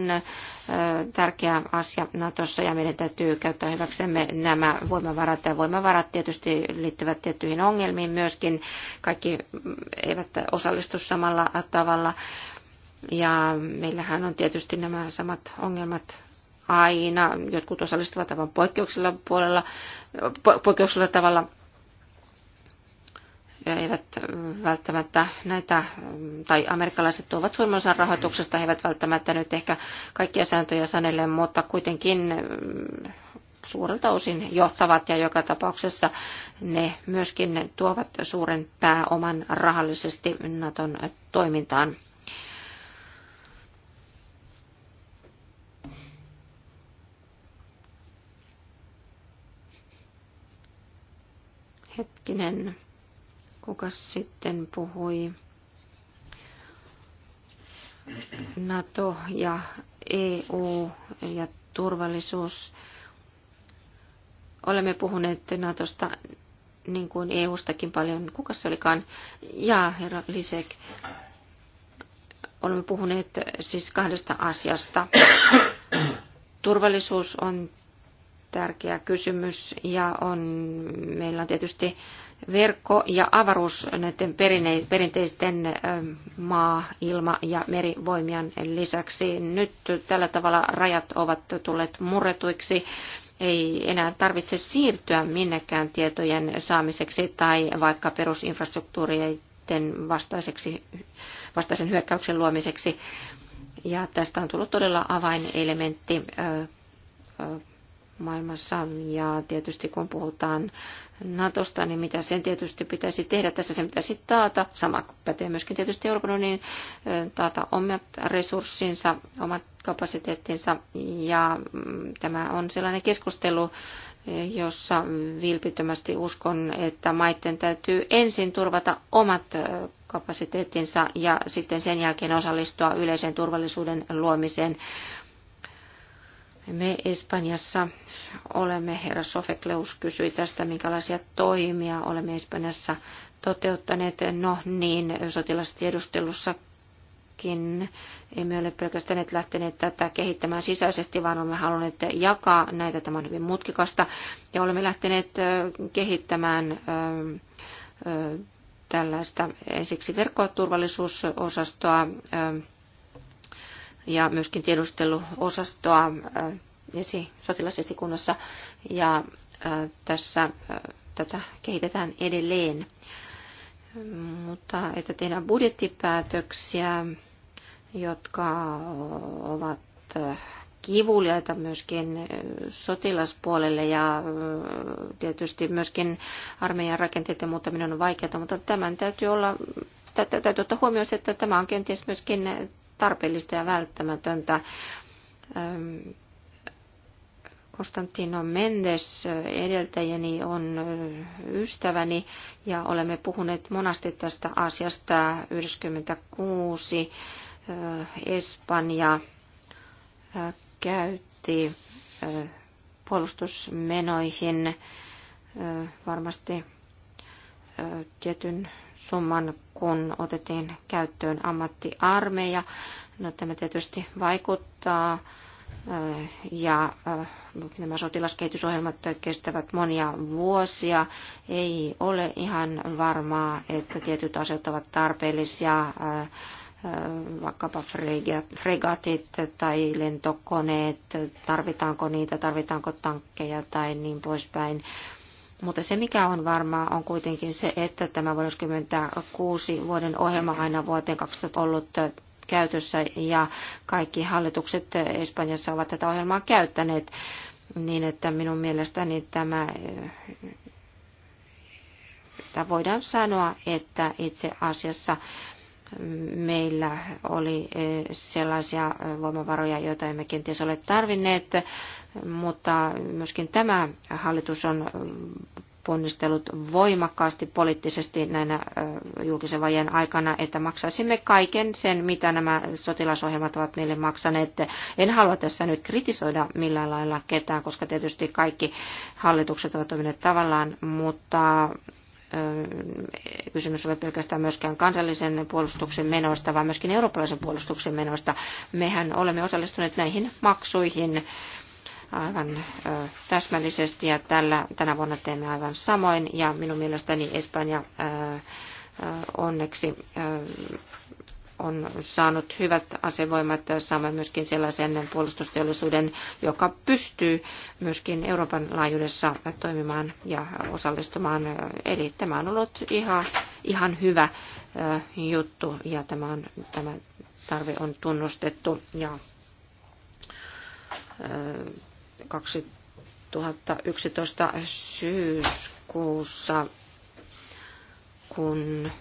tärkeä asia Natossa ja meidän meidän täytyy käyttää hyväksemme nämä voimavarat. Ja voimavarat tietysti liittyvät tiettyihin ongelmiin myöskin. Kaikki eivät osallistu samalla tavalla. Ja meillähän on tietysti nämä samat ongelmat aina. Jotkut osallistuvat aivan poikkeuksella, puolella, po, poikkeuksella tavalla eivät välttämättä näitä, tai amerikkalaiset tuovat suurin osan rahoituksesta, he eivät välttämättä nyt ehkä kaikkia sääntöjä sanelle, mutta kuitenkin mm, suurelta osin johtavat ja joka tapauksessa ne myöskin tuovat suuren pääoman rahallisesti Naton toimintaan. Hetkinen. Kuka sitten puhui? NATO ja EU ja turvallisuus. Olemme puhuneet NATOsta niin kuin EUstakin paljon. Kuka se olikaan? Ja herra Lisek. Olemme puhuneet siis kahdesta asiasta. Turvallisuus on tärkeä kysymys ja on, meillä on tietysti verkko- ja avaruus näiden perinteisten maa-, ilma- ja merivoimien lisäksi. Nyt tällä tavalla rajat ovat tulleet murretuiksi ei enää tarvitse siirtyä minnekään tietojen saamiseksi tai vaikka perusinfrastruktuurien vastaiseksi, vastaisen hyökkäyksen luomiseksi. Ja tästä on tullut todella avainelementti maailmassa. Ja tietysti kun puhutaan Natosta, niin mitä sen tietysti pitäisi tehdä tässä, sen pitäisi taata, sama pätee myöskin tietysti Euroopan niin taata omat resurssinsa, omat kapasiteettinsa. Ja mm, tämä on sellainen keskustelu, jossa vilpittömästi uskon, että maiden täytyy ensin turvata omat kapasiteettinsa ja sitten sen jälkeen osallistua yleisen turvallisuuden luomiseen me Espanjassa olemme, herra Sofekleus kysyi tästä, minkälaisia toimia olemme Espanjassa toteuttaneet. No niin, sotilastiedustelussakin emme ole pelkästään lähteneet tätä kehittämään sisäisesti, vaan olemme halunneet jakaa näitä. Tämä on hyvin mutkikasta. Ja olemme lähteneet kehittämään tällaista ensiksi verkkoturvallisuusosastoa, ja myöskin tiedusteluosastoa äh, esi, sotilasesikunnassa ja äh, tässä äh, tätä kehitetään edelleen. Mutta että tehdään budjettipäätöksiä, jotka ovat kivuliaita myöskin sotilaspuolelle ja tietysti myöskin armeijan rakenteiden muuttaminen on vaikeaa, mutta tämän täytyy olla täytyy ottaa huomioon se, että tämä on kenties myöskin tarpeellista ja välttämätöntä. Konstantino Mendes edeltäjäni on ystäväni ja olemme puhuneet monasti tästä asiasta 96 Espanja käytti puolustusmenoihin varmasti tietyn summan, kun otettiin käyttöön ammattiarmeija. No, tämä tietysti vaikuttaa ja nämä sotilaskehitysohjelmat kestävät monia vuosia. Ei ole ihan varmaa, että tietyt asiat ovat tarpeellisia, vaikkapa fregatit tai lentokoneet, tarvitaanko niitä, tarvitaanko tankkeja tai niin poispäin. Mutta se mikä on varmaa on kuitenkin se, että tämä kuusi vuoden ohjelma aina vuoteen 2000 ollut käytössä ja kaikki hallitukset Espanjassa ovat tätä ohjelmaa käyttäneet niin, että minun mielestäni tämä että voidaan sanoa, että itse asiassa meillä oli eh, sellaisia voimavaroja, joita emme kenties ole tarvinneet mutta myöskin tämä hallitus on ponnistellut voimakkaasti poliittisesti näinä julkisen vajeen aikana, että maksaisimme kaiken sen, mitä nämä sotilasohjelmat ovat meille maksaneet. En halua tässä nyt kritisoida millään lailla ketään, koska tietysti kaikki hallitukset ovat toimineet tavallaan, mutta kysymys ole pelkästään myöskään kansallisen puolustuksen menoista, vaan myöskin eurooppalaisen puolustuksen menoista. Mehän olemme osallistuneet näihin maksuihin aivan täsmällisesti ja tällä, tänä vuonna teemme aivan samoin ja minun mielestäni Espanja onneksi on saanut hyvät asevoimat, saamme myöskin sellaisen puolustusteollisuuden, joka pystyy myöskin Euroopan laajuudessa toimimaan ja osallistumaan. Eli tämä on ollut ihan, ihan hyvä juttu ja tämä, on, tämä tarve on tunnustettu ja 2011 syyskuussa, kun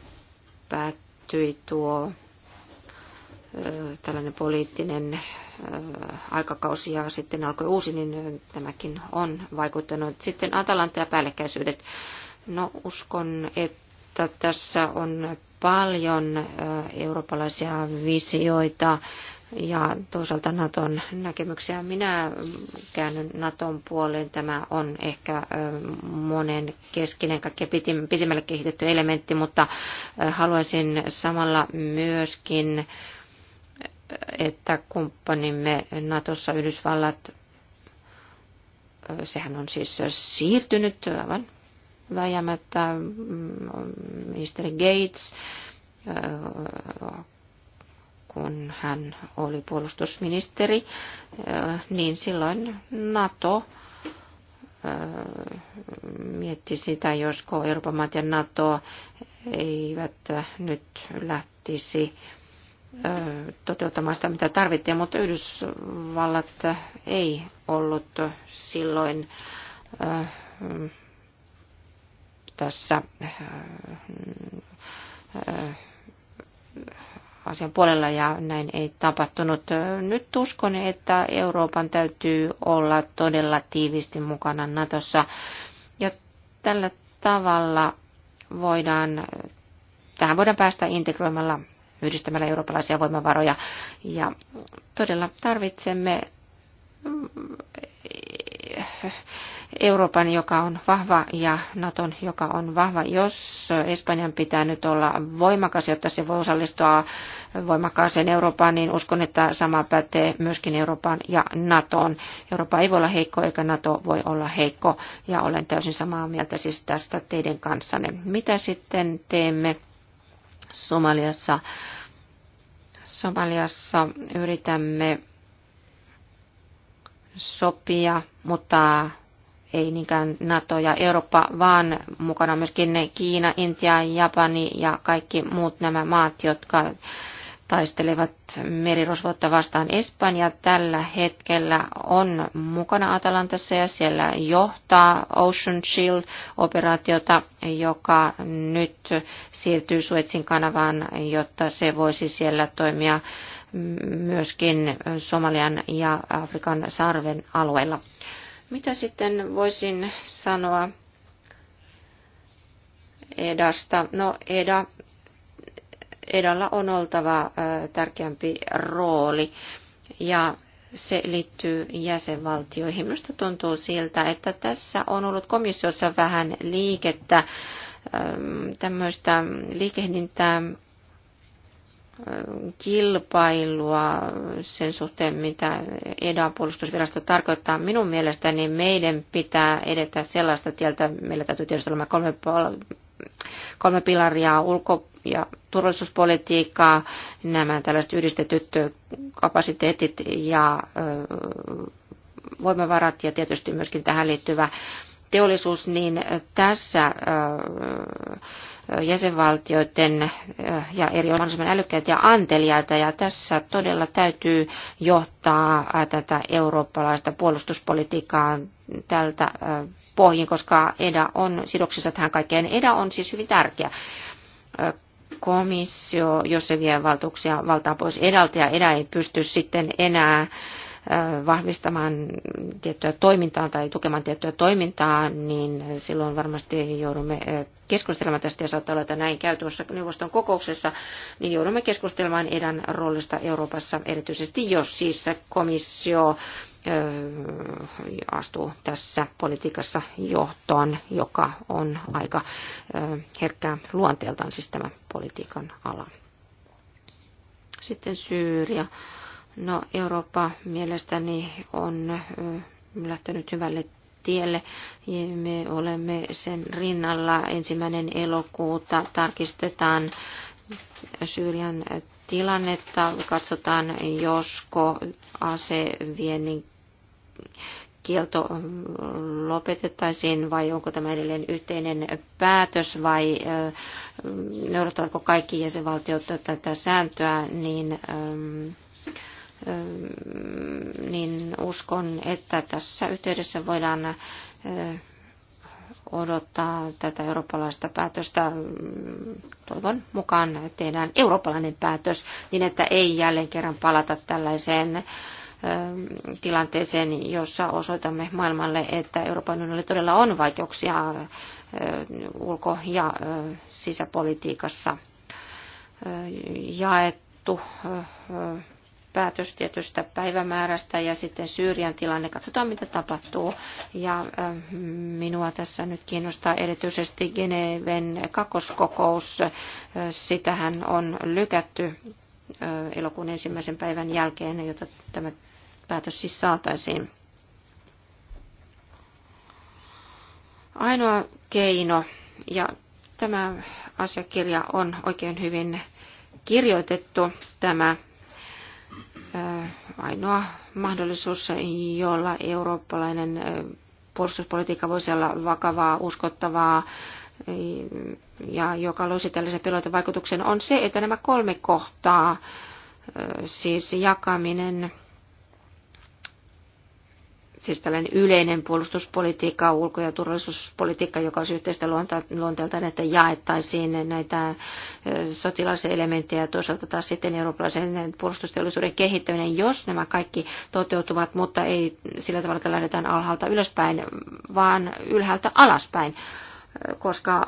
päättyi tuo tällainen poliittinen aikakausi ja sitten alkoi uusi, niin tämäkin on vaikuttanut. Sitten Atalanta ja päällekkäisyydet. No uskon, että tässä on paljon eurooppalaisia visioita ja toisaalta Naton näkemyksiä. Minä käännyn Naton puoleen. Tämä on ehkä monen keskinen, kaikkein pisimmälle kehitetty elementti, mutta haluaisin samalla myöskin, että kumppanimme Natossa Yhdysvallat, sehän on siis siirtynyt aivan väjämättä, mm, ministeri Gates, kun hän oli puolustusministeri, äh, niin silloin NATO äh, mietti sitä, josko Euroopan maat ja NATO eivät nyt lähtisi äh, toteuttamaan sitä, mitä tarvittiin, mutta Yhdysvallat ei ollut silloin tässä asian puolella ja näin ei tapahtunut. Nyt uskon, että Euroopan täytyy olla todella tiivisti mukana Natossa ja tällä tavalla voidaan, tähän voidaan päästä integroimalla yhdistämällä eurooppalaisia voimavaroja ja todella tarvitsemme Euroopan, joka on vahva, ja Naton, joka on vahva. Jos Espanjan pitää nyt olla voimakas, jotta se voi osallistua voimakkaaseen Eurooppaan, niin uskon, että sama pätee myöskin Euroopan ja Natoon. Eurooppa ei voi olla heikko, eikä Nato voi olla heikko, ja olen täysin samaa mieltä siis tästä teidän kanssanne. Mitä sitten teemme Somaliassa? Somaliassa yritämme sopia, mutta ei niinkään NATO ja Eurooppa, vaan mukana myöskin ne Kiina, Intia, Japani ja kaikki muut nämä maat, jotka taistelevat merirosvoutta vastaan. Espanja tällä hetkellä on mukana Atalantassa ja siellä johtaa Ocean Shield-operaatiota, joka nyt siirtyy Suetsin kanavaan, jotta se voisi siellä toimia myöskin Somalian ja Afrikan sarven alueella. Mitä sitten voisin sanoa EDAsta? No EDA, EDAlla on oltava tärkeämpi rooli ja se liittyy jäsenvaltioihin. Minusta tuntuu siltä, että tässä on ollut komissiossa vähän liikettä, tämmöistä liikehdintää kilpailua sen suhteen, mitä EDAn puolustusvirasto tarkoittaa. Minun mielestäni meidän pitää edetä sellaista tieltä, meillä täytyy tietysti olla kolme, kolme pilaria ulko- ja turvallisuuspolitiikkaa, nämä tällaiset yhdistetyt kapasiteetit ja voimavarat ja tietysti myöskin tähän liittyvä teollisuus, niin tässä jäsenvaltioiden eh, ja eri mahdollisimman älykkäitä ja anteliaita. Ja tässä todella täytyy johtaa tätä eurooppalaista puolustuspolitiikkaa tältä pohjin, koska EDA on sidoksissa tähän kaikkeen. EDA on siis hyvin tärkeä komissio, jos se vie valtuuksia valtaa pois edalta ja EDA ei pysty sitten enää vahvistamaan tiettyä toimintaa tai tukemaan tiettyä toimintaa, niin silloin varmasti joudumme keskustelemaan tästä ja saattaa olla, että näin käy tuossa neuvoston kokouksessa, niin joudumme keskustelemaan EDAn roolista Euroopassa, erityisesti jos siis komissio astuu tässä politiikassa johtoon, joka on aika herkkää luonteeltaan siis tämä politiikan ala. Sitten Syyria. No Eurooppa mielestäni on lähtenyt hyvälle tielle. Me olemme sen rinnalla ensimmäinen elokuuta tarkistetaan Syyrian tilannetta. Katsotaan, josko aseviennin kielto lopetettaisiin vai onko tämä edelleen yhteinen päätös vai noudattavatko kaikki jäsenvaltiot tätä sääntöä, niin niin uskon, että tässä yhteydessä voidaan odottaa tätä eurooppalaista päätöstä. Toivon mukaan tehdään eurooppalainen päätös niin, että ei jälleen kerran palata tällaiseen tilanteeseen, jossa osoitamme maailmalle, että Euroopan unionilla todella on vaikeuksia ulko- ja sisäpolitiikassa jaettu päätös tietystä päivämäärästä ja sitten Syyrian tilanne. Katsotaan, mitä tapahtuu. Ja minua tässä nyt kiinnostaa erityisesti Geneven kakoskokous. Sitähän on lykätty elokuun ensimmäisen päivän jälkeen, jota tämä päätös siis saataisiin. Ainoa keino, ja tämä asiakirja on oikein hyvin kirjoitettu, tämä ainoa mahdollisuus, jolla eurooppalainen puolustuspolitiikka voisi olla vakavaa, uskottavaa ja joka loisi tällaisen vaikutuksen, on se, että nämä kolme kohtaa, siis jakaminen, siis tällainen yleinen puolustuspolitiikka, ulko- ja turvallisuuspolitiikka, joka olisi yhteistä luonteeltaan, että jaettaisiin näitä sotilaisia elementtejä ja toisaalta taas sitten eurooppalaisen puolustusteollisuuden kehittäminen, jos nämä kaikki toteutuvat, mutta ei sillä tavalla, että lähdetään alhaalta ylöspäin, vaan ylhäältä alaspäin, koska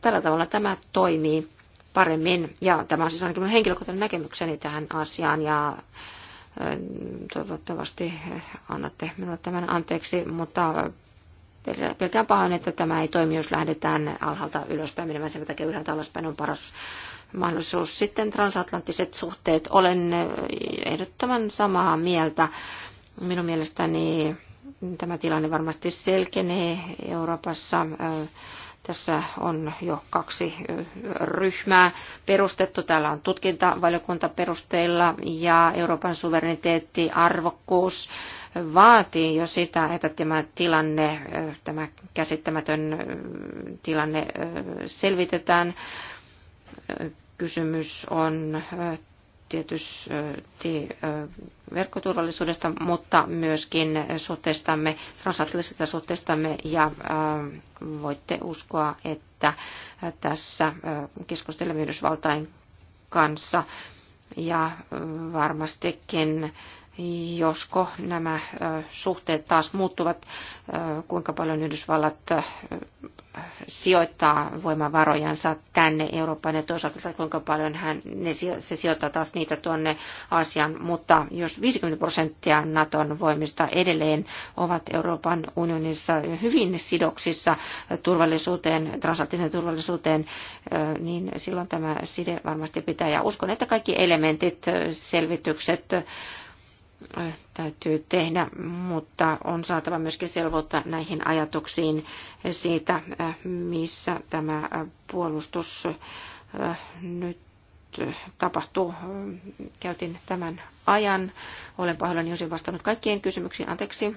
tällä tavalla tämä toimii paremmin. Ja tämä on siis ainakin minun henkilökohtainen näkemykseni tähän asiaan ja Toivottavasti eh, annatte minulle tämän anteeksi, mutta eh, pelkään pahoin, että tämä ei toimi, jos lähdetään alhaalta ylöspäin menemään. Sen takia ylhäältä alaspäin on paras mahdollisuus. Sitten transatlanttiset suhteet. Olen eh, ehdottoman samaa mieltä. Minun mielestäni tämä tilanne varmasti selkenee Euroopassa. Tässä on jo kaksi ryhmää perustettu. Täällä on tutkintavaliokunta perusteilla ja Euroopan suvereniteetti, arvokkuus vaatii jo sitä, että tämä tilanne, tämä käsittämätön tilanne selvitetään. Kysymys on tietysti verkkoturvallisuudesta, mutta myöskin suhteistamme, transatlanttisesta suhteistamme ja voitte uskoa, että tässä keskustelemme Yhdysvaltain kanssa ja varmastikin josko nämä suhteet taas muuttuvat, kuinka paljon Yhdysvallat sijoittaa voimavarojansa tänne Eurooppaan ja toisaalta kuinka paljon hän, ne, se sijoittaa taas niitä tuonne Aasiaan. Mutta jos 50 prosenttia Naton voimista edelleen ovat Euroopan unionissa hyvin sidoksissa turvallisuuteen, transatlanttiseen turvallisuuteen, niin silloin tämä side varmasti pitää. Ja uskon, että kaikki elementit, selvitykset, täytyy tehdä, mutta on saatava myöskin selvuutta näihin ajatuksiin siitä, missä tämä puolustus äh, nyt tapahtuu. Käytin tämän ajan. Olen pahoillani, jos vastannut kaikkien kysymyksiin. Anteeksi.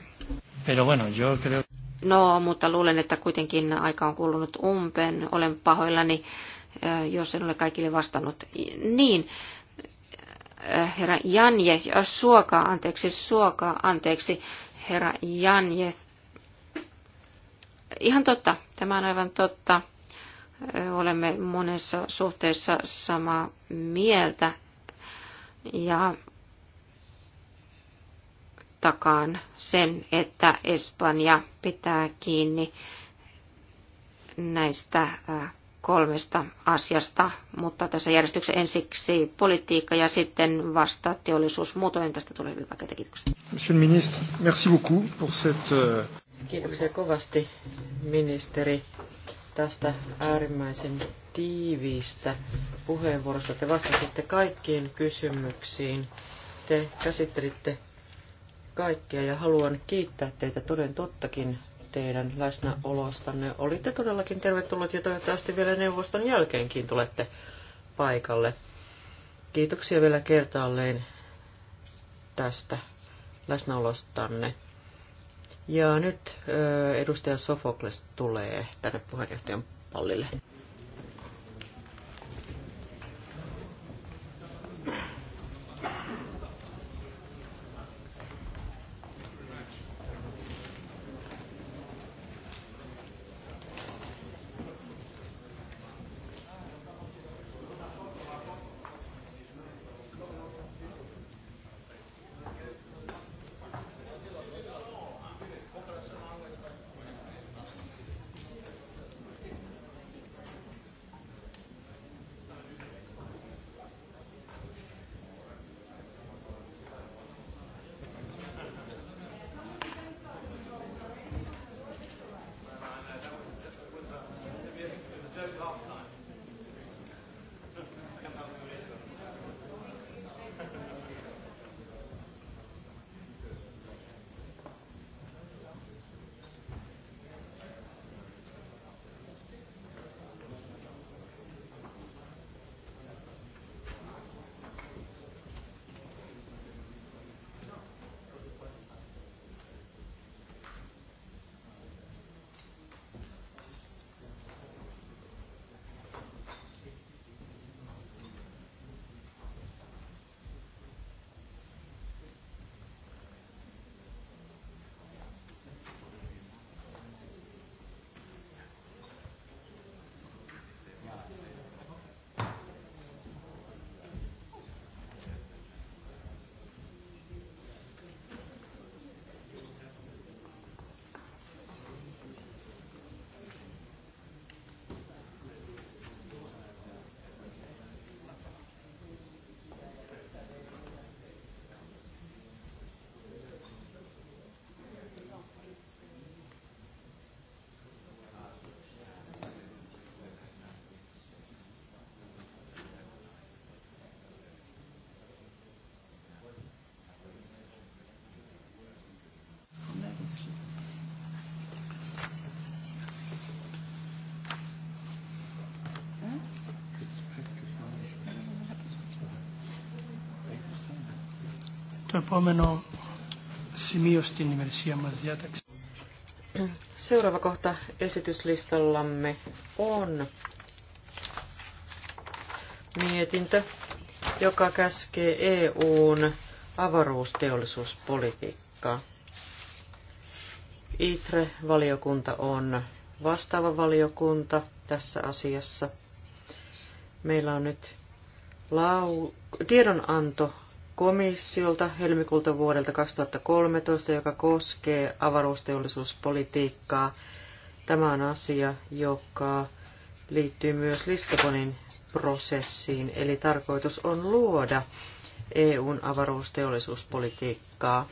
Pero bueno, yo creo... No, mutta luulen, että kuitenkin aika on kulunut umpeen. Olen pahoillani, äh, jos en ole kaikille vastannut. Niin, herra Janje, suokaa anteeksi, suokaa anteeksi, herra Janje. Ihan totta, tämä on aivan totta. Olemme monessa suhteessa samaa mieltä ja takaan sen, että Espanja pitää kiinni näistä äh, kolmesta asiasta, mutta tässä järjestyksessä ensiksi politiikka ja sitten vasta teollisuus. Muutoin tästä tulee hyvä paketti. Kiitoksia. Monsieur ministre, merci beaucoup pour cette... Euh, Kiitoksia kovasti, ministeri, tästä äärimmäisen tiiviistä puheenvuorosta. Te vastasitte kaikkiin kysymyksiin. Te käsittelitte kaikkia ja haluan kiittää teitä toden tottakin teidän läsnäolostanne. Olitte todellakin tervetulleet ja toivottavasti vielä neuvoston jälkeenkin tulette paikalle. Kiitoksia vielä kertaalleen tästä läsnäolostanne. Ja nyt edustaja Sofokles tulee tänne puheenjohtajan pallille. επόμενο σημείο στην ημερησία μας διάταξη. Seuraava kohta esityslistallamme on mietintö, joka käskee EUn avaruusteollisuuspolitiikkaa. ITRE-valiokunta on vastaava valiokunta tässä asiassa. Meillä on nyt lau- tiedonanto komissiolta helmikuulta vuodelta 2013, joka koskee avaruusteollisuuspolitiikkaa. Tämä on asia, joka liittyy myös Lissabonin prosessiin, eli tarkoitus on luoda EUn avaruusteollisuuspolitiikkaa.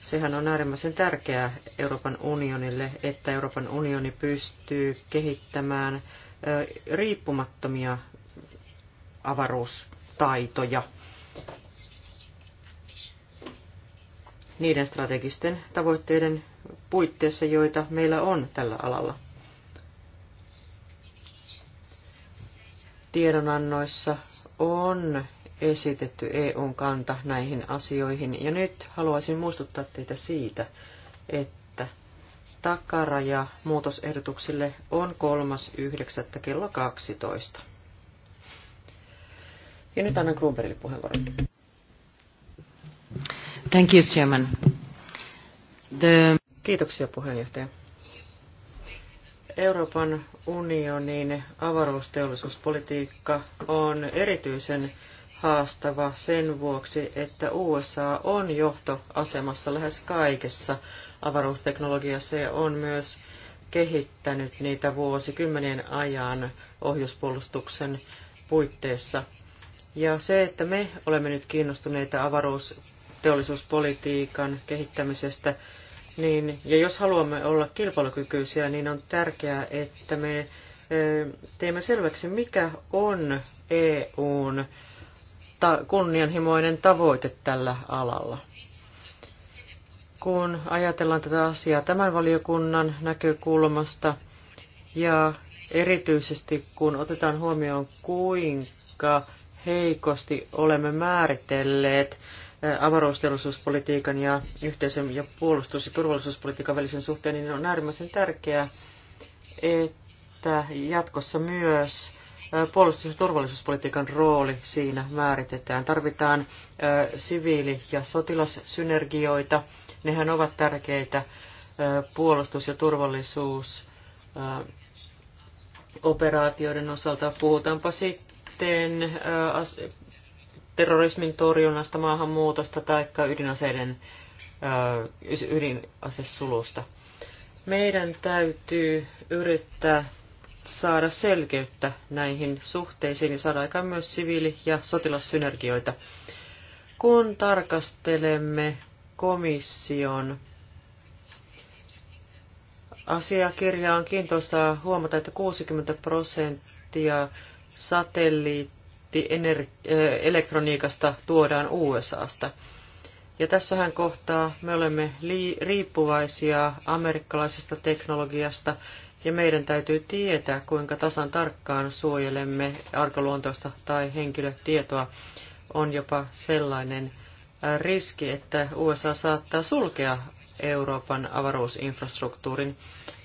Sehän on äärimmäisen tärkeää Euroopan unionille, että Euroopan unioni pystyy kehittämään riippumattomia avaruustaitoja niiden strategisten tavoitteiden puitteissa, joita meillä on tällä alalla. Tiedonannoissa on esitetty EUn kanta näihin asioihin, ja nyt haluaisin muistuttaa teitä siitä, että takaraja muutosehdotuksille on 3.9. kello 12. Ja nyt annan Gruberille puheenvuoron. Thank you, Chairman. The... Kiitoksia puheenjohtaja. Euroopan unionin avaruusteollisuuspolitiikka on erityisen haastava sen vuoksi, että USA on johtoasemassa lähes kaikessa avaruusteknologiassa ja on myös kehittänyt niitä vuosikymmenien ajan ohjuspuolustuksen puitteissa. Ja se, että me olemme nyt kiinnostuneita avaruus teollisuuspolitiikan kehittämisestä, niin, ja jos haluamme olla kilpailukykyisiä, niin on tärkeää, että me teemme selväksi, mikä on EUn ta- kunnianhimoinen tavoite tällä alalla. Kun ajatellaan tätä asiaa tämän valiokunnan näkökulmasta ja erityisesti kun otetaan huomioon, kuinka heikosti olemme määritelleet avaruusteollisuuspolitiikan ja yhteisen ja puolustus- ja turvallisuuspolitiikan välisen suhteen, niin on äärimmäisen tärkeää, että jatkossa myös puolustus- ja turvallisuuspolitiikan rooli siinä määritetään. Tarvitaan siviili- ja sotilassynergioita. Nehän ovat tärkeitä puolustus- ja turvallisuusoperaatioiden osalta. Puhutaanpa sitten terrorismin torjunnasta, maahanmuutosta tai ydinaseiden ydinasesulusta. Meidän täytyy yrittää saada selkeyttä näihin suhteisiin ja saada aikaan myös siviili- ja sotilassynergioita. Kun tarkastelemme komission asiakirjaa, on kiintoista huomata, että 60 prosenttia satelliitti prosentti elektroniikasta tuodaan USAsta. Ja tässähän kohtaa me olemme riippuvaisia amerikkalaisesta teknologiasta, ja meidän täytyy tietää, kuinka tasan tarkkaan suojelemme arkaluontoista tai henkilötietoa. On jopa sellainen riski, että USA saattaa sulkea Euroopan avaruusinfrastruktuurin.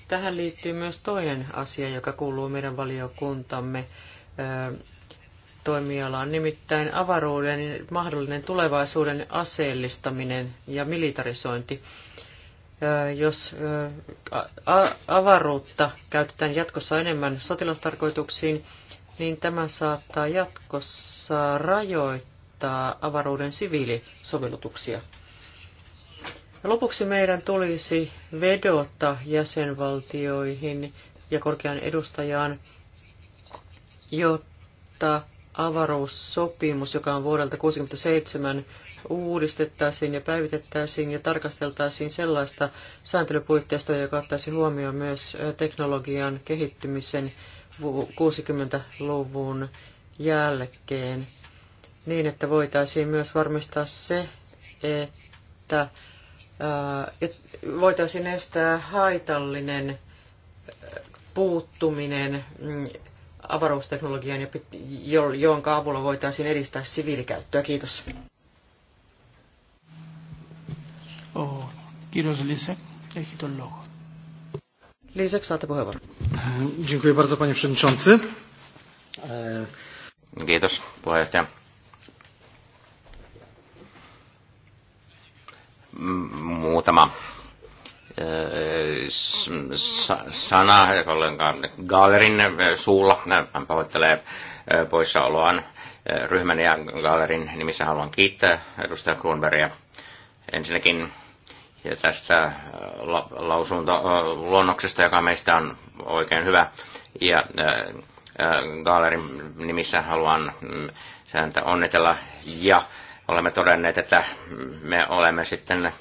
Tähän liittyy myös toinen asia, joka kuuluu meidän valiokuntamme toimialaan, nimittäin avaruuden mahdollinen tulevaisuuden aseellistaminen ja militarisointi. Jos avaruutta käytetään jatkossa enemmän sotilastarkoituksiin, niin tämä saattaa jatkossa rajoittaa avaruuden siviilisovellutuksia. Lopuksi meidän tulisi vedota jäsenvaltioihin ja korkean edustajaan, jotta avaruussopimus, joka on vuodelta 1967, uudistettaisiin ja päivitettäisiin ja tarkasteltaisiin sellaista sääntelypuitteista, joka ottaisi huomioon myös teknologian kehittymisen 60-luvun jälkeen, niin että voitaisiin myös varmistaa se, että voitaisiin estää haitallinen puuttuminen mm, Avaruusteknologian jonka avulla voitaisiin edistää siviilikäyttöä. Kiitos. Oh, kiitos Lise. Ehdit saatte puheenvuoron. Dziękuję bardzo, panie przewodniczący. E, kiitos, puheenjohtaja. Muutama sana, ollenkaan Gallerin äh, suulla, hän pahoittelee äh, poissaoloaan äh, ryhmän ja Gallerin nimissä haluan kiittää edustaja Kronbergia ensinnäkin ja tästä lausuntoluonnoksesta, joka meistä on oikein hyvä. Ja Gallerin nimissä haluan mm, sääntä onnitella ja olemme todenneet, että me olemme sitten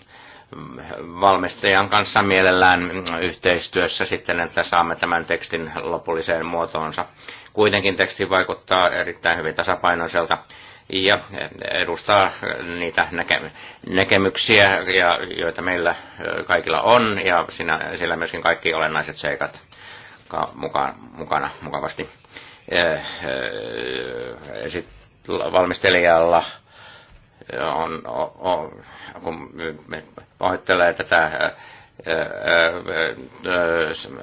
valmistajan kanssa mielellään yhteistyössä sitten, että saamme tämän tekstin lopulliseen muotoonsa. Kuitenkin teksti vaikuttaa erittäin hyvin tasapainoiselta ja edustaa niitä näke- näkemyksiä, ja, joita meillä kaikilla on, ja siinä, siellä myöskin kaikki olennaiset seikat mukaan, mukana mukavasti. valmistelijalla on, on, on kun pahoittelee tätä äh, äh, äh,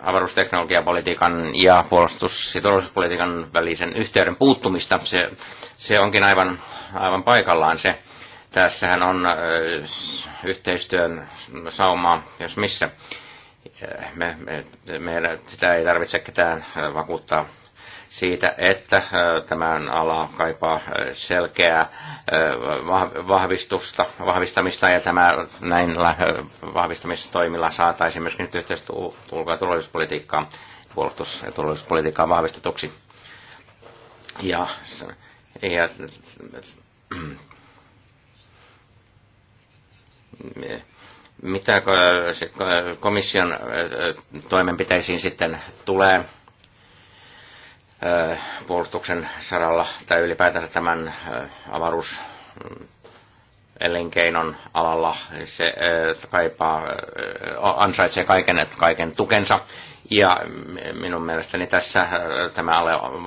avaruusteknologiapolitiikan ja puolustus- ja turvallisuuspolitiikan välisen yhteyden puuttumista. Se, se onkin aivan, aivan paikallaan se. Tässähän on yhteistyön saumaa, jos missä. Me, me, meillä sitä ei tarvitse ketään vakuuttaa siitä, että äh, tämän ala kaipaa äh, selkeää äh, vahvistusta, vahvistamista ja tämä vahvistamista vahvistamistoimilla saataisiin myöskin nyt yhteistä ulko- ja turvallisuuspolitiikkaa, puolustus- ja turvallisuuspolitiikkaa vahvistetuksi. Ja, ja mitä komission toimenpiteisiin sitten tulee – puolustuksen saralla tai ylipäätänsä tämän avaruus mm, elinkeinon alalla se kaipaa, ansaitsee kaiken, kaiken tukensa. Ja minun mielestäni tässä tämä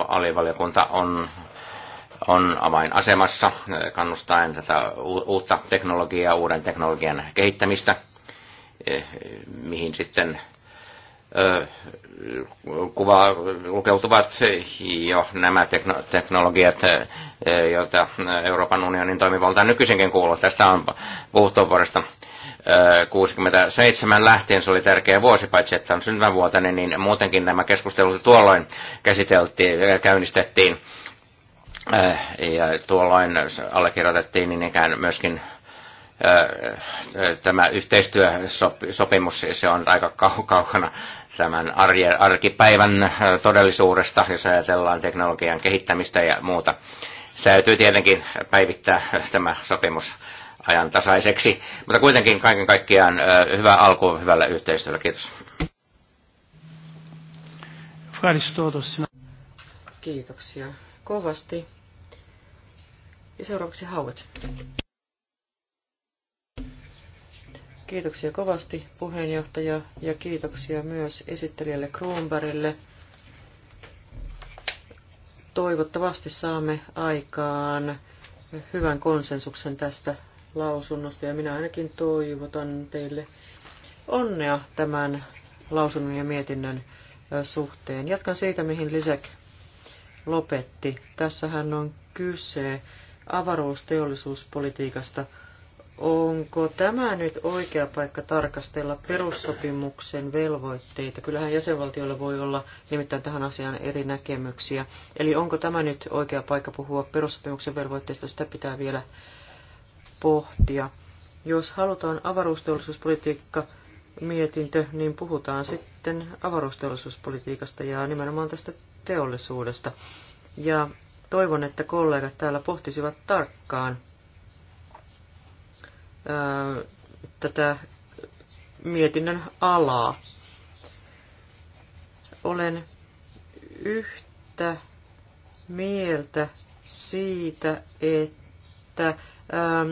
alivaliokunta on, on avainasemassa kannustaen tätä uutta teknologiaa, uuden teknologian kehittämistä, e, mihin sitten kuva, lukeutuvat jo nämä teknologiat, joita Euroopan unionin toimivaltaan nykyisinkin kuuluu. Tästä on puhuttu vuodesta 1967 lähtien, se oli tärkeä vuosi, paitsi että on syntymävuotinen, niin muutenkin nämä keskustelut tuolloin käsiteltiin, käynnistettiin ja tuolloin allekirjoitettiin niin ikään myöskin tämä yhteistyösopimus, se on aika kaukana tämän arkipäivän todellisuudesta, jos ajatellaan teknologian kehittämistä ja muuta. säytyy tietenkin päivittää tämä sopimus ajantasaiseksi, mutta kuitenkin kaiken kaikkiaan hyvä alku hyvällä yhteistyöllä. Kiitos. Kiitoksia kovasti. Ja seuraavaksi Hauet. Kiitoksia kovasti puheenjohtaja ja kiitoksia myös esittelijälle Kruunbergille. Toivottavasti saamme aikaan hyvän konsensuksen tästä lausunnosta ja minä ainakin toivotan teille onnea tämän lausunnon ja mietinnön suhteen. Jatkan siitä, mihin Lisek lopetti. Tässähän on kyse avaruusteollisuuspolitiikasta – Onko tämä nyt oikea paikka tarkastella perussopimuksen velvoitteita? Kyllähän jäsenvaltioilla voi olla nimittäin tähän asiaan eri näkemyksiä. Eli onko tämä nyt oikea paikka puhua perussopimuksen velvoitteista? Sitä pitää vielä pohtia. Jos halutaan avaruusteollisuuspolitiikka mietintö, niin puhutaan sitten avaruusteollisuuspolitiikasta ja nimenomaan tästä teollisuudesta. Ja toivon, että kollegat täällä pohtisivat tarkkaan tätä mietinnön alaa. Olen yhtä mieltä siitä, että ähm,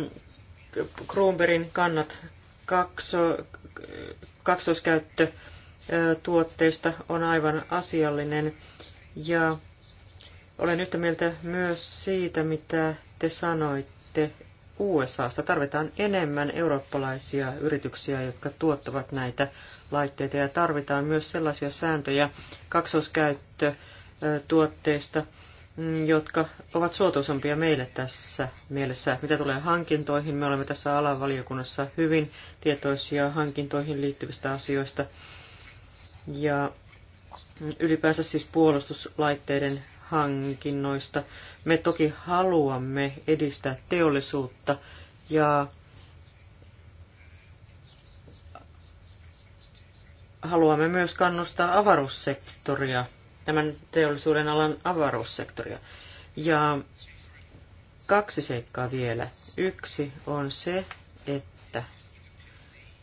Kruunberin kannat kakso, kaksoiskäyttö tuotteista on aivan asiallinen. Ja olen yhtä mieltä myös siitä, mitä te sanoitte, USAsta. Tarvitaan enemmän eurooppalaisia yrityksiä, jotka tuottavat näitä laitteita ja tarvitaan myös sellaisia sääntöjä kaksoiskäyttötuotteista, mm, jotka ovat suotuisampia meille tässä mielessä. Mitä tulee hankintoihin, me olemme tässä alavaliokunnassa hyvin tietoisia hankintoihin liittyvistä asioista. Ja ylipäänsä siis puolustuslaitteiden hankinnoista. Me toki haluamme edistää teollisuutta ja haluamme myös kannustaa avaruussektoria, tämän teollisuuden alan avaruussektoria. Ja kaksi seikkaa vielä. Yksi on se, että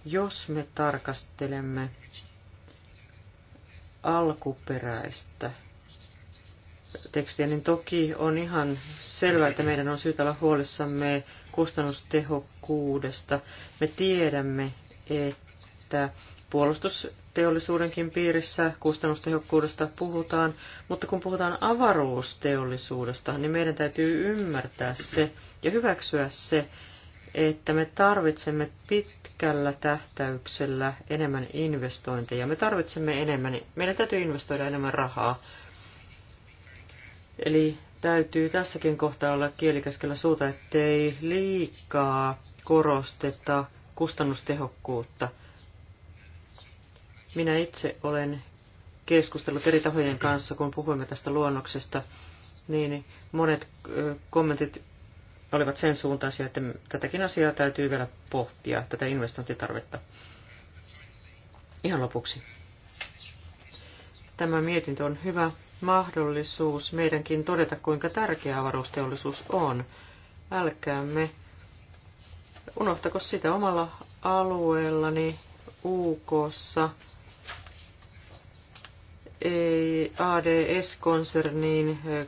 jos me tarkastelemme alkuperäistä tekstiä, niin toki on ihan selvää, että meidän on syytä olla huolissamme kustannustehokkuudesta. Me tiedämme, että puolustusteollisuudenkin piirissä kustannustehokkuudesta puhutaan, mutta kun puhutaan avaruusteollisuudesta, niin meidän täytyy ymmärtää se ja hyväksyä se, että me tarvitsemme pitkällä tähtäyksellä enemmän investointeja. Me tarvitsemme enemmän, meidän täytyy investoida enemmän rahaa Eli täytyy tässäkin kohtaa olla kielikäskellä suuta, ettei liikaa korosteta kustannustehokkuutta. Minä itse olen keskustellut eri tahojen kanssa, kun puhuimme tästä luonnoksesta, niin monet kommentit olivat sen suuntaisia, että tätäkin asiaa täytyy vielä pohtia, tätä investointitarvetta. Ihan lopuksi. Tämä mietintö on hyvä, mahdollisuus meidänkin todeta, kuinka tärkeä avaruusteollisuus on. Älkäämme unohtako sitä omalla alueellani UKssa. Ei ADS-konserniin eh,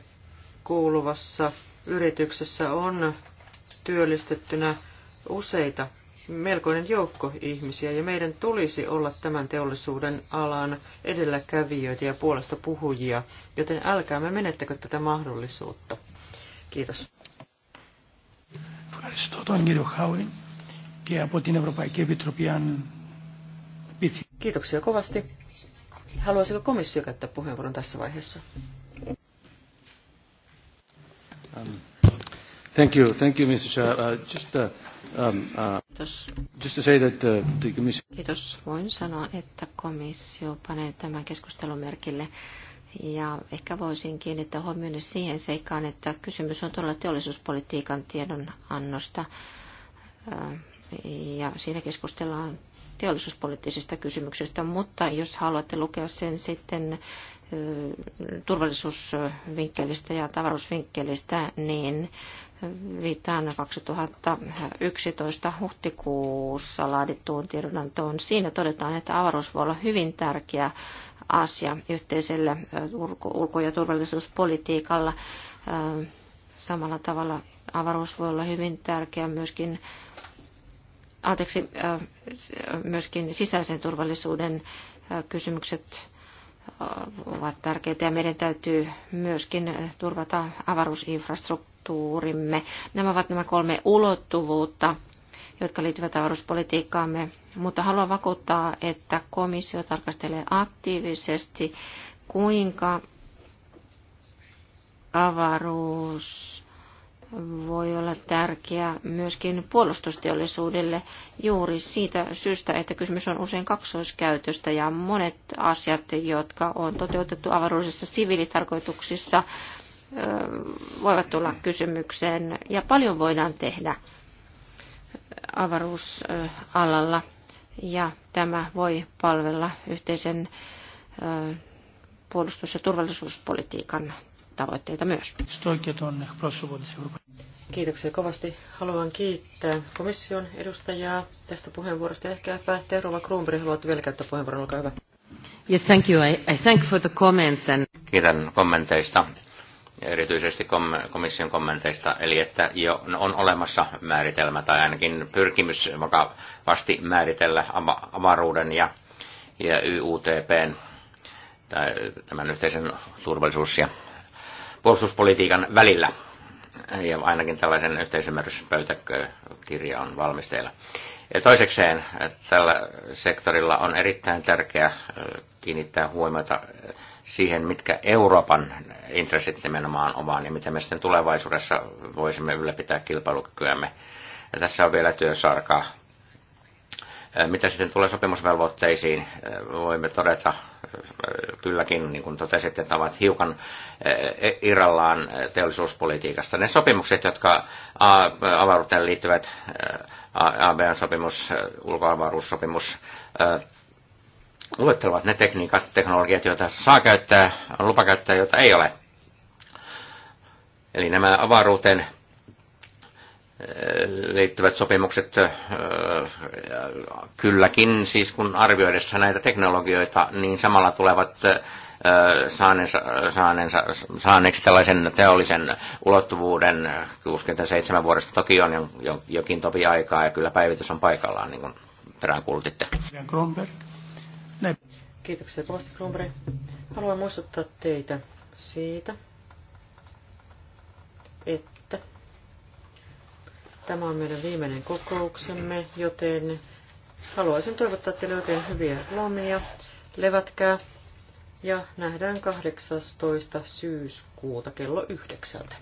kuuluvassa yrityksessä on työllistettynä useita melkoinen joukko ihmisiä ja meidän tulisi olla tämän teollisuuden alan edelläkävijöitä ja puolesta puhujia, joten me menettäkö tätä mahdollisuutta. Kiitos. Kiitoksia kovasti. Haluaisiko komissio käyttää puheenvuoron tässä vaiheessa? Um, thank you, thank you, Mr. Chair. Uh, just, uh, um, uh... Kiitos. Uh, Kiitos. Voin sanoa, että komissio panee tämän keskustelun merkille. Ja ehkä voisin kiinnittää huomioon siihen seikkaan, että kysymys on todella teollisuuspolitiikan tiedon annosta ja siinä keskustellaan teollisuuspoliittisista kysymyksistä, mutta jos haluatte lukea sen sitten turvallisuusvinkkelistä ja tavaruusvinkkelistä, niin viittaan 2011 huhtikuussa laadittuun tiedonantoon. Siinä todetaan, että avaruus voi olla hyvin tärkeä asia yhteiselle ulko- ja turvallisuuspolitiikalla. Samalla tavalla avaruus voi olla hyvin tärkeä myöskin anteeksi, myöskin sisäisen turvallisuuden kysymykset ovat tärkeitä ja meidän täytyy myöskin turvata avaruusinfrastruktuurimme. Nämä ovat nämä kolme ulottuvuutta, jotka liittyvät avaruuspolitiikkaamme, mutta haluan vakuuttaa, että komissio tarkastelee aktiivisesti, kuinka avaruus voi olla tärkeä myöskin puolustusteollisuudelle juuri siitä syystä, että kysymys on usein kaksoiskäytöstä ja monet asiat, jotka on toteutettu avaruudessa siviilitarkoituksissa, voivat tulla kysymykseen ja paljon voidaan tehdä avaruusalalla ja tämä voi palvella yhteisen puolustus- ja turvallisuuspolitiikan tavoitteita myös. Kiitoksia kovasti. Haluan kiittää komission edustajaa tästä puheenvuorosta. Ehkä päättää Rova Kruunberg, haluatte vielä käyttää puheenvuoron, olkaa hyvä. Yes, thank you. I, I thank for the comments and... Kiitän kommenteista ja erityisesti komission kommenteista, eli että jo on olemassa määritelmä tai ainakin pyrkimys vakavasti määritellä avaruuden ja, ja YUTPn tai tämän yhteisen turvallisuus- ja puolustuspolitiikan välillä. Ja ainakin tällaisen yhteisymmärryspöytäkirja on valmisteilla. Ja toisekseen tällä sektorilla on erittäin tärkeää kiinnittää huomiota siihen, mitkä Euroopan intressit nimenomaan ovat ja miten me sitten tulevaisuudessa voisimme ylläpitää kilpailukykyämme. Ja tässä on vielä työsarkaa. Mitä sitten tulee sopimusvelvoitteisiin, voimme todeta kylläkin, niin kuin totesitte, että ovat hiukan eh, eh, irrallaan eh, teollisuuspolitiikasta. Ne sopimukset, jotka avaruuteen liittyvät, ABN-sopimus, ulkoavaruussopimus, luettelevat ne tekniikat ja teknologiat, joita saa käyttää, on lupa käyttää, joita ei ole. Eli nämä avaruuteen liittyvät sopimukset kylläkin, siis kun arvioidessa näitä teknologioita, niin samalla tulevat saaneensa, saaneensa, saaneeksi tällaisen teollisen ulottuvuuden 67 vuodesta. Toki on jokin topi aikaa ja kyllä päivitys on paikallaan, niin kuin peräänkuulutitte. Kiitoksia kovasti Kronberg. Haluan muistuttaa teitä siitä, että Tämä on meidän viimeinen kokouksemme, joten haluaisin toivottaa teille oikein hyviä lomia. Levätkää ja nähdään 18. syyskuuta kello yhdeksältä.